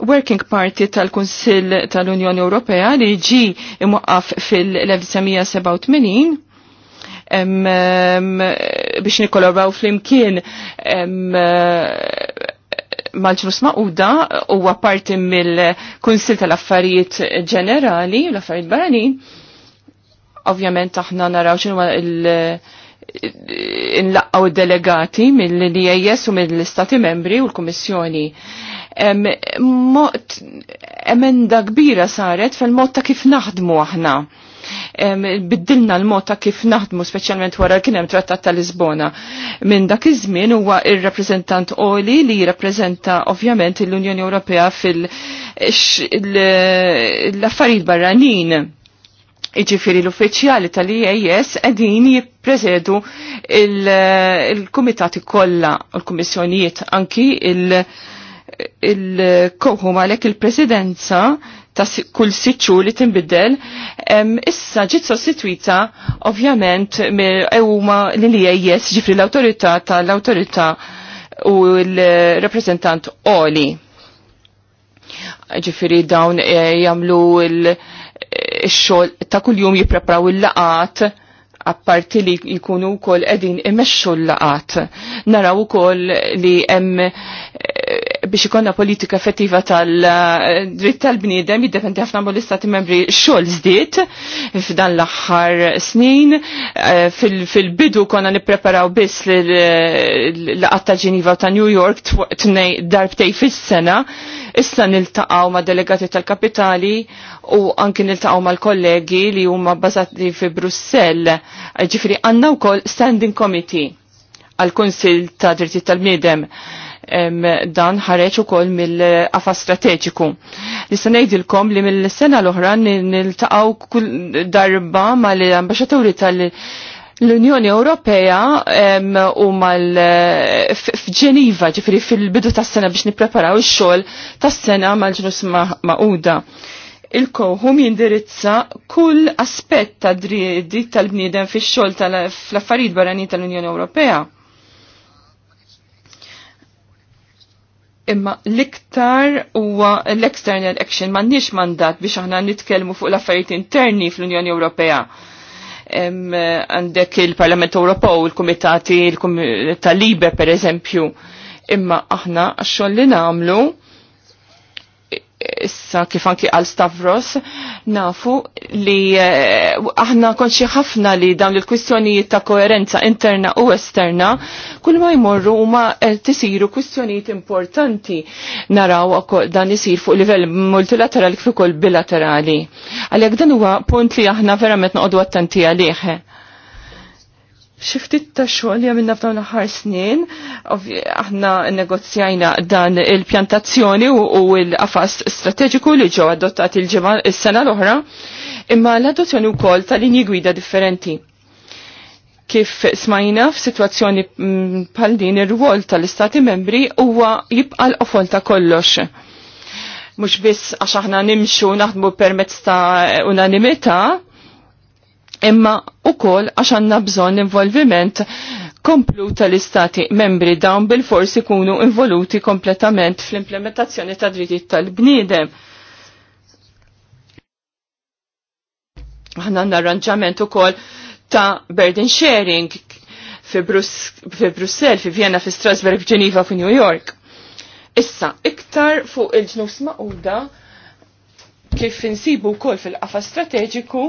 Working Party tal-Kunsill tal-Unjoni Ewropea li ġi imwaqqaf fil-1987 biex nikolabaw fl-imkien mal-ġnus maquda huwa parti mill-Kunsil tal-Affarijiet Ġenerali, l-Affarijiet Barranin, ovvjament aħna naraw xinu il-inlaqqaw delegati mill-IAS u mill-Stati membri u l-Kommissjoni. Emenda kbira saret fil-mod ta' kif naħdmu aħna biddilna l-mod ta' kif naħdmu speċjalment wara kien hemm trattat ta' Lisbona. Minn dak iż-żmien huwa ir-rappreżentant Oli li jirrappreżenta ovvjament l-Unjoni Ewropea fil-affarijiet barranin iġifiri l-uffiċjali tal-IAS għedin jiprezedu il-komitati kolla u l-komissjonijiet, anki il- il-kohum għalek il-presidenza ta' kull sitxu li tinbidel, issa ġiet sostituita ovvjament e huma li ias ġifri l-autorità tal autorita u l reprezentant oli. Ġifri dawn e, jagħmlu l-xogħol e, ta' kuljum jipreparaw il-laqat apparti li jkunu kol edin imesċu l-laqat. Naraw kol li hemm biex ikonna politika effettiva tal-dritt eh, tal-bniedem jiddependi ħafna l istati membri xogħol zdiet f'dan l-aħħar snin. Eh, fil-bidu konna nippreparaw biss l-laqat ta' Ġeniva ta' New York darb darbtej fis-sena. Issa niltaqgħu ma' delegati tal-kapitali u anki niltaqgħu mal-kollegi li huma bbażati fi Brussell. Ġifieri għandna wkoll standing committee għal konsil ta' Drittijiet tal-Bniedem dan ħareċ ukoll mill-qafa strateġiku. Nista' ngħidilkom li mill-sena l-oħra niltaqgħu kull darba mal-ambaxxaturi tal- l-Unjoni Ewropea u mal f'Ġeniva, ġifiri fil-bidu tas sena biex nippreparaw xol xogħol tas sena mal-ġnus maquda. Il-kohum jindirizza kull aspett ta' dridi tal-bniedem fix-xogħol tal-affarijiet barranin tal-Unjoni Ewropea Imma l-iktar huwa l-external action m'għandniex mandat biex aħna nitkellmu fuq l-affarijiet interni fl-Unjoni Ewropea. Għandek il-Parlament Ewropew, il-Kumitati il parlament ewropew il kumitati tal libe per eżempju. Imma aħna għax-xogħol li nagħmlu issa kif anki għal Stavros, nafu li eh, aħna konċi ħafna li dawn il-kwistjonijiet ta' koerenza interna u esterna, kull ma jmorru huma tisiru kwistjonijiet importanti naraw dan isir fuq livell multilaterali kif ukoll bilaterali. Għalhekk dan huwa punt li aħna verament noqogħdu attenti għalih xiftit ta' xogħol li għamilna f'dawn l-aħħar snin, aħna negozjajna dan il-pjantazzjoni u l-qafas strateġiku li ġew adottat il-ġimgħa s-sena l-oħra, imma l-adozzjoni wkoll ta' linji gwida differenti. Kif smajna f'sitwazzjoni mm, bħal din ir-rwol tal-Istati membri huwa jibqa' l-qofol ta' kollox. Mhux biss għax aħna nimxu naħdmu permezz ta' unanimità, imma u kol għax għanna bżon involviment komplu tal-istati membri dawn bil-forsi kunu involuti kompletament fl-implementazzjoni ta' drittijiet tal-bniedem. Għanna arranġament u kol ta' burden sharing fi, Brus fi Brussel, fi Vienna, fi Strasburg, Ġeniva, fi New York. Issa, iktar fuq il-ġnus ma'uda kif insibu kol fil-qafa strateġiku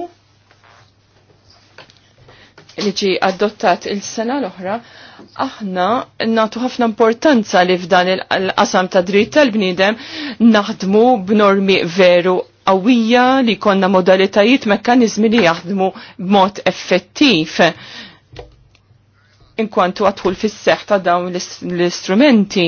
li ġi adottat il-sena l-oħra, aħna natu ħafna importanza li f'dan il-qasam ta' dritt tal-bnidem naħdmu b'normi veru qawwija li konna modalitajiet mekkanizmi li jaħdmu b'mod effettiv inkwantu għatħul fis seħħ ta' dawn l-istrumenti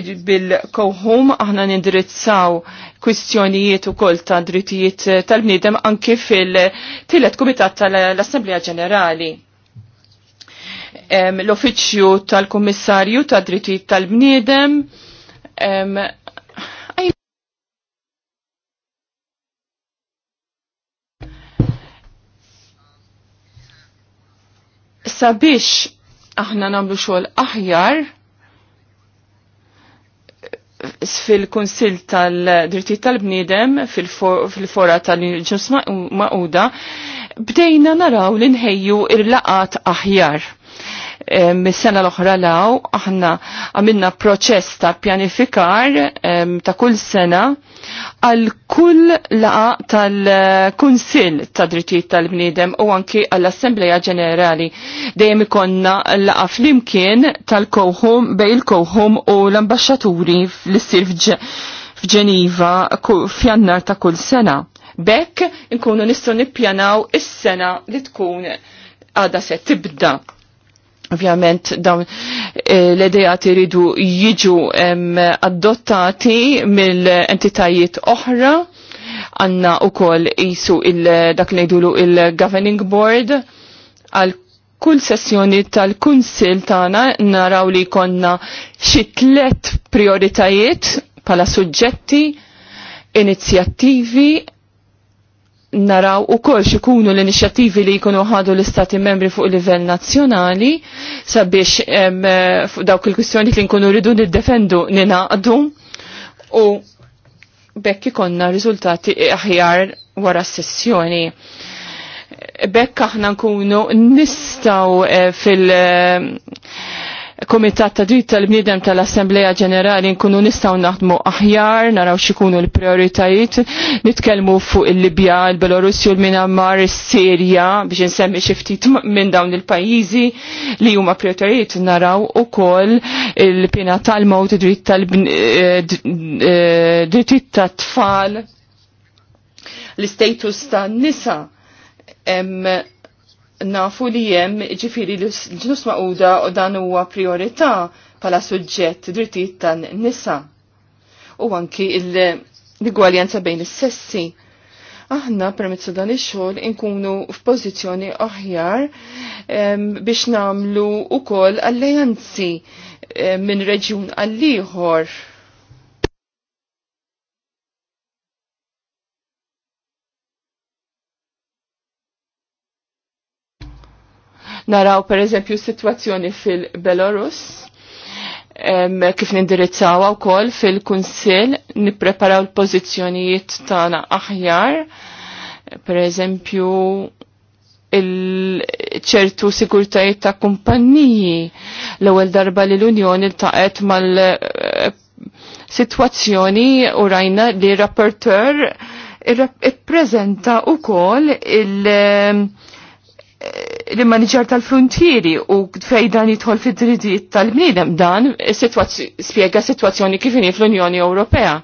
bil-kohum aħna nindirizzaw kwistjonijiet u kol ta' drittijiet tal-bnidem anki fil-tillet kumitat tal-Assemblea Ġenerali. l uffiċju tal kummissarju ta' drittijiet tal-bnidem sabiex aħna namlu xogħol aħjar fil-Konsil tal-Drittijiet tal-Bniedem fil-fora tal ġusma maquda bdejna naraw l-inħejju ir-laqat aħjar mis-sena l-oħra law aħna għamilna proċess ta' pjanifikar ta' kull sena għal kull laqa tal-Kunsill ta' drittijiet tal-bniedem u anki għall-Assembleja Ġenerali dejjem ikonna laqa flimkien tal-kowhum bej il-kowhum u l-ambasċaturi fl issir f'Ġeniva f'jannar ta' kull sena. Bekk inkunu nistgħu nippjanaw is-sena li tkun għada se tibda Ovvjament dawn eh, l-idejat iridu jiġu adottati mill-entitajiet oħra, għanna u koll jisu dak nejdulu il-Governing Board għal kull sessjoni tal-Kunsil tagħna naraw li konna xi tliet prioritajiet pala suġġetti, inizjattivi naraw u kol xikunu l inixjativi li jkunu ħadu l-istati membri fuq livell nazzjonali sabiex eh, fuq dawk il-kwistjoni li nkunu rridu niddefendu ninaqdu u bekki ikonna riżultati aħjar wara s-sessjoni. Bekk aħna nkunu nistaw eh, fil- Komitat ta' dritt tal-bniedem tal-Assembleja Ġenerali nkunu nistgħu naħdmu aħjar, naraw x'ikunu l-prioritajiet, nitkellmu fuq il-Libja, il-Belorussju, il-Minamar, is-Sirja biex insemmi xi ftit minn dawn il-pajjiżi li huma prioritajiet naraw ukoll il-pina tal-mowt dritt tal-drittijiet eh, eh, ta' tfal l-istatus tan-nisa nafu li jem ġifiri l-ġnus maquda u dan huwa priorità pala suġġett drittijiet tan-nisa. U anki l-igwaljanza bejn is-sessi. Aħna permezz dan ix-xogħol inkunu f'pożizzjoni aħjar biex namlu ukoll alleanzi minn reġjun għall ieħor Naraw per eżempju situazzjoni fil-Belarus, kif nindirizzawa u kol fil-Kunsil, nipreparaw l-pozizjonijiet tana aħjar, per eżempju ċertu sigurtajiet ta' kumpanniji l-ewwel darba li l-Unjoni ltaqet mal-sitwazzjoni eh, u rajna li rapporter u wkoll il- l-manager tal-frontieri u fej dan jidħol fid-dridiet tal-bniedem dan spjega situazzjoni kif inhi fl-Unjoni Ewropea.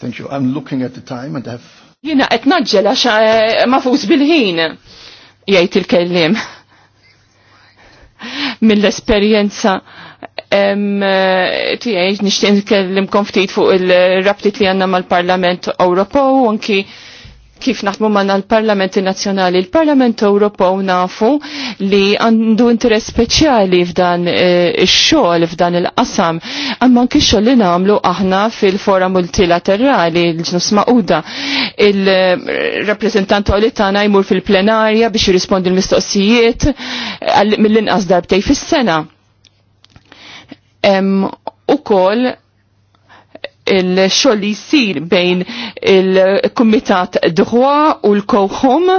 Thank you. I'm looking at the time and have Jina qed naġġel għax eh, ma bil-ħin jgħid il-kellim. Mill-esperjenza eh, tiegħi nixtieq nitkellimkom ftit fuq il-rabtiet li għandna mal-Parlament Ewropew anki kif naħdmu manna l-Parlamenti Nazjonali. l parlament Ewropew nafu li għandu interess speċjali f'dan eh, ix-xogħol f'dan il-qasam, amma anke xogħol li nagħmlu aħna fil-fora multilaterali l-ġnus maquda. Il-rappreżentant għolit jmur fil-plenarja biex jirrispondi l-mistoqsijiet mill-inqas darbtej fis-sena. U kol il-xogħol li jsir bejn il-Kumitat Dħwa u l-Kohom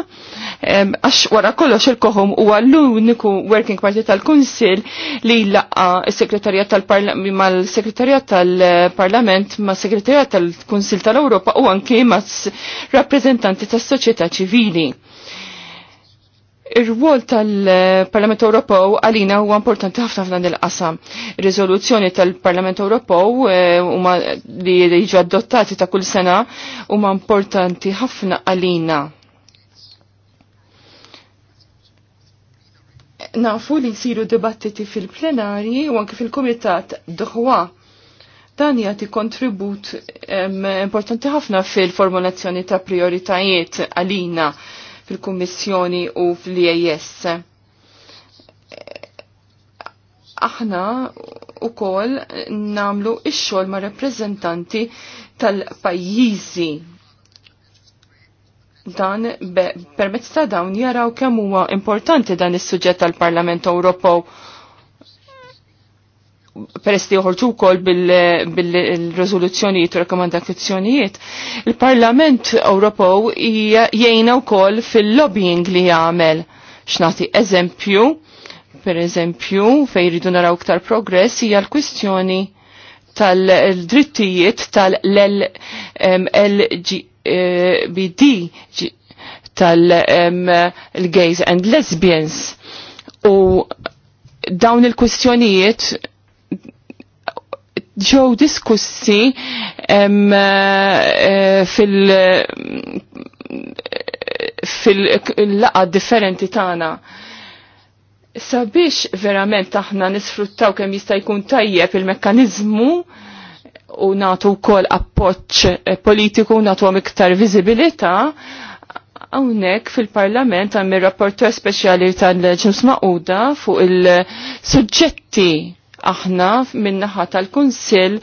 għax wara kollox il-kohom u għall-uniku working party tal-Kunsil li laqqa il-Sekretarjat tal-Parlament ma l-Sekretarjat tal-Parlament ma l-Sekretarjat tal-Kunsil tal-Europa u anki ma rappresentanti tas soċjetà ċivili Ir-rwol tal-Parlament Ewropew għalina huwa importanti ħafna f'dan il-qasam. Riżoluzzjoni tal-Parlament Ewropew eh, huma li jiġu adottati ta' kull sena huma importanti ħafna għalina. Nafu li jsiru dibattiti fil-plenarji u anke fil-Kumitat Dħwa dan jagħti kontribut importanti ħafna fil-formulazzjoni ta' prioritajiet għalina fil-Kummissjoni u fl-IAS. Aħna u kol namlu ix-xogħol ma' rappreżentanti tal-pajjiżi dan permezz ta' dawn jaraw kemm huwa importanti dan is-suġġett tal-Parlament Ewropew peress li joħorġu wkoll bil-riżoluzzjonijiet u rakkomandazzjonijiet, il-Parlament Ewropew jgħinna wkoll fil-lobbying li jagħmel. X'nagħti eżempju, per eżempju, fejn jridu naraw iktar progress hija l-kwistjoni tal-drittijiet tal-LGBT eh, tal-gays and lesbians u dawn il-kwistjonijiet ġew diskussi eh, eh, fil- fil-laqa differenti tagħna sabiex verament aħna nisfruttaw kemm jista' jkun tajjeb il-mekkaniżmu u natu wkoll appoġġ eh, politiku u natu iktar viżibilità hawnhekk fil-Parlament għam ir-rapporter speċjali tal-ġims maquda fuq il-suġġetti aħna minnaħa tal-Kunsill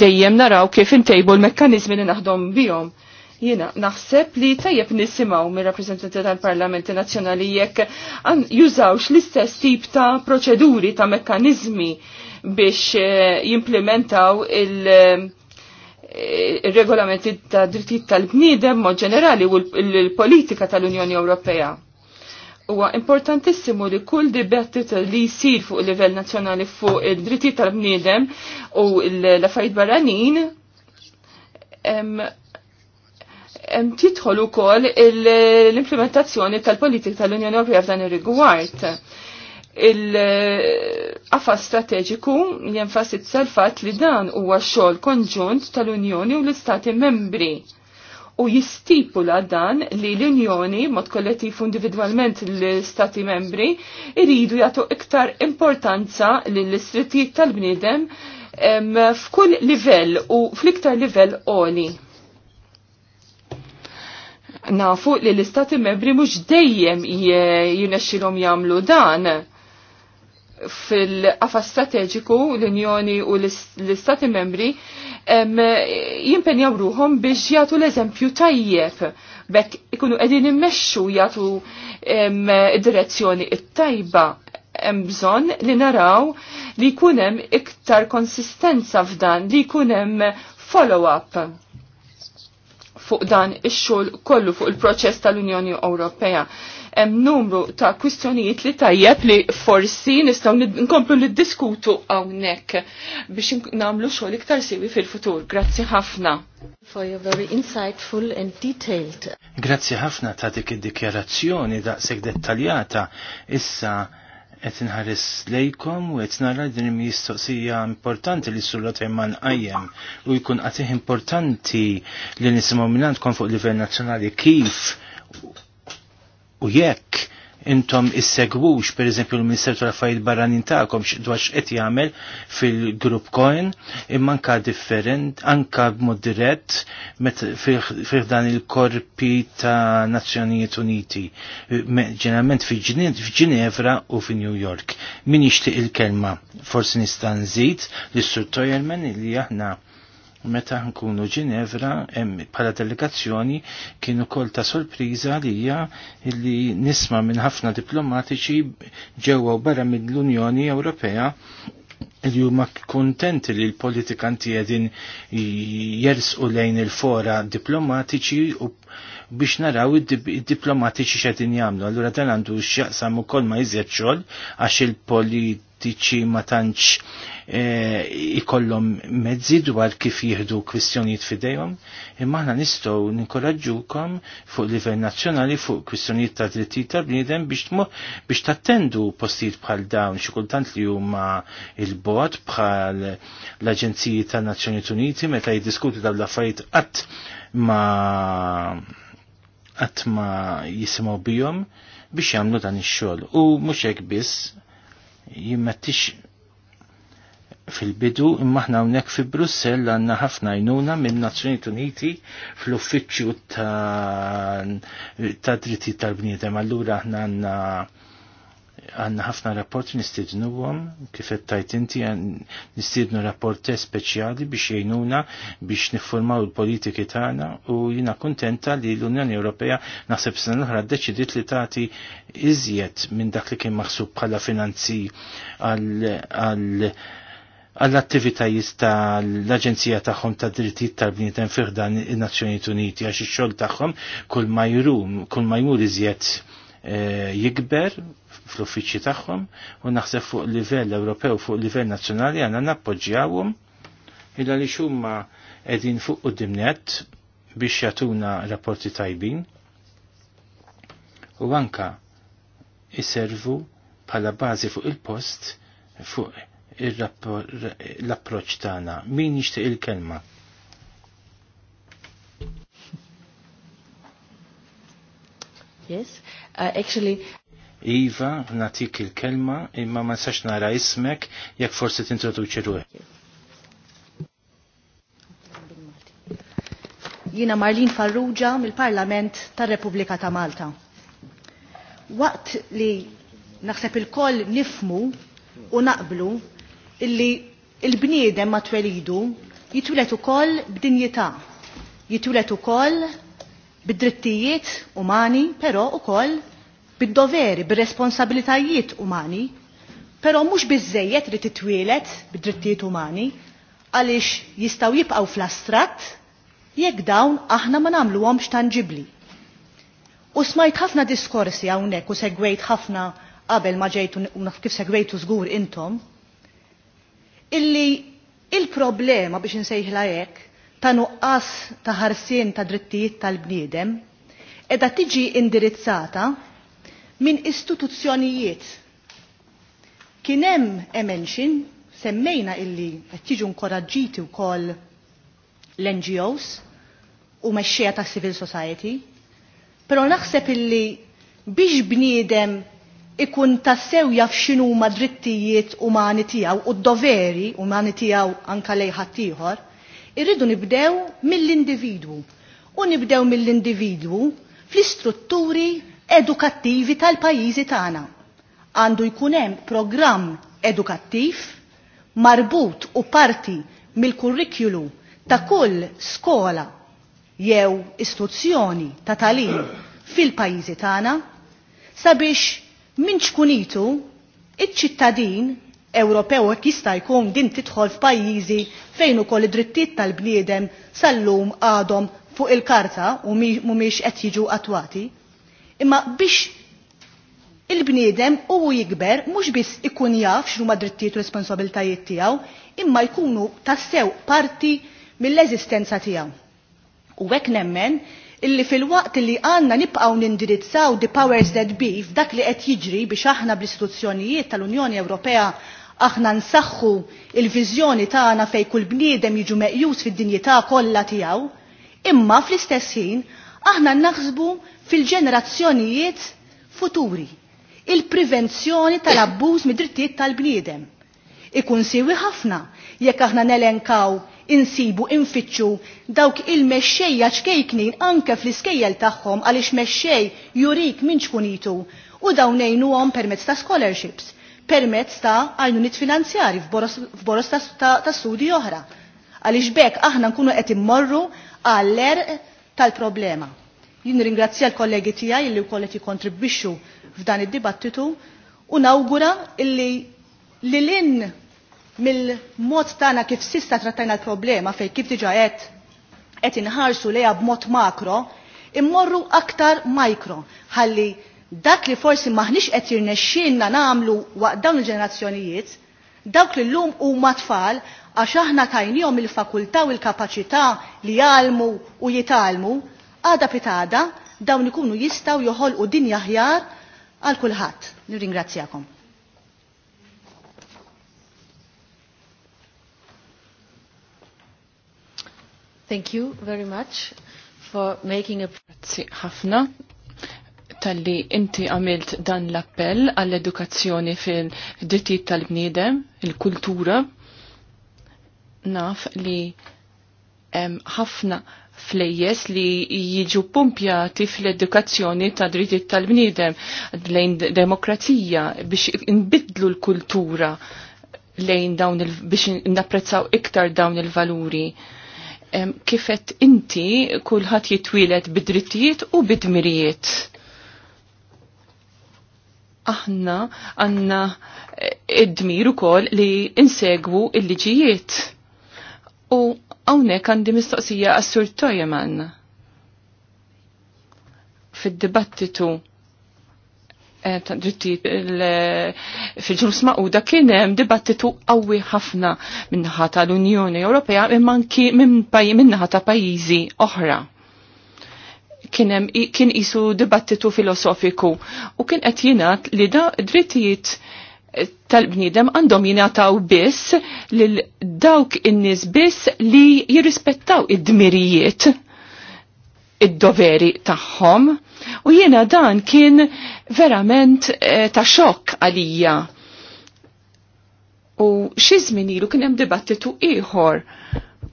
dejjem naraw kif intejbu l-mekkanizmi li naħdom bihom. Jena, naħseb li tajjeb nisimaw mir rappresentanti tal-Parlamenti Nazzjonali jekk jużawx l-istess tip ta' proċeduri ta' mekkanizmi biex eh, jimplementaw il- eh, regolamenti ta' drittijiet tal-bniedem mod ġenerali u l-politika tal-Unjoni Ewropea huwa importantissimu li kull dibattit li jisir fuq livell nazzjonali fuq id-dritti tal-bniedem u l-affarijiet barranin titħol ukoll l-implementazzjoni tal-politika tal-Unjoni Ewropea f'dan ir-rigward il-qafa strateġiku jenfasizza l fatt li dan huwa xogħol konġunt tal-Unjoni u l-Istati membri u jistipula dan li l-Unjoni mod kollettiv individwalment l-Stati membri iridu jagħtu iktar importanza lill-istrittijiet tal-bniedem f'kull livell u fl-iktar livell oli. Nafu li l-Istati membri mhux dejjem jinexxilhom jagħmlu dan fil-qafa strateġiku l-Unjoni u l-Istati membri jimpenjaw ruhom biex jagħtu l-eżempju tajjeb bekk ikunu qegħdin immexxu jagħtu id-direzzjoni it-tajba hemm bżonn li naraw li jkun hemm iktar konsistenza f'dan, li jkun hemm follow-up fuq dan ix-xogħol kollu fuq il-proċess tal-Unjoni Ewropea hemm numru ta' kwistjonijiet li tajjeb li forsi nistgħu nkomplu niddiskutu hawnhekk biex nagħmlu xogħol iktar siwi fil-futur. Grazzi ħafna. For your very insightful and detailed. Grazzi ħafna ta' dik id-dikjarazzjoni daqshekk dettaljata issa qed inħares lejkom u qed nara din mistoqsija importanti li sulla tajman qajjem u jkun qatih importanti li nisimgħu minnantkom fuq livell nazzjonali kif U jekk intom issegwux per eżempju l-Minister tal-Affarijiet Barranin tagħkom dwar x'qed jagħmel fil-grupp Coin, imma anka different anka b'mod dirett fih dan il-korpi ta' Nazzjonijiet Uniti ġeneralment f'Ġinevra u fi New York. Min jixtieq il-kelma forsi nista' nżid l-Sur li aħna meta nkunu Ġinevra bħala delegazzjoni kien ukoll ta' sorpriża għalija li nisma' minn ħafna diplomatiċi ġewwa barra mill-Unjoni Ewropea li huma kontenti li l politika qegħdin jersqu lejn il-fora diplomatiċi u biex naraw id-diplomatiċi xedin jamlu. Allura dan għandu x'jaqsam ukoll ma jżjed xogħol għax il-polit politiċi ma tantx eh, ikollhom mezzi dwar kif jieħdu kwistjonijiet fidejhom, imma aħna nistgħu ninkoraġġukom fuq livell nazzjonali fuq kwistjonijiet ta' drittijiet tal-bniedem biex biex tattendu postijiet bħal dawn xi kultant li huma il-bot bħal l-Aġenziji tan-Nazzjonijiet Uniti meta jiddiskutu dawn l-affarijiet qatt ma qatt ma jisimgħu bihom biex jagħmlu dan ix-xogħol. U mhux hekk biss jimmettix fil-bidu imma ħna hawnhekk fi Brussell għandna ħafna jnuna minn nazzjonijiet Uniti fl-uffiċċju ta' dritti tal-bniedem. Allura aħna għandna għanna ħafna rapport nistidnu għom, kifet tajt inti nistidnu rapport speċjali biex jgħinuna biex niffurmaw il-politiki tagħna u jina kontenta li l-Unjoni Ewropea naħseb sena oħra deċidiet li tagħti iżjed minn dak li kien maħsub bħala finanzi għal għall-attivitajiet tal-Aġenzija tagħhom ta' drittijiet tal-bniedem fih dan in-Nazzjonijiet Uniti għax ix-xogħol tagħhom kull ma jrum, kull ma jmur iżjed eh, jikber fl-uffiċċji tagħhom u naħseb fuq livell Ewropew fuq livell nazzjonali għandna nappoġġjawhom il għaliex huma qegħdin fuq qudiemnet biex jagħtuna rapporti tajbin u anka iservu bħala bażi fuq il-post fuq l-approċ tagħna. Min jixtieq il-kelma? Yes, uh, actually Iva, natik il-kelma, imma ma sax nara ismek, jekk forsi t-introduċi ruħi. Jina Marlin Farrugia mill-Parlament tar repubblika ta' Malta. Waqt li naħseb il-koll nifmu u naqblu illi il-bniedem ma twelidu jitwilet ukoll b'dinjità, jitwilet ukoll koll b'drittijiet umani, però ukoll bid-doveri, bir-responsabilitajiet umani, pero mhux bizzejiet li titwilet bid-drittijiet umani għaliex jistgħu jibqgħu fl astrat jekk dawn aħna ma nagħmluhomx tanġibli. U smajt ħafna diskorsi hawnhekk u segwejt ħafna qabel ma ġejtu u kif segwejtu żgur intom, illi il-problema biex nsejħla hekk ta' nuqqas ta' ħarsien ta' drittijiet tal-bniedem edha tiġi indirizzata minn istituzzjonijiet. Kien hemm emenxin semmejna illi qed nkoraġġiti u wkoll l-NGOs u mexxija ta' civil society, però naħseb illi biex bniedem ikun ta' sew jafxinu ma drittijiet umani tiegħu u d-doveri umani tiegħu anka lejħattijħor, irridu nibdew mill-individwu u nibdew mill-individwu fl-istrutturi edukattivi tal-pajjiżi tagħna. Għandu jkun hemm programm edukattiv marbut u parti mill-kurrikulu ta' kull skola jew istituzzjoni ta' talim fil-pajjiżi tagħna sabiex minn xkunitu iċ-ċittadin Ewropew jekk jista' jkun din tidħol f'pajjiżi fejn ukoll id-drittijiet tal-bniedem sal-lum għadhom fuq il-karta u mhumiex qed jiġu attwati. Imma biex il-bniedem u jikber mhux biss ikun jaf x'nu ma drittijiet u responsabiltajiet tiegħu, imma jkunu tassew parti mill-eżistenza tiegħu. U hekk nemmen illi fil-waqt li għanna nipqaw nindirizzaw the powers that be f'dak li qed jiġri biex aħna bl-istituzzjonijiet tal-Unjoni Ewropea aħna nsaħħu il-viżjoni tagħna fejn kull bniedem jiġu meqjus fid-dinjità kollha tiegħu, imma fl-istess ħin aħna naħsbu fil-ġenerazzjonijiet futuri. Il-prevenzjoni tal-abbuż mid-drittijiet tal-bniedem. Ikun siwi ħafna jekk aħna nelenkaw insibu infittxu dawk il-mexxejja ċkejknin anke fl-iskejjel tagħhom għaliex mexxej jurik minn ċkunitu u dawn ngħinuhom permezz ta' scholarships, permezz ta' għajnunit finanzjari f'boros ta', ta, ta studi oħra. Għaliex bekk aħna nkunu qed immorru għall-er tal-problema. Jien ringrazzja l-kollegi tiegħi li wkoll qed jikkontribwixxu f'dan id-dibattitu u nawgura illi li lin mill-mod tagħna kif sista trattajna l-problema fejn kif diġà qed qed inħarsu lejha b'mod makro, immorru aktar mikro ħalli dak li forsi maħniex qed jirnexxielna nagħmlu waqt dawn il-ġenerazzjonijiet, dawk li llum huma tfal għax aħna tajnihom il-fakultà u l-kapaċità li jgħalmu u jitalmu, għada pitada dawn ikunu jistaw joħolqu dinja ħjar għal kulħadd. Nirringrazzjakom. Thank you very much for making a prezzi ħafna tal-li inti għamilt dan l-appell għall-edukazzjoni fil-ditti tal-bniedem, il-kultura. Naf li ħafna flejjes li jiġu pumpjati fl-edukazzjoni ta' drittijiet tal-bniedem lejn demokrazija biex inbidlu l-kultura lejn dawn il biex napprezzaw iktar dawn il-valuri. Kifet inti kulħadd jitwieled bid-drittijiet u bid dmirijiet Aħna għanna eh, id-dmir ukoll li insegwu il-liġijiet. U Hawnhekk għandi mistoqsija għas-Sur Tojeman. Fid-dibattitu eh, ta' eh, fil-ġurs maquda kien hemm dibattitu qawwi ħafna minnaħa tal-Unjoni Ewropea imma anki minnaħa ta' pajjiżi oħra. Kien hemm kien qisu dibattitu filosofiku u kien qed jingħad li da drittijiet tal-bnidem għandhom jinataw biss lil dawk in-nies biss li jirrispettaw id-dmirijiet id-doveri tagħhom u jiena dan kien verament eh, ta' xokk għalija. U xi żmien ilu kien hemm dibattitu ieħor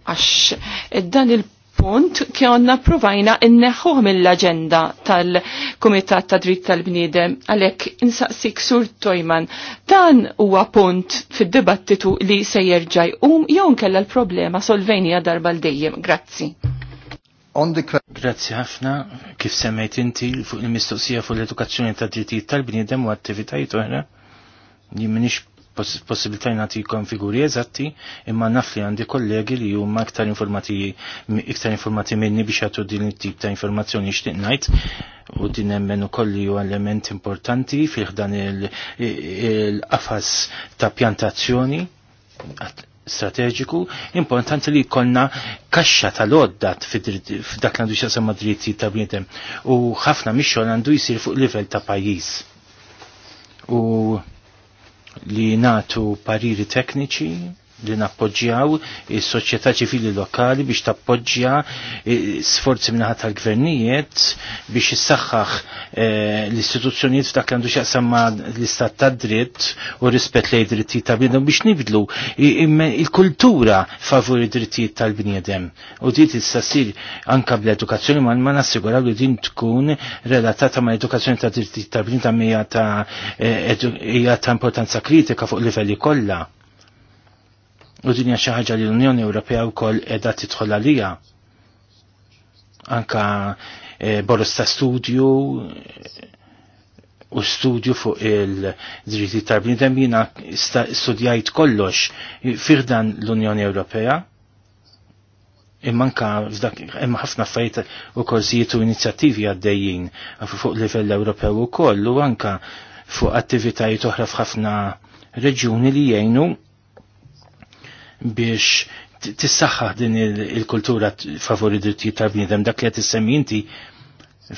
għax dan il- punt kjonna provajna inneħuħ mill-agenda tal-Kumitat ta' Dritt tal-Bniedem għalek insaqsik sur Tojman. Dan huwa punt fid-dibattitu li se jerġaj um jew kella l-problema solvenija darba dejjem Grazzi. Grazzi ħafna kif semmejt inti fuq il-mistoqsija fuq l-edukazzjoni ta' drittijiet tal-bniedem u attivitajiet oħra li minix possibilità nagħtikom figuri eżatti, imma naf li għandi kollegi li huma iktar informati iktar informati minni biex jagħtu din it-tip ta' informazzjoni xtieq ngħid u din hemmhekk ukoll li huwa element importanti fih dan il-qafas ta' pjantazzjoni strateġiku, importanti li konna kaxxa tal-oddat f'dak l-għandu xasamma dritti ta' bnidem u ħafna mixxol għandu jisir fuq livell ta' pajjiż U li natu pariri tekniċi li nappoġġjaw is-soċjetà ċivili lokali biex tappoġġja eh, sforzi minnaħat tal-gvernijiet biex issaħħaħ eh, l-istituzzjonijiet f'dak għandu ma' l-istat ta' dritt u rispett lej drittijiet tal-bniedem biex nibdlu il-kultura favur id-drittijiet tal-bniedem. U din tista' ssir anke bl-edukazzjoni ma ma nassiguraw li din tkun relatata ma' edukazzjoni ta' drittijiet tal-bniedem ta' eh, hija ta' importanza kritika fuq livelli kollha U dinja xi ħaġa li l-Unjoni Ewropea wkoll qiegħda tidħol għalija. Anka e, studju u studju fuq il-dritti tal-bnidem jiena studjajt kollox firdan l-Unjoni Ewropea immanka f'dak imma ħafna fajt u korsijiet u inizjattivi għaddejjin fuq livell Ewropew ukoll u anka fuq attivitajiet oħra f'ħafna reġjuni li jgħinu biex tissaxħa din il-kultura favori drittijiet tal-bniedem dak li qed issemmi inti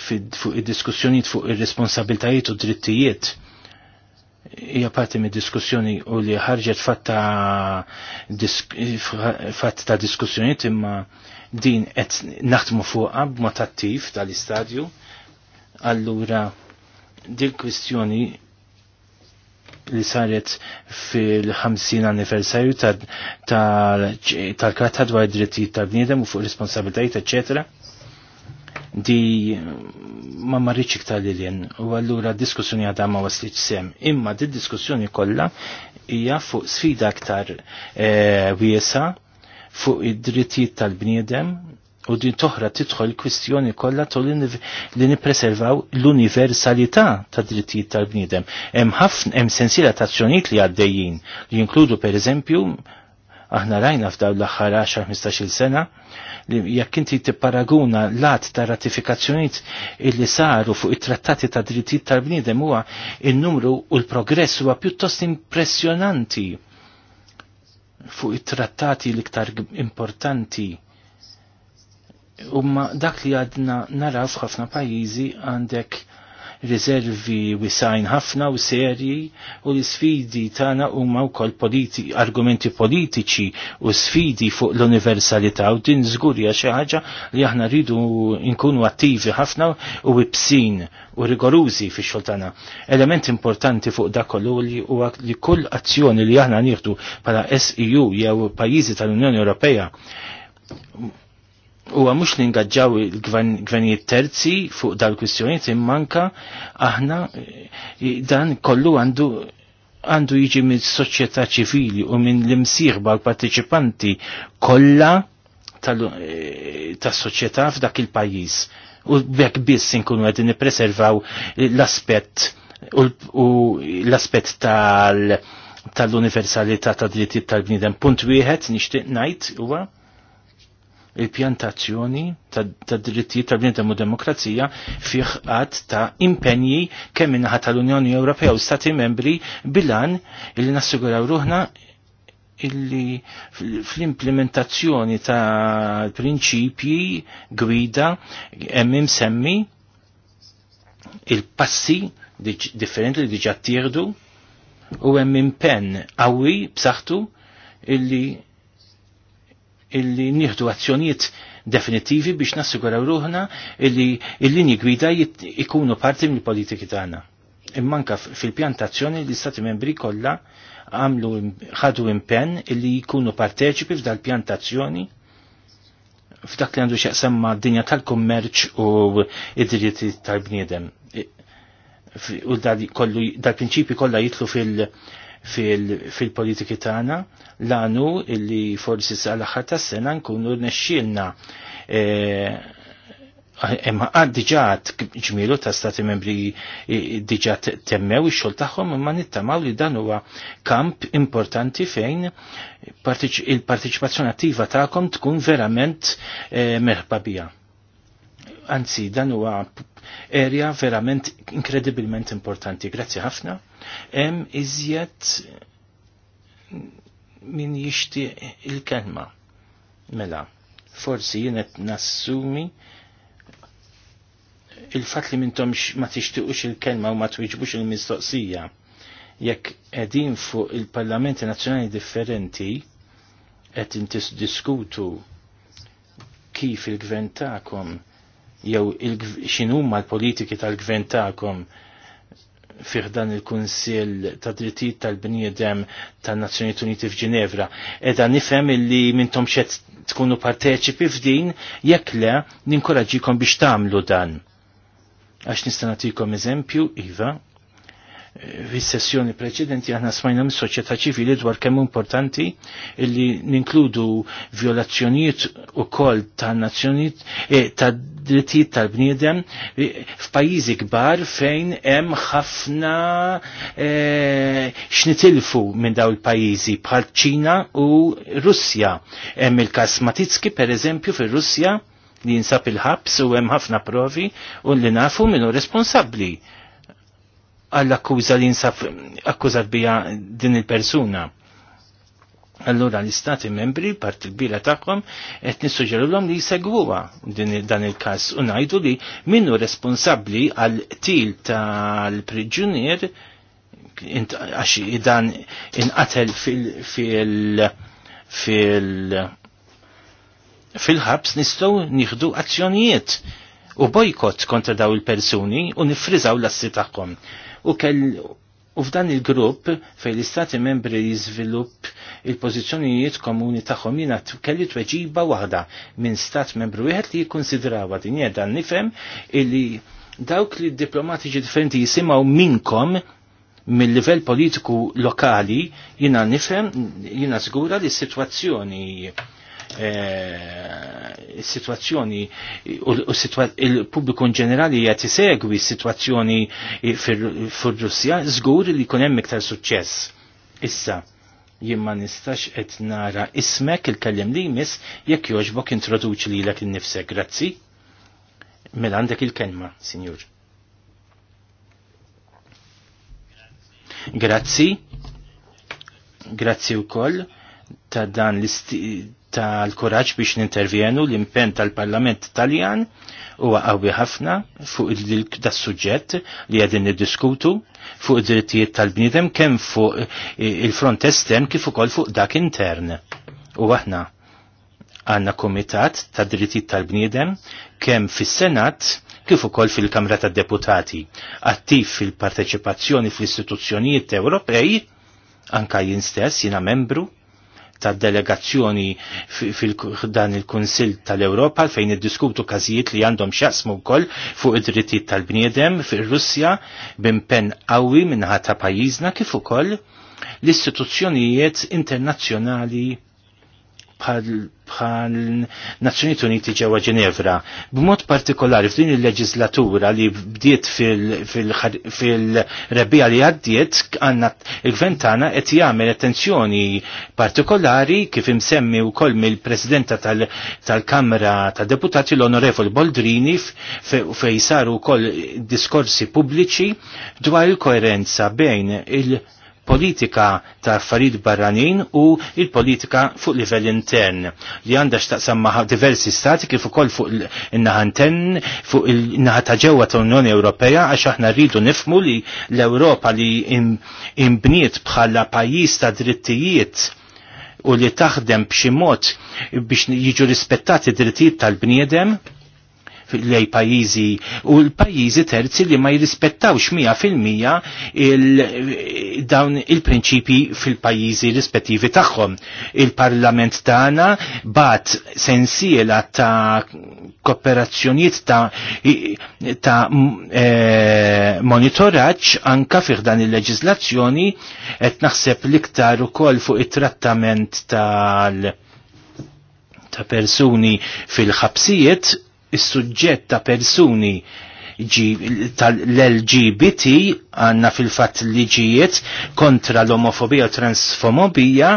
fuq id-diskussjonijiet fuq ir-responsabiltajiet u drittijiet hija parti mid diskussjoni u li ħarġet fatta fatt ta' diskussjonijiet imma din qed naħdmu fuqha b'mod attiv tal-istadju allura dil kwistjoni li saret fil-50 anniversarju tal-Karta dwar id-drittijiet tal-bniedem u fuq responsabilitajiet, etc. di ma marriċ iktar li l-jen u għallura diskussjoni għadha ma wasliċ sem imma di diskussjoni kollha hija fuq sfida aktar eh, wiesa fuq id-drittijiet tal-bniedem u din toħra tidħol kwistjoni kollha tul li nippreservaw l-universalità ta' drittijiet tal-bniedem. Hemm ħafna hemm sensiela ta' azzjonijiet li għaddejjin li jinkludu pereżempju aħna rajna f'dawn l-aħħar 10-15 sena li jekk inti tipparaguna l-att ta' ratifikazzjonijiet illi saru fuq it-trattati ta' drittijiet tal-bniedem huwa in-numru u l-progress huwa pjuttost impressjonanti fuq it-trattati l-iktar importanti Umma dak li għadna naraw f'ħafna pajjiżi għandek riservi wisajn ħafna u serji u l-sfidi tagħna huma wkoll politi argumenti politiċi u sfidi fuq l-universalità u din żgurja xi ħaġa li aħna rridu nkunu attivi ħafna u ibsin u rigorużi fi xoltana. Element importanti fuq dakollu li huwa li kull azzjoni li aħna nieħdu bħala SEU jew pajjiżi tal-Unjoni Ewropea huwa mhux li ngaġġaw il-gvernijiet terzi fuq dal-kwistjonijiet immanka aħna dan kollu għandu għandu jiġi minn soċjetà ċivili u minn l-imsirba l-partiċipanti kollha eh, tas-soċjetà f'dak il-pajjiż. U bekk biss inkunu għedin nippreservaw l-aspett u l-aspett tal tal-universalità ta' drittijiet tal bnidem Punt wieħed nixtieq ngħid huwa il-pjantazzjoni ta' drittijiet tal-bniedem u demokrazija fih ta' impenji kemm minnaħa tal-Unjoni Ewropea u Stati Membri bilan illi nassiguraw ruħna illi fl-implementazzjoni ta' prinċipji gwida emmim semmi il-passi differenti li diġa tierdu u hemm impenn qawwi b'saħħtu illi illi nieħdu azzjonijiet definitivi biex nassiguraw ruħna illi l-linji gwida ikunu parti mill politiki tagħna. Immanka fil-pjantazzjoni li stati membri kollha għamlu ħadu impenn illi jkunu parteċipi f'dal pjantazzjoni f'dak li għandu x'jaqsam ma' dinja tal-kummerċ u id-dritti tal-bniedem. U dal-prinċipi kollha jitlu fil- fil-politiki fil tagħna l-għanu illi forsi sal-aħħar tas-sena nkunu nexxielna e, imma għad diġat ġmielu ta' stati membri diġa temmew ix-xogħol tagħhom imma nittamaw li dan huwa kamp importanti fejn il-partiċipazzjoni attiva tagħkom tkun verament e, merħba bija. Anzi, dan huwa area verament inkredibilment importanti. Grazzi ħafna. Hemm iżjed min jixtieq il-kelma. Mela, forsi jien qed nassumi il-fat li m'intom ma tixtiqux il-kelma u ma twiġbux il-mistoqsija jekk edin fuq il-parlamenti nazzjonali differenti qed intis diskutu kif il-gvern tagħkom jew x'inhuma l-politiki tal-gvern tagħkom fiħdan il-Kunsil ta' Drittijiet tal-Bniedem tan Nazzjonijiet Uniti f'Ġinevra. Edha nifhem illi minnhom xed tkunu parteċipi f'din, jekk le ninkoraġikom biex tagħmlu dan. Għax nista' nagħtikom eżempju, Iva, fis-sessjoni preċedenti aħna smajna mis-soċjetà ċivili dwar kemm importanti illi ninkludu violazzjonijiet ukoll ta' nazzjonijiet e, ta' drittijiet tal-bniedem e, f'pajjiżi kbar fejn hemm ħafna e, xnitilfu minn daw il-pajjiżi bħal Ċina u Russja. Hemm il-każ Matitski pereżempju fir-Russja li jinsab il-ħabs u hemm ħafna provi u li nafu minnu responsabbli għall-akkuża li nsaf akkużat bija din il-persuna. Allura l-istati membri, parti l-bira taqom, et nissuġeru l-om li jisegwuwa dan il-kas u li minnu responsabli għal-til tal-prigjonier għax dan inqatel fil-ħabs nistgħu nieħdu azzjonijiet u bojkot kontra daw il-persuni u nifrizaw l-assi tagħhom u kell u f'dan il-grupp fej l-istati membri jizvilupp il-pozizjonijiet komuni tagħhom jina kelli tweġiba waħda minn stat membru wieħed li jikkonsidrawha din hija dan nifhem illi dawk li diplomatiċi differenti jisimaw minkom mill-livell politiku lokali jiena nifhem jiena żgura li s-sitwazzjoni Eh, situazzjoni u il-pubbliku ġenerali jgħat jisegwi situazzjoni fil-Russja, zgur li kunem iktar suċċess. Issa, jimma nistax qed nara ismek il-kellem li jmiss jekk joġbok introduċi li l grazzi. Mela għandek il-kelma, sinjur. Grazzi, grazzi u koll ta' dan l tal-kuraġġ biex nintervjenu l-impenn tal-Parlament Taljan huwa qawwi ħafna fuq das-suġġett li qegħdin niddiskutu fuq id-drittijiet tal-bniedem kemm fuq il-front estern kif ukoll fuq dak intern. U aħna għandna komitat ta' drittijiet tal-bniedem kemm fis-Senat kif ukoll fil-Kamra tad-Deputati, attiv fil-parteċipazzjoni fl-istituzzjonijiet Ewropej, anka jien stess jiena membru ta' delegazzjoni fil-dan il-Kunsil tal-Europa fejn iddiskutu każijiet li għandhom x'jaqsmu wkoll fuq id-drittijiet tal-bniedem fir-Russja b'impenn qawwi ta' pajjiżna kif ukoll l-istituzzjonijiet internazzjonali bħal Nazzjonijiet Uniti ġewwa Ġenevra. B'mod partikolari f'din il-leġislatura li bdiet fil-rebbija li għaddiet għandna il-gvern tagħna qed jagħmel attenzjoni partikolari kif imsemmi wkoll mill-Presidenta tal-Kamra tad Deputati l onorevol Boldrini fejn saru wkoll diskorsi pubbliċi dwar il-koerenza bejn il- politika ta' affarijiet barranin u il-politika fuq livell intern li għandha x'taqsam ma' diversi stati kif ukoll fuq in-naħa intern fuq il naħa ta' ġewwa tal-Unjoni Ewropea għax aħna rridu nifmu li l-Ewropa li imbniet bħala pajjiż ta' drittijiet u li taħdem b'xi mod biex jiġu rispettati drittijiet tal-bniedem lej pajizi u l pajizi terzi li ma jirrispettawx mija fil-mija il dawn il-prinċipi fil-pajjiżi rispettivi tagħhom. Il-Parlament tagħna bat sensiela ta' kooperazzjoniet ta', ta e, monitoraġġ anka fih dan il leġislazzjoni qed naħseb l-iktar ukoll fuq it-trattament tal- ta' persuni fil-ħabsijiet is-suġġett ta' persuni tal-LGBT għanna fil-fat liġijiet kontra l-omofobija u transfomobija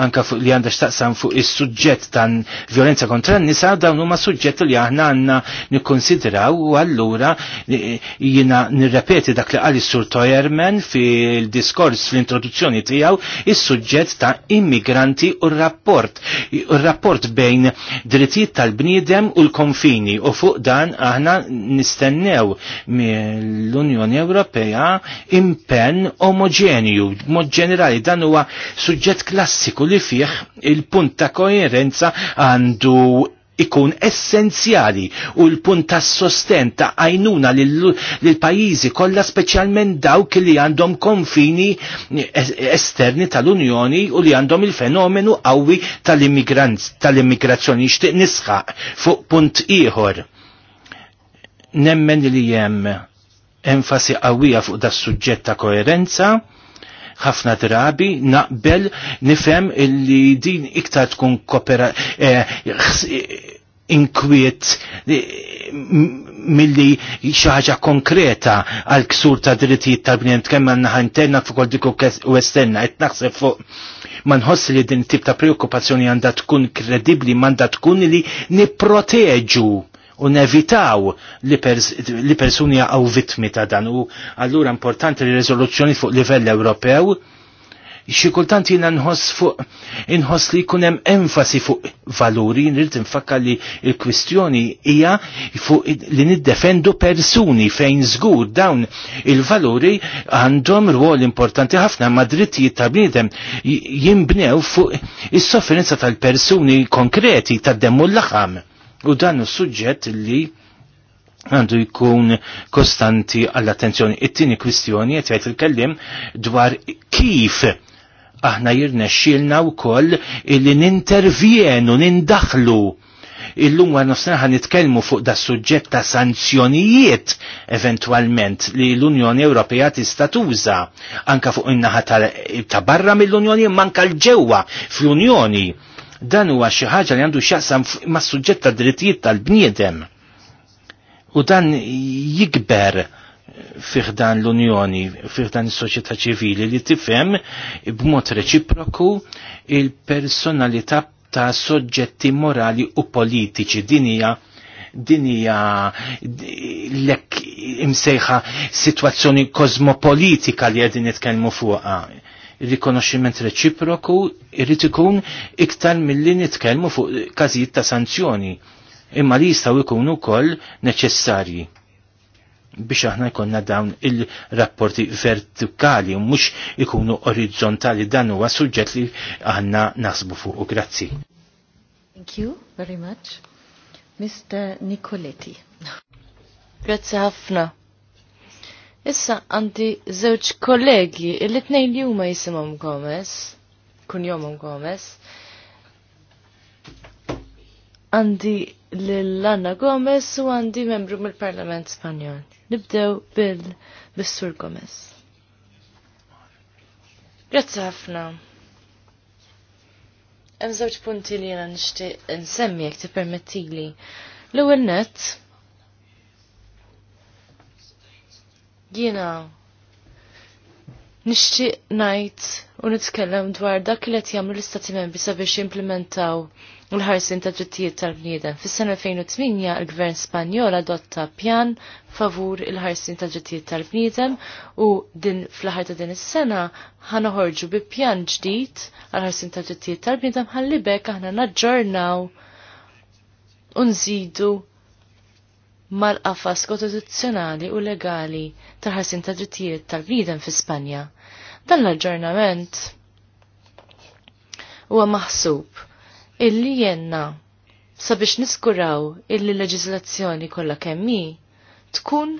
anka fuq li għandha xtaqsam fuq is-suġġett tan violenza kontra n-nisa dawn huma suġġett li aħna għandna nikkonsidraw u allura jiena nirrepeti dak li qal is-Sur Toyerman fil-diskors fl-introduzzjoni tiegħu is-suġġett ta' immigranti u r-rapport ir-rapport bejn drittijiet tal-bniedem u l-konfini u fuq dan aħna nistennew mill-Unjoni Ewropea impenn omogenju, mod ġenerali dan huwa suġġett klassiku li fih il-punt ta' koerenza għandu ikun essenzjali u l-punt ta' sosten ta' għajnuna l-pajizi kollha speċjalment dawk li għandhom konfini esterni tal-Unjoni u li għandhom il-fenomenu qawwi tal-immigrazzjoni xtieq nisħaq fuq punt ieħor. Nemmen li hemm enfasi qawwija fuq das suġġett ta' koerenza ħafna drabi naqbel nifhem illi din iktar tkun kopera eh, inkwiet eh, milli xaħġa konkreta għal ksur ta' drittijiet tal-bnient kemm naħa interna fuq kol diku u esterna naħseb fuq ma li din tip ta' preokkupazzjoni għandha tkun kredibbli m'għandha tkun li nipproteġu u nevitaw li, pers li persuni għaw vitmi ta' dan u allura importanti li rezoluzzjoni fuq livell Ewropew xi kultant jiena nħoss fuq nħoss li jkun hemm enfasi fuq valuri nrid nfakka li l-kwistjoni hija fuq li niddefendu persuni fejn żgur dawn il-valuri għandhom rwol importanti ħafna ma' drittijiet ta' bniedem jinbnew fuq is-sofferenza tal-persuni konkreti tad-demm u l-laħam U dan suġġett li għandu jkun kostanti għall-attenzjoni. It-tieni kwistjoni qed jgħid il-kellim dwar kif aħna jirnexxielna wkoll illi nintervjenu, nindaħlu. Illum għan nofsna ħan nitkellmu fuq da suġġett ta' sanzjonijiet eventualment li l-Unjoni Ewropea tista' tuża anka fuq in-naħa ta' barra mill-Unjoni manka l-ġewwa fl-Unjoni Dan huwa xi ħaġa li għandu x'jaqsam mas suġġett ta' drittijiet tal-bniedem. U dan jikber fih dan l-Unjoni, fih dan is-soċjetà ċivili li tifhem b'mod reċiproku il-personalità ta' soġġetti morali u politiċi dinija dinija lek imsejħa situazzjoni kosmopolitika li għedin nitkellmu fuqha rikonoxximent reċiproku irrid ikun iktar milli nitkellmu fuq każijiet ta' sanzjoni imma li jistgħu jkunu wkoll neċessarji biex aħna jkollna dawn il-rapporti vertikali u mhux ikunu orizzontali dan huwa suġġett li aħna nasbu fuq. Grazzi. Thank you very much. Mr. Nicoletti. Grazzi ħafna. Issa għandi żewġ kollegi, il-tnejn li huma jisimhom Gomez, kunjomhom Gomez. Għandi lil anna Gomez u għandi membru mill-Parlament Spanjol. Nibdew bil-Bissur Gomez. Grazzi ħafna. Hemm żewġ punti li jiena nixtieq insemmi jekk tippermettili. L-ewwel nett, Jiena nixtieq ngħid u nitkellem dwar dak li qed jagħmlu l-Istati Membri sabiex jimplementaw l-ħarsin ta' drittijiet tal-bniedem. Fis-sena 2008 il-Gvern Spanjol adotta pjan favur il-ħarsin ta' drittijiet tal-bniedem u din fl-aħħar ta' din is-sena ħanoħorġu bi pjan ġdid għal-ħarsin ta' drittijiet tal-bniedem ħallibek aħna naġġornaw u nżidu mal-qafas kostituzzjonali u legali tal-ħarsin ta' drittijiet tal-bniedem fi Spanja. Dan l-aġġornament huwa maħsub illi jenna sabiex niskuraw illi leġiżlazzjoni kollha kemmi tkun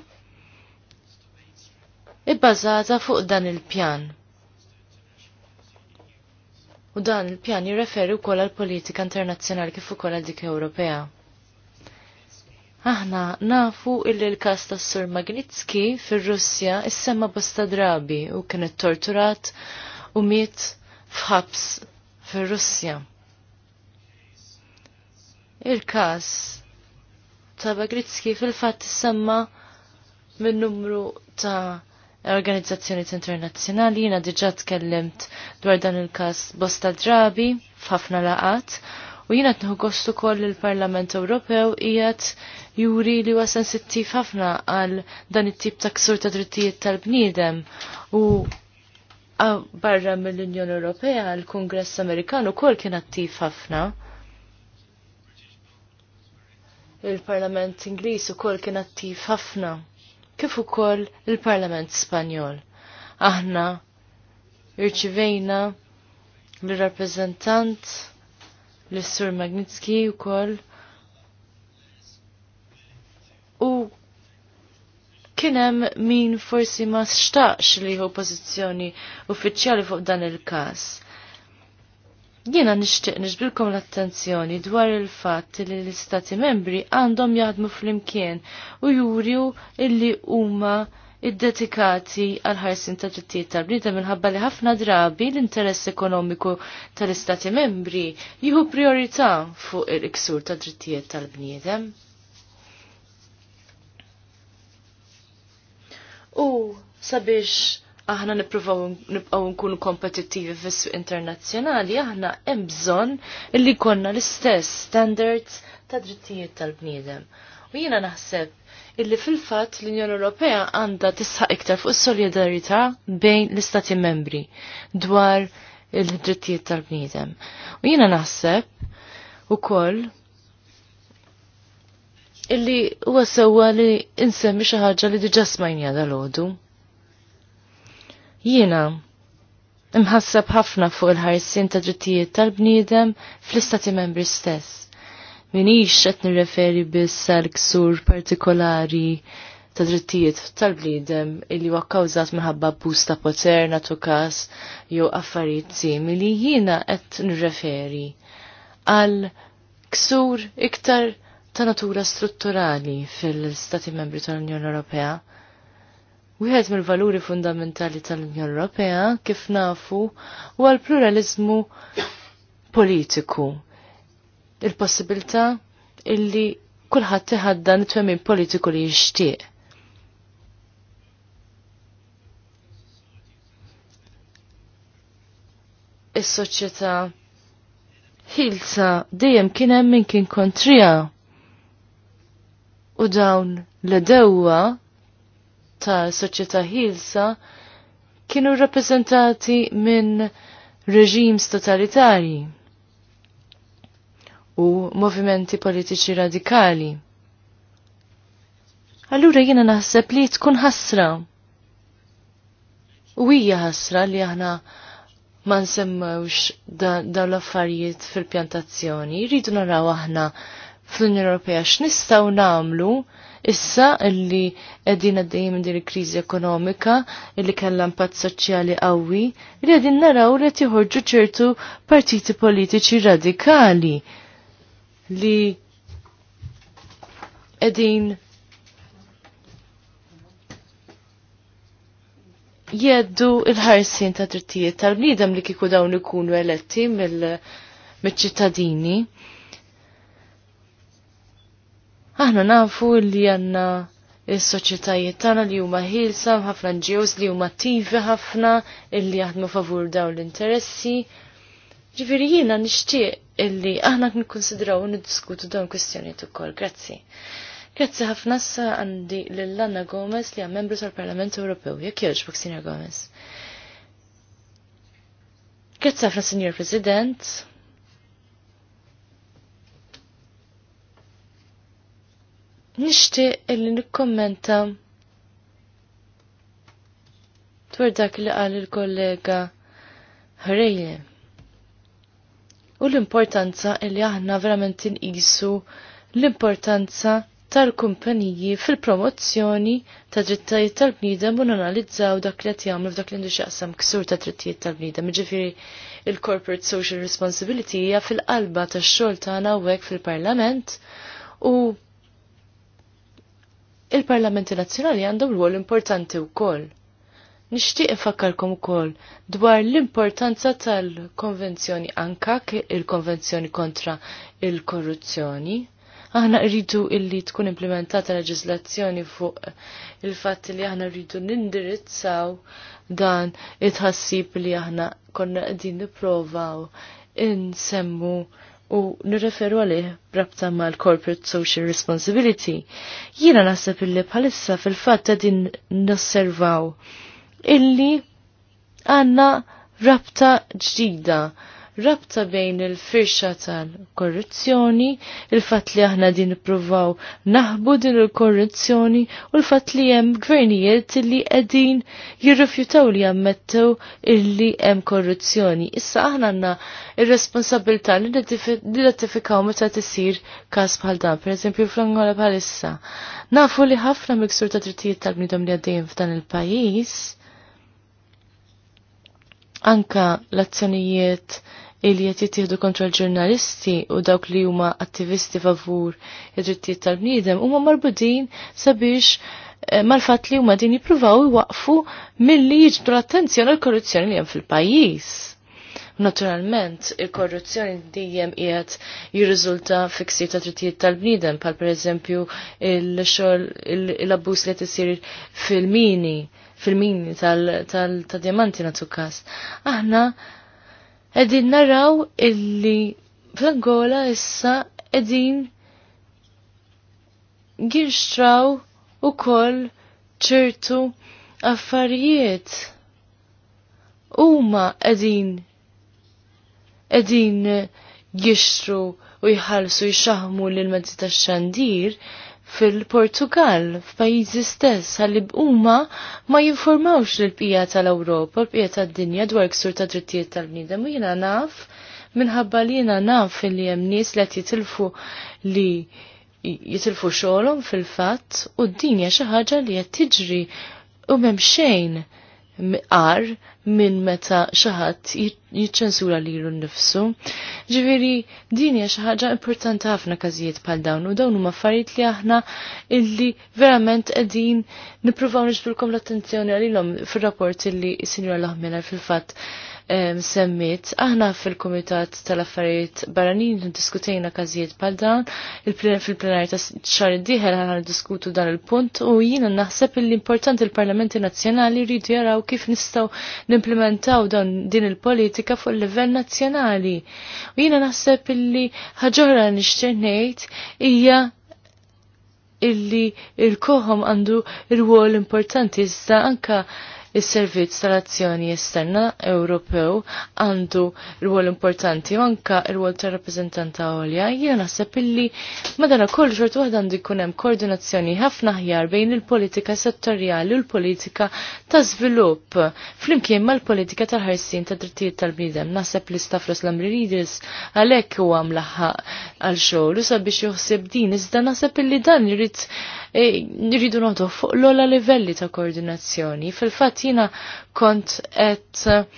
ibbażata fuq dan il-pjan. U dan il-pjan jirreferi wkoll għal politika internazzjonali kif ukoll għal dik Ewropea. Aħna nafu illi l-kas ta' Sur Magnitski fir-Russja issemma bosta drabi u kien torturat u miet fħabs fir-Russja. Il-kas ta' Magnitski fil-fatt issemma minn numru ta' organizzazzjoni internazzjonali, jina diġa tkellimt dwar dan il-kas bosta drabi f'ħafna laqat U jina t kostu koll il-Parlament Ewropew ijat juri li huwa sensittiv ħafna għal dan it-tip ta' ksur ta' drittijiet tal-bniedem. U barra mill-Unjoni Ewropea l-Kongress Amerikan ukoll kien attiv ħafna il-Parlament Ingliż ukoll kien attiv ħafna, kif ukoll il-Parlament Spanjol. Aħna irċivejna l-rappreżentant l-Sur Magnitski u koll. U kienem min forsi ma xtaqx li hu pozizjoni uffiċjali fuq dan il-kas. Jiena nixtieq nixbilkom l-attenzjoni dwar il-fatt li l-Istati membri għandhom jaħdmu fl-imkien u juriu illi huma id-dedikati għal ħarsin ta' drittijiet tal-bniedem minħabba li ħafna drabi l-interess ekonomiku tal-istati membri jieħu priorità fuq il-iksur ta' drittijiet tal-bniedem. U sabiex aħna nippruvaw nibqgħu nkunu kompetittivi fis-suq internazzjonali, aħna hemm bżonn li konna l-istess standards ta' drittijiet tal-bniedem. Jiena naħseb illi fil-fatt l-Unjoni Ewropea għandha tisħaq iktar fuq is-solidarità bejn l-Istati membri dwar il-drittijiet tal-bniedem. U jiena naħseb ukoll illi huwa sewwa li insemmi xi ħaġa li diġà smajnija dal-għodu. Jiena imħasseb ħafna fuq il-ħarsien ta' drittijiet tal-bniedem fl-istati membri stess minix qed nirreferi biss għal ksur partikolari ta' drittijiet tal-bliedem illi huwa kkawżat minħabba abbuż ta' poter, natukas jew affarijiet simili jiena qed nirreferi għal ksur iktar ta' natura strutturali fil-Stati Membri tal-Unjoni Ewropea. Wieħed mill-valuri fundamentali tal-Unjoni Ewropea kif nafu huwa l-pluralizmu politiku il-possibilità illi kulħadd iħaddan nitwemmin politiku li jixtieq. Is-soċjetà ħilsa dejjem kien hemm min kien kontrija. U dawn l-dewwa ta' soċjetà ħilsa kienu rappreżentati minn reġims totalitarji u movimenti politiċi radikali. Allura jiena naħseb li tkun ħasra. U hija ħasra li aħna ma nsemmewx dawn l-affarijiet fil-pjantazzjoni. Jridu naraw aħna fl-Unjoni Ewropea x'nistgħu nagħmlu issa illi qegħdin għaddejjin minn din il-kriżi ekonomika illi kellha impatt soċjali qawwi li qegħdin naraw li qed joħorġu ċertu partiti politiċi radikali li edin jeddu il-ħarsin ta' drittijiet tal-bniedem li kiku dawn ikunu eletti mill-ċittadini. Aħna nafu li għanna il-soċietajiet tagħna li huma ħilsa ħafna NGOs li huma attivi ħafna illi jaħdmu favur dawn l-interessi Ġifiri jiena nixtieq illi aħna nikkonsidraw u niddiskutu dawn kwistjonijiet ukoll. Grazzi. Grazzi ħafna sa għandi lill-Anna Gomez li għam membru tal-Parlament Ewropew. Jekk jogħġbok, Sinja Gomez. Grazzi ħafna, Sinjor President. Nixtieq illi nikkommenta dwar dak li qal il-kollega Hrejje u l-importanza li aħna verament tinqisu l-importanza tal-kumpaniji fil-promozzjoni ta' drittajiet tal bnidem u nanalizzaw dak li qed jagħmlu f'dak li għandu xaqsam ksur ta' drittijiet tal-bniedem. Ġifiri il-corporate social responsibility hija fil-qalba tax-xogħol tagħna hawnhekk fil-Parlament u il-Parlamenti Nazzjonali għandhom rwol importanti wkoll. Nixtieq infakkarkom ukoll dwar l-importanza tal-konvenzjoni anka il-konvenzjoni kontra il-korruzzjoni. Aħna rridu illi tkun implementata leġislazzjoni fuq il-fatt li aħna rridu nindirizzaw dan it-ħassib li aħna konna qegħdin nipprovaw insemmu u nirreferu għalih brabta mal corporate social responsibility. Jiena naħseb illi bħalissa fil-fatt qegħdin nosservaw illi għanna rabta ġdida. Rabta bejn il-firxa tal-korruzzjoni, il-fat li aħna din provaw naħbu din il-korruzzjoni u l-fat li hemm gvernijiet li qegħdin jirrufjutaw li jammettew illi hemm korruzzjoni. Issa aħna għandna il-responsabilta li nidatifikaw meta t-sir każ bħal dan, pereżempju fl-Angola bħalissa. Nafu li ħafna miksur ta' trittijiet tal-bnidhom li għaddejjin f'dan il-pajjiż anka l-azzjonijiet il qed jittieħdu kontra l-ġurnalisti u dawk li huma attivisti favur id-drittijiet tal-bniedem huma marbudin sabiex eh, mal-fatt li huma din jippruvaw iwaqfu milli jiġbdu l-attenzjoni l-korruzzjoni li hemm fil-pajjiż. Naturalment, il-korruzzjoni dejjem qiegħed jirriżulta fi ta' drittijiet tal-bniedem, bħal pereżempju il l-abbuż li jgħat fil-mini fil-mini tal-diamanti na tukas. Aħna edin naraw illi fl-Angola issa edin girxtraw u koll ċertu affarijiet. Uma edin edin jixtru u jħalsu jxahmu l-mezzi tax-xandir fil-Portugal, f'pajjiżi stess, għalli b'uma ma jinformawx l pija tal-Ewropa, l pija tad-dinja dwar ksur ta' drittijiet tal-bniedem u jina naf minħabba li jiena naf li hemm nies li jitilfu li jitilfu xogħolhom fil-fatt u d-dinja xi ħaġa li qed tiġri u memxejn xejn qar minn meta xaħat jiċċensura lilu nnifsu. nifsu. din hija xi ħaġa importanti ħafna każijiet bħal dawn u dawn huma affarijiet li aħna illi verament qegħdin nippruvaw niġbulkom l-attenzjoni għalilhom fir-rapport illi s-Sinjura Laħmela fil-fatt semmit. Aħna fil-Kumitat tal-Affarijiet Barranin diskutejna każijiet bħal dan, fil plenari ta' xar id-dieħel aħna diskutu dan il-punt u jiena naħseb li importanti l parlamenti Nazzjonali jridu jaraw kif nistgħu nimplementaw dan din il-politika fuq il-livell nazzjonali. U jiena naħseb illi ħaġora nixtieq ngħid hija illi il-koħom għandu il-wol importanti iżda anka Is-Servizz tal-Azzjoni Esterna Ewropew għandu rwol importanti u anka rwol ta' rappreżentanta għolja, jiena naħseb illi madana kol xort waħda għandu jkun hemm koordinazzjoni ħafna ħjar bejn il-politika settorjali u l-politika ta' żvilupp flimkien mal-politika tal-ħarsin ta' drittijiet tal-bniedem. Naħseb li Stafros għalek għalhekk huwa laħħa għal xogħol u sabiex joħseb din iżda naħseb illi dan jrid E, nirridu noħdu fuq l-ola livelli ta' koordinazzjoni. Fil-fatt jina kont qed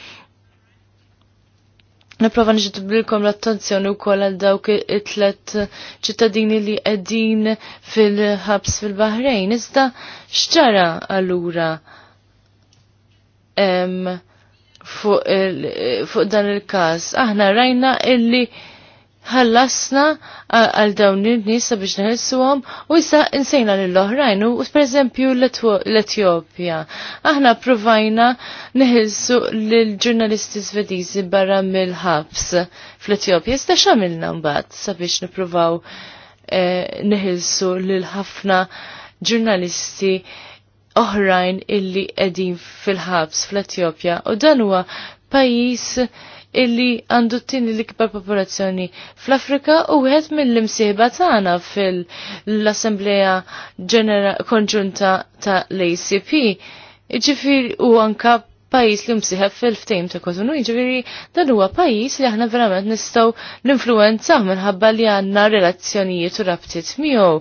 Niprofa nġitbilkom l-attenzjoni u koll għal dawk it-tlet ċittadini li qegħdin fil-ħabs fil-Bahrejn. Iżda xċara allura fuq dan il-każ. Aħna rajna illi ħallasna għal dawn il-nies sabiex neħilsuhom u issa insejna lill oħrajn u pereżempju l-Etjopja. Aħna provajna neħilsu lill-ġurnalisti svedizi barra mill-ħabs fl-Etjopja. Issa x'għamilna mbagħad sabiex nippruvaw eh, neħessu lil ħafna ġurnalisti oħrajn illi qegħdin fil-ħabs fl-Etjopja u dan huwa pajjiż illi għandu t-tini l-ikbar popolazzjoni fl-Afrika u għed mill-imsieba tagħna fil-Assembleja Konġunta ta' l-ACP. Ġifir u anka pajis li msiħab fil-ftejm ta' kotunu, ġifiri dan huwa pajis li aħna verament nistgħu influenza minħabba li għandna relazzjonijiet u rabtiet miegħu.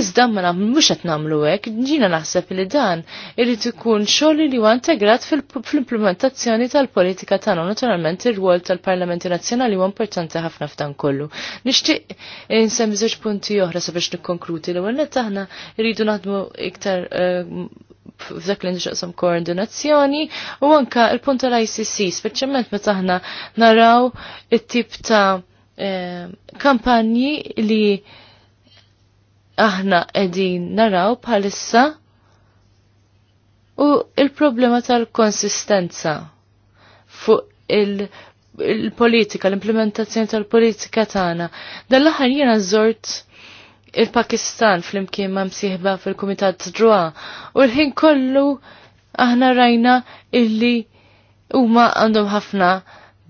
Iżda ma mela, mhux qed nagħmlu hekk, ġina naħseb li dan irid ikun xogħol li huwa integrat fil-implementazzjoni tal-politika tagħna. Naturalment ir-rwol tal-Parlamenti Nazzjonali huwa importanti ħafna f'dan kollu. Nixtieq insemmi żewġ punti oħra sabiex nikkonkludi l-ewwel nett aħna rridu naħdmu iktar eh, f'dak li nixaqsam koordinazzjoni u anka l punt tal-ICC, speċjalment meta aħna naraw it-tip ta' eh, kampanji li aħna edin naraw bħalissa u il-problema tal-konsistenza fuq il-politika, il l-implementazzjoni tal-politika tagħna. Dan l-aħħar jiena żort il-Pakistan fl-imkien ma' msieħba fil-Kumitat Drua u l-ħin kollu aħna rajna illi huma għandhom ħafna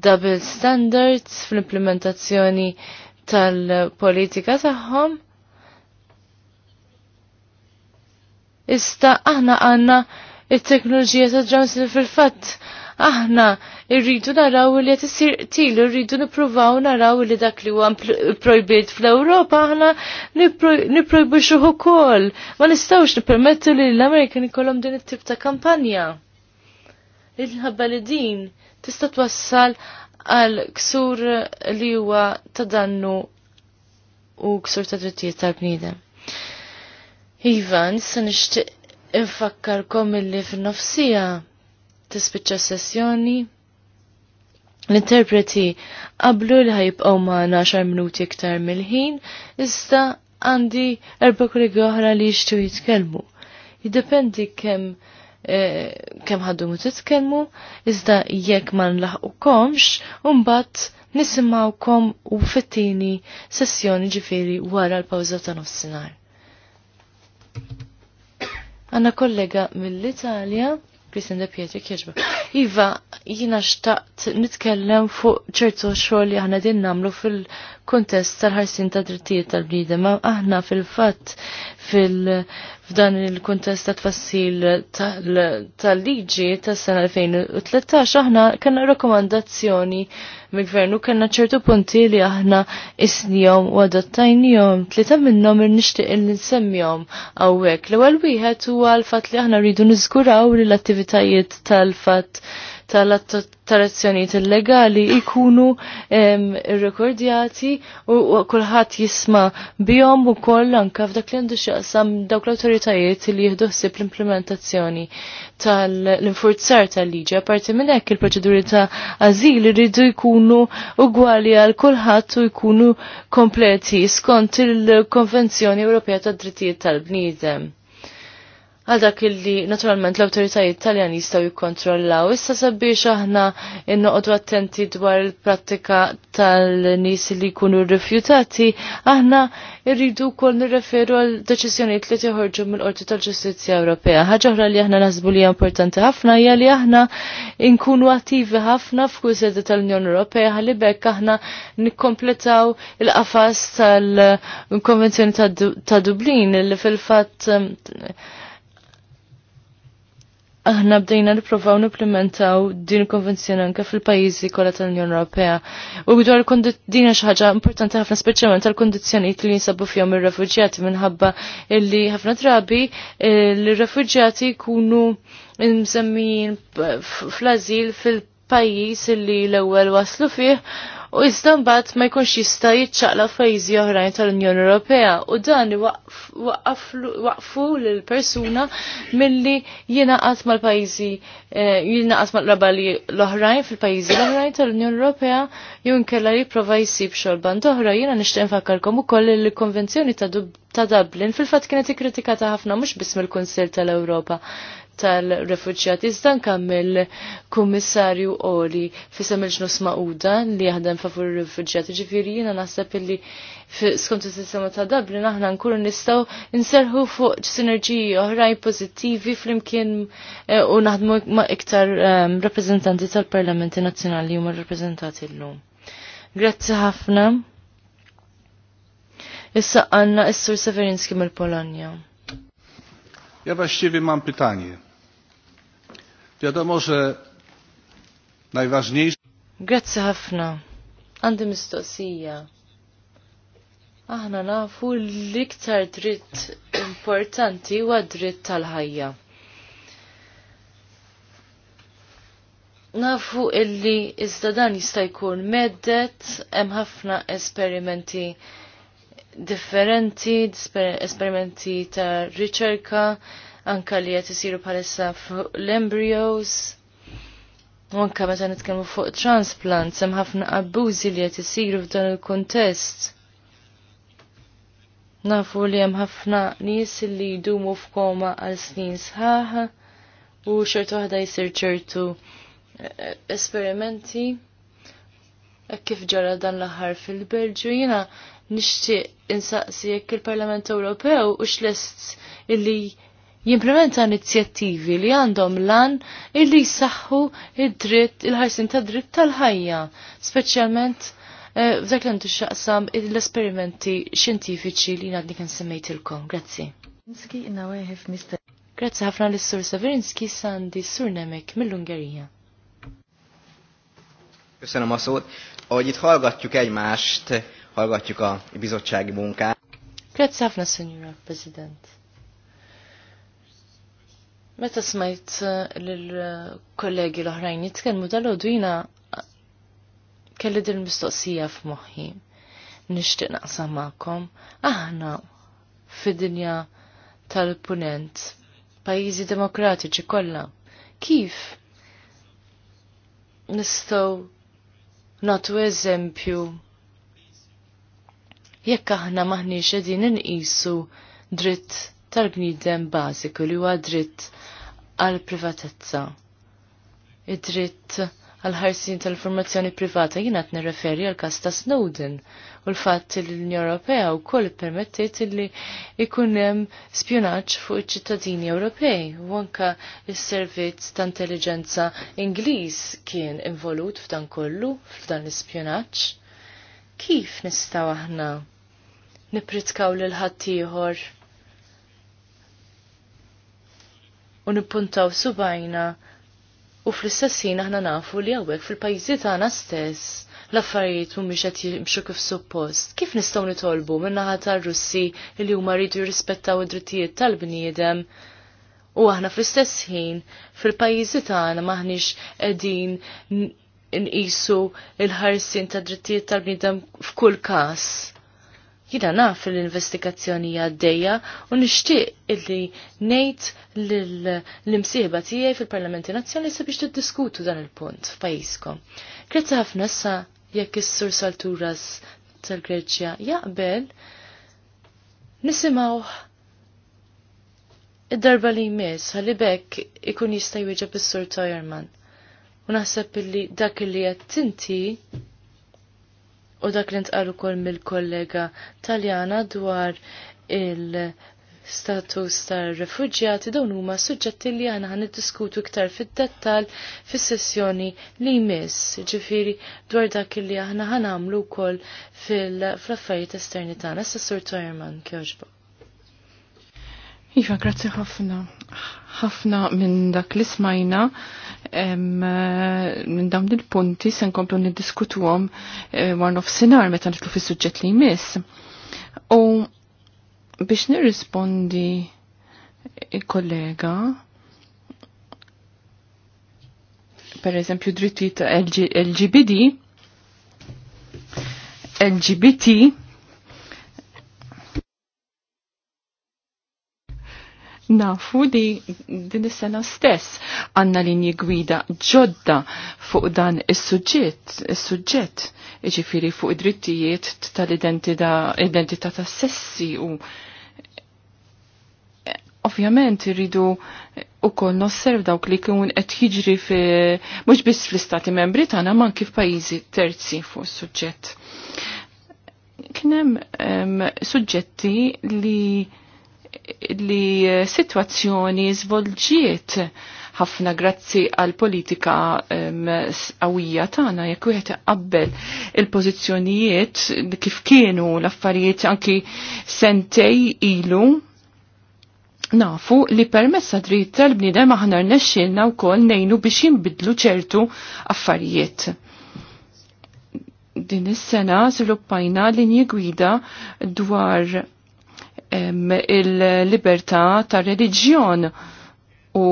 double standards fl-implementazzjoni tal-politika tagħhom. Ta Iżda aħna għandna il teknoloġija ta' drums li fil-fatt aħna irridu naraw li qed isir til, irridu nippruvaw naraw li dak li huwa projbit fl-Ewropa aħna nipprojbixu ukoll. Ma nistgħux nippermettu li l-Amerikan ikollhom din it-tip ta' kampanja. Il-ħabba li din tista' twassal għal ksur li huwa ta' dannu u ksur ta' drittijiet tal-bniedem. Ivan, se nixtieq infakkarkom illi f'nofsija tispiċċa sessjoni. L-interpreti qablu li ħajbqgħu ma' 10 minuti iktar mill-ħin, iżda għandi erba' kollegi oħra li jixtiew jitkellmu. Jiddependi kemm eh, kem ħaddu mu titkellmu, iżda jekk ma nlaħqukomx, mbagħad nisimgħukom u fittini sessjoni ġifieri wara l-pawża ta' nofsinhar. Għanna kollega mill-Italja, Kristin De Pietri, kieġba. Iva, jina xtaqt nitkellem fuq ċertu xogħol li aħna din namlu fil-kontest tal-ħarsin ta' drittijiet tal-bniedem. Aħna fil-fatt fil-fdan il-kontest ta' tfassil tal-liġi tas sena 2013 aħna kena rekomandazzjoni mill-gvernu kena ċertu punti li aħna isnijom u adattajnijom, tlita minnom il-nishtiq il-nsemmjom hawnhekk l ewwel wieħed huwa l-fat li aħna rridu niżguraw li l-attivitajiet tal-fat tal-azzjonijiet illegali jkunu irrekordjati u kulħadd jisma' bihom ukoll anke f'dak li għandu x'jaqsam dawk l-awtoritajiet li jieħdu ħsieb l-implementazzjoni tal-infurzar tal-liġi. Apparti minn hekk il-proċeduri ta' ażil iridu jkunu ugwali għal kulħadd u jkunu kompleti skont il-Konvenzjoni Ewropea tad-Drittijiet tal-Bniedem għal dak illi naturalment l-awtoritajiet Taljan jistgħu jikkontrollaw. Issa sabiex aħna innoqogħdu attenti dwar il-prattika tal-nies li jkunu rrifjutati, aħna irridu wkoll nirreferu għal deċiżjonijiet li tieħorġu mill-Qorti tal-Ġustizzja Ewropea. Ħaġa li aħna nasbu li hija importanti ħafna hija li aħna nkunu attivi ħafna f'kull sede tal-Unjoni Ewropea ħalli bekk aħna nikkompletaw il-qafas tal-Konvenzjoni ta' Dublin li fil-fatt aħna bdejna nipprovaw nipplementaw din il-konvenzjoni anke fil-pajjiżi kollha tal-Unjoni Ewropea. U dwar din xi ħaġa importanti ħafna speċjalment tal kundizzjonijiet li jinsabu fihom ir-refuġjati minħabba li ħafna drabi l-refuġjati jkunu mżemmin fl-ażil fil-pajjiż li l-ewwel waslu fih u iżda mbagħad ma jkunx jista' jiċċaqla f'pajjiżi oħrajn tal-Unjoni Ewropea u dan waqfu lil persuna milli jingħaqad mal-pajjiżi eh, jingħaqad mal-qraba l-oħrajn fil-pajjiżi l-oħrajn tal-Unjoni Ewropea jew inkella jipprova jsib xorban oħra jiena nixtieq u ukoll l konvenzjoni ta' Dublin fil-fatt kienet ikkritikata ħafna mhux biss mill-Kunsill tal-Ewropa tal-refuġjati. Iżda nkammil kummissarju Oli fi il nus Mauda li jaħdem favur ir-refuġjati. Ġifieri jiena naħseb illi skont is-sistema ta' Dublin aħna nkunu nistgħu nserħu fuq sinerġiji oħrajn pożittivi flimkien eh, u naħdmu ma' iktar ehm, rappreżentanti tal-Parlamenti Nazzjonali huma rrappreżentati llum. Grazzi ħafna. Issa għanna Is-Sur Severinski mill-Polonja. Ja właściwie mam pytanie. Wiadomo, że najważniejsze... Grazzi ħafna. Għandi mistoqsija. Aħna nafu l-iktar dritt importanti huwa dritt tal-ħajja. Nafu illi iżda dan jista' jkun meddet hemm ħafna esperimenti differenti, esperimenti ta' riċerka, anka li qed isiru bħalissa fuq l-embryos. U anka meta nitkellmu fuq transplants hemm ħafna abbużi li qed isiru f'dan il-kuntest. Nafu li hemm ħafna nies li jdumu f'koma għal snin sħaħ u xertu waħda jisir ċertu eh, esperimenti kif ġara dan l-aħħar fil-Belġu jiena nixtieq insaqsi jekk il-Parlament Ewropew u xlest illi jimplementa inizjattivi li għandhom lan illi jsaħħu id-dritt il-ħarsin ta' dritt tal-ħajja, speċjalment eh, f'dak li għandu xaqsam l-esperimenti xjentifiċi li għadni kan semmejtilkom. Grazzi. Grazzi ħafna l sur Saverinski Sandi Surnemek mill-Ungerija. Köszönöm a szót. Ahogy itt hallgatjuk egymást, hallgatjuk a bizottsági munkát. Köszönöm ħafna, Signora President. Meta smajt eh, l-kollegi eh, l-oħrajn jitkellmu dal-għodu eh, kelli din mistoqsija f'moħħi. Nixtieq naqsam magħkom. Aħna fid-dinja tal-punent, pajjiżi demokratiċi kollha. Kif nistgħu nagħtu eżempju jekk aħna maħniex qegħdin inqisu dritt tal-bniedem bażiku li huwa dritt għal privatezza. Id-dritt għal ħarsin tal-informazzjoni privata jiena qed nirreferi għal każ ta' Snowden u l fat li l-Unjoni Ewropea wkoll permettiet li jkun hemm fuq iċ-ċittadini Ewropej u anke s-servizz ta' intelligenza Ingliż kien involut f'dan kollu f'dan l-ispjunaġġ. Kif nistaw aħna nipritkaw lil ħaddieħor u nippuntaw subajna u fl-istessin aħna nafu li hawnhekk fil-pajjiżi tagħna stess l-affarijiet mhumiex qed jimxu kif suppost. Kif nistgħu nitolbu min-naħa tar-Russi li huma rridu jirrispettaw id-drittijiet tal-bniedem u aħna fl-istess ħin fil-pajjiżi tagħna maħniex qegħdin nqisu il-ħarsin ta' drittijiet tal-bniedem f'kull każ. Jina naf l-investigazzjoni għaddejja u nixtieq illi ngħid l-imsieba tiegħi fil-Parlamenti Nazzjonali sabiex tiddiskutu dan il-punt f'pajjiżkom. Grazzi ħafna sa jekk is-Sur Salturas tal-Greċja jaqbel nisimgħu id-darba li jmiss, għalli bekk ikun jista' jwieġeb is-sur Tojerman. U naħseb illi dak li qed tinti u dak li ntqalu kol mill-kollega Taljana dwar il-status tar-refuġjati dawn huma suġġetti li għana ħan diskutu iktar fid-dettal fis-sessjoni li jmiss, ġifiri dwar dak li aħna ħan għamlu kol fil-affarijiet esterni tagħna, Assessur Toyerman kjoġbok. Iva, grazzi ħafna. ħafna minn dak li smajna minn dawn il-punti se nkomplu niddiskutuhom war eh, nofsinhar meta nitlu fis-suġġett li jmiss. U biex nirrispondi il-kollega per eżempju drittijiet LGBT LGBT Nafu li din is-sena stess għandna linji gwida ġodda fuq dan is-suġġett, is-suġġett, jiġifieri fuq id-drittijiet tal-identità l-identità tas-sessi u ovvjament irridu ukoll nosserv dawk li kun qed jiġri fi mhux biss fl-istati membri tagħna ma kif pajjiżi terzi fuq is-suġġett. Kien hemm suġġetti li li eh, situazzjoni zvolġiet ħafna grazzi għal politika qawwija tagħna jekk wieħed qabbel il-pożizzjonijiet kif kienu l-affarijiet anki sentej ilu nafu li permessa dritt tal-bniedem aħna rnexxilna wkoll nejnu biex jinbidlu ċertu affarijiet. Din is-sena żviluppajna linji gwida dwar il-libertà ta' reliġjon u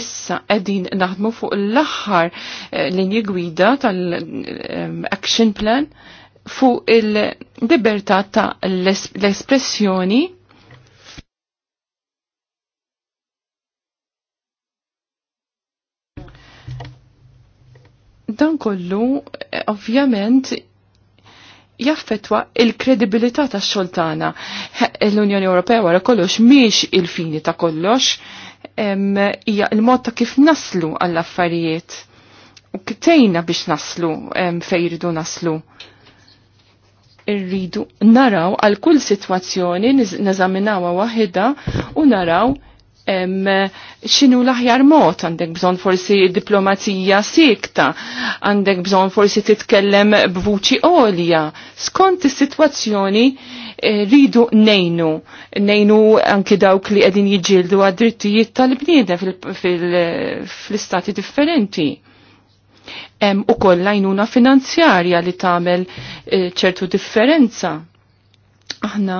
issa qegħdin naħdmu fuq l-aħħar eh, linji gwida tal-action plan fuq il-libertà ta' l-espressjoni dan kollu eh, ovvjament jaffetwa il-kredibilità ta' xoltana. L-Unjoni Ewropea wara kollox miex il-fini ta' kollox, hija il-mod ta' kif naslu għall-affarijiet. U ktejna biex naslu fejn jridu naslu. Irridu naraw għal kull sitwazzjoni neżaminawha waħda u naraw xinu l-aħjar mod, għandek bżon forsi diplomazija sikta, għandek bżon forsi titkellem b'vuċi olja, skont is-sitwazzjoni eh, rridu nejnu, nejnu anki dawk li għedin jġildu għad-drittijiet tal-bnieda fil-istati differenti. u kollajnuna finanzjarja li tamel eh, ċertu differenza aħna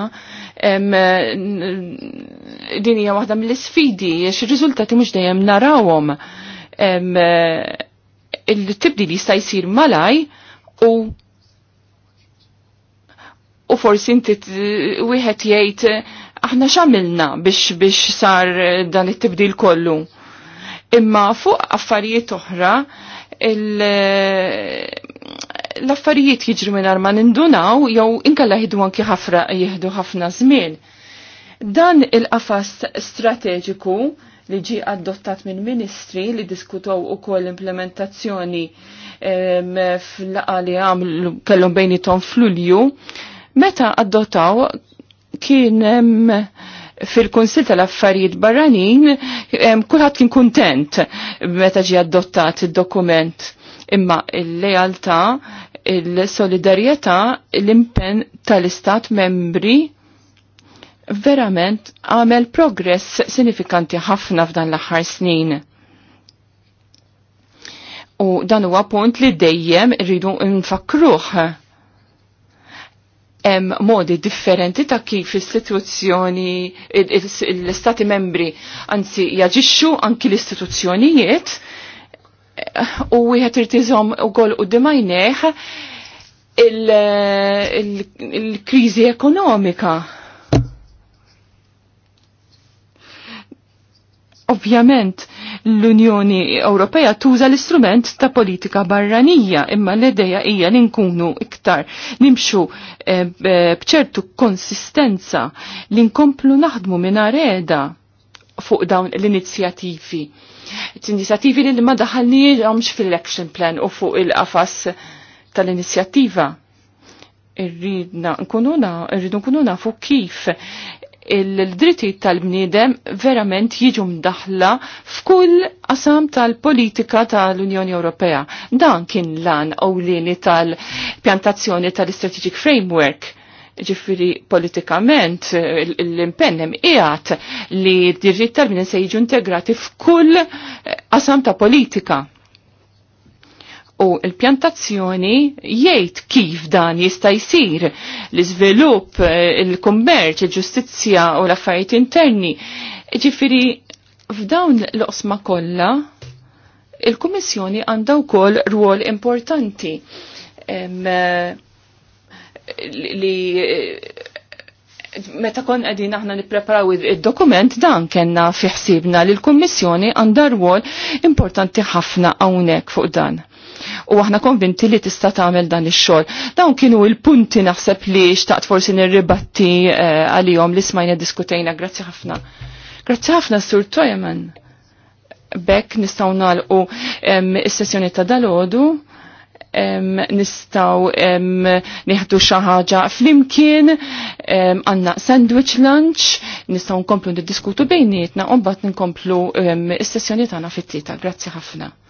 din hija waħda mill-isfidi xi riżultati mhux dejjem narawhom. Il-tibdil jista' jsir malaj u u forsi inti wieħed jgħid aħna x'għamilna biex biex sar dan it-tibdil kollu. Imma fuq affarijiet oħra l-affarijiet jiġri minn ma nindunaw jew inkella jihdu anki ħafra jihdu ħafna żmien. Dan il-qafas strateġiku li ġi adottat minn ministri li diskutaw u koll implementazzjoni fil għam kellum bejni kellhom bejnietom f'Lulju, meta adottaw kien fil-Konsil tal-Affarijiet Barranin kulħadd kien kuntent meta ġi adottat id-dokument imma il-lealtà, il-solidarjetà, l-impen tal-istat membri verament għamel progress sinifikanti ħafna f'dan l-aħħar snin. U dan huwa punt li dejjem rridu nfakruh. Hemm modi differenti ta' kif istituzzjoni l-istati membri anzi jaġixxu anki l-istituzzjonijiet u wieħed irtizhom ukoll u dimajneħ il-kriżi ekonomika. Ovvjament, l-Unjoni Ewropea tuża l-istrument ta' politika barranija, imma l-ideja hija li nkunu iktar nimxu eh, bċertu konsistenza li nkomplu naħdmu minn areda fuq dawn l-inizjativi. T-inizjativi li ma daħalniehomx fil-action plan u fuq il-qafas tal-inizjattiva. Irridna nkununa fuq kif il-dritti tal-bniedem verament jiġu mdaħla f'kull qasam tal-politika tal-Unjoni Ewropea. Dan kien lan ewlieni tal-pjantazzjoni tal-Strategic Framework ġifiri politikament l-impennem iħat li d-dirrit tal se jiġu integrati f'kull eh, qasam ta' politika. U l pjantazzjoni jgħid kif dan jista' jsir l-iżvilupp, eh, il-kummerċ, il-ġustizzja u l-affarijiet interni. Ġifiri f'dawn l-qosma kollha il-Kummissjoni għandha wkoll rwol importanti. Em, eh, li eh, meta kon qegħdin aħna nippreparaw id-dokument dan kellna fi ħsiebna li l-Kummissjoni għandha rwol importanti ħafna hawnhekk fuq dan. U aħna konvinti li tista' tagħmel dan ix-xogħol. Dawn kienu il-punti naħseb li xtaqt forsi nirribatti eh, għalihom li smajna diskutejna. Grazzi ħafna. Grazzi ħafna Sur Toyman. Bekk nistgħu nagħlqu ehm, is-sessjoni ta' dalodu nistaw nieħdu xi ħaġa flimkien għandna sandwich lunch, nistaw nkomplu niddiskutu bejnietna u mbagħad nkomplu s sessjoni tagħna fit-tita. Grazzi ħafna.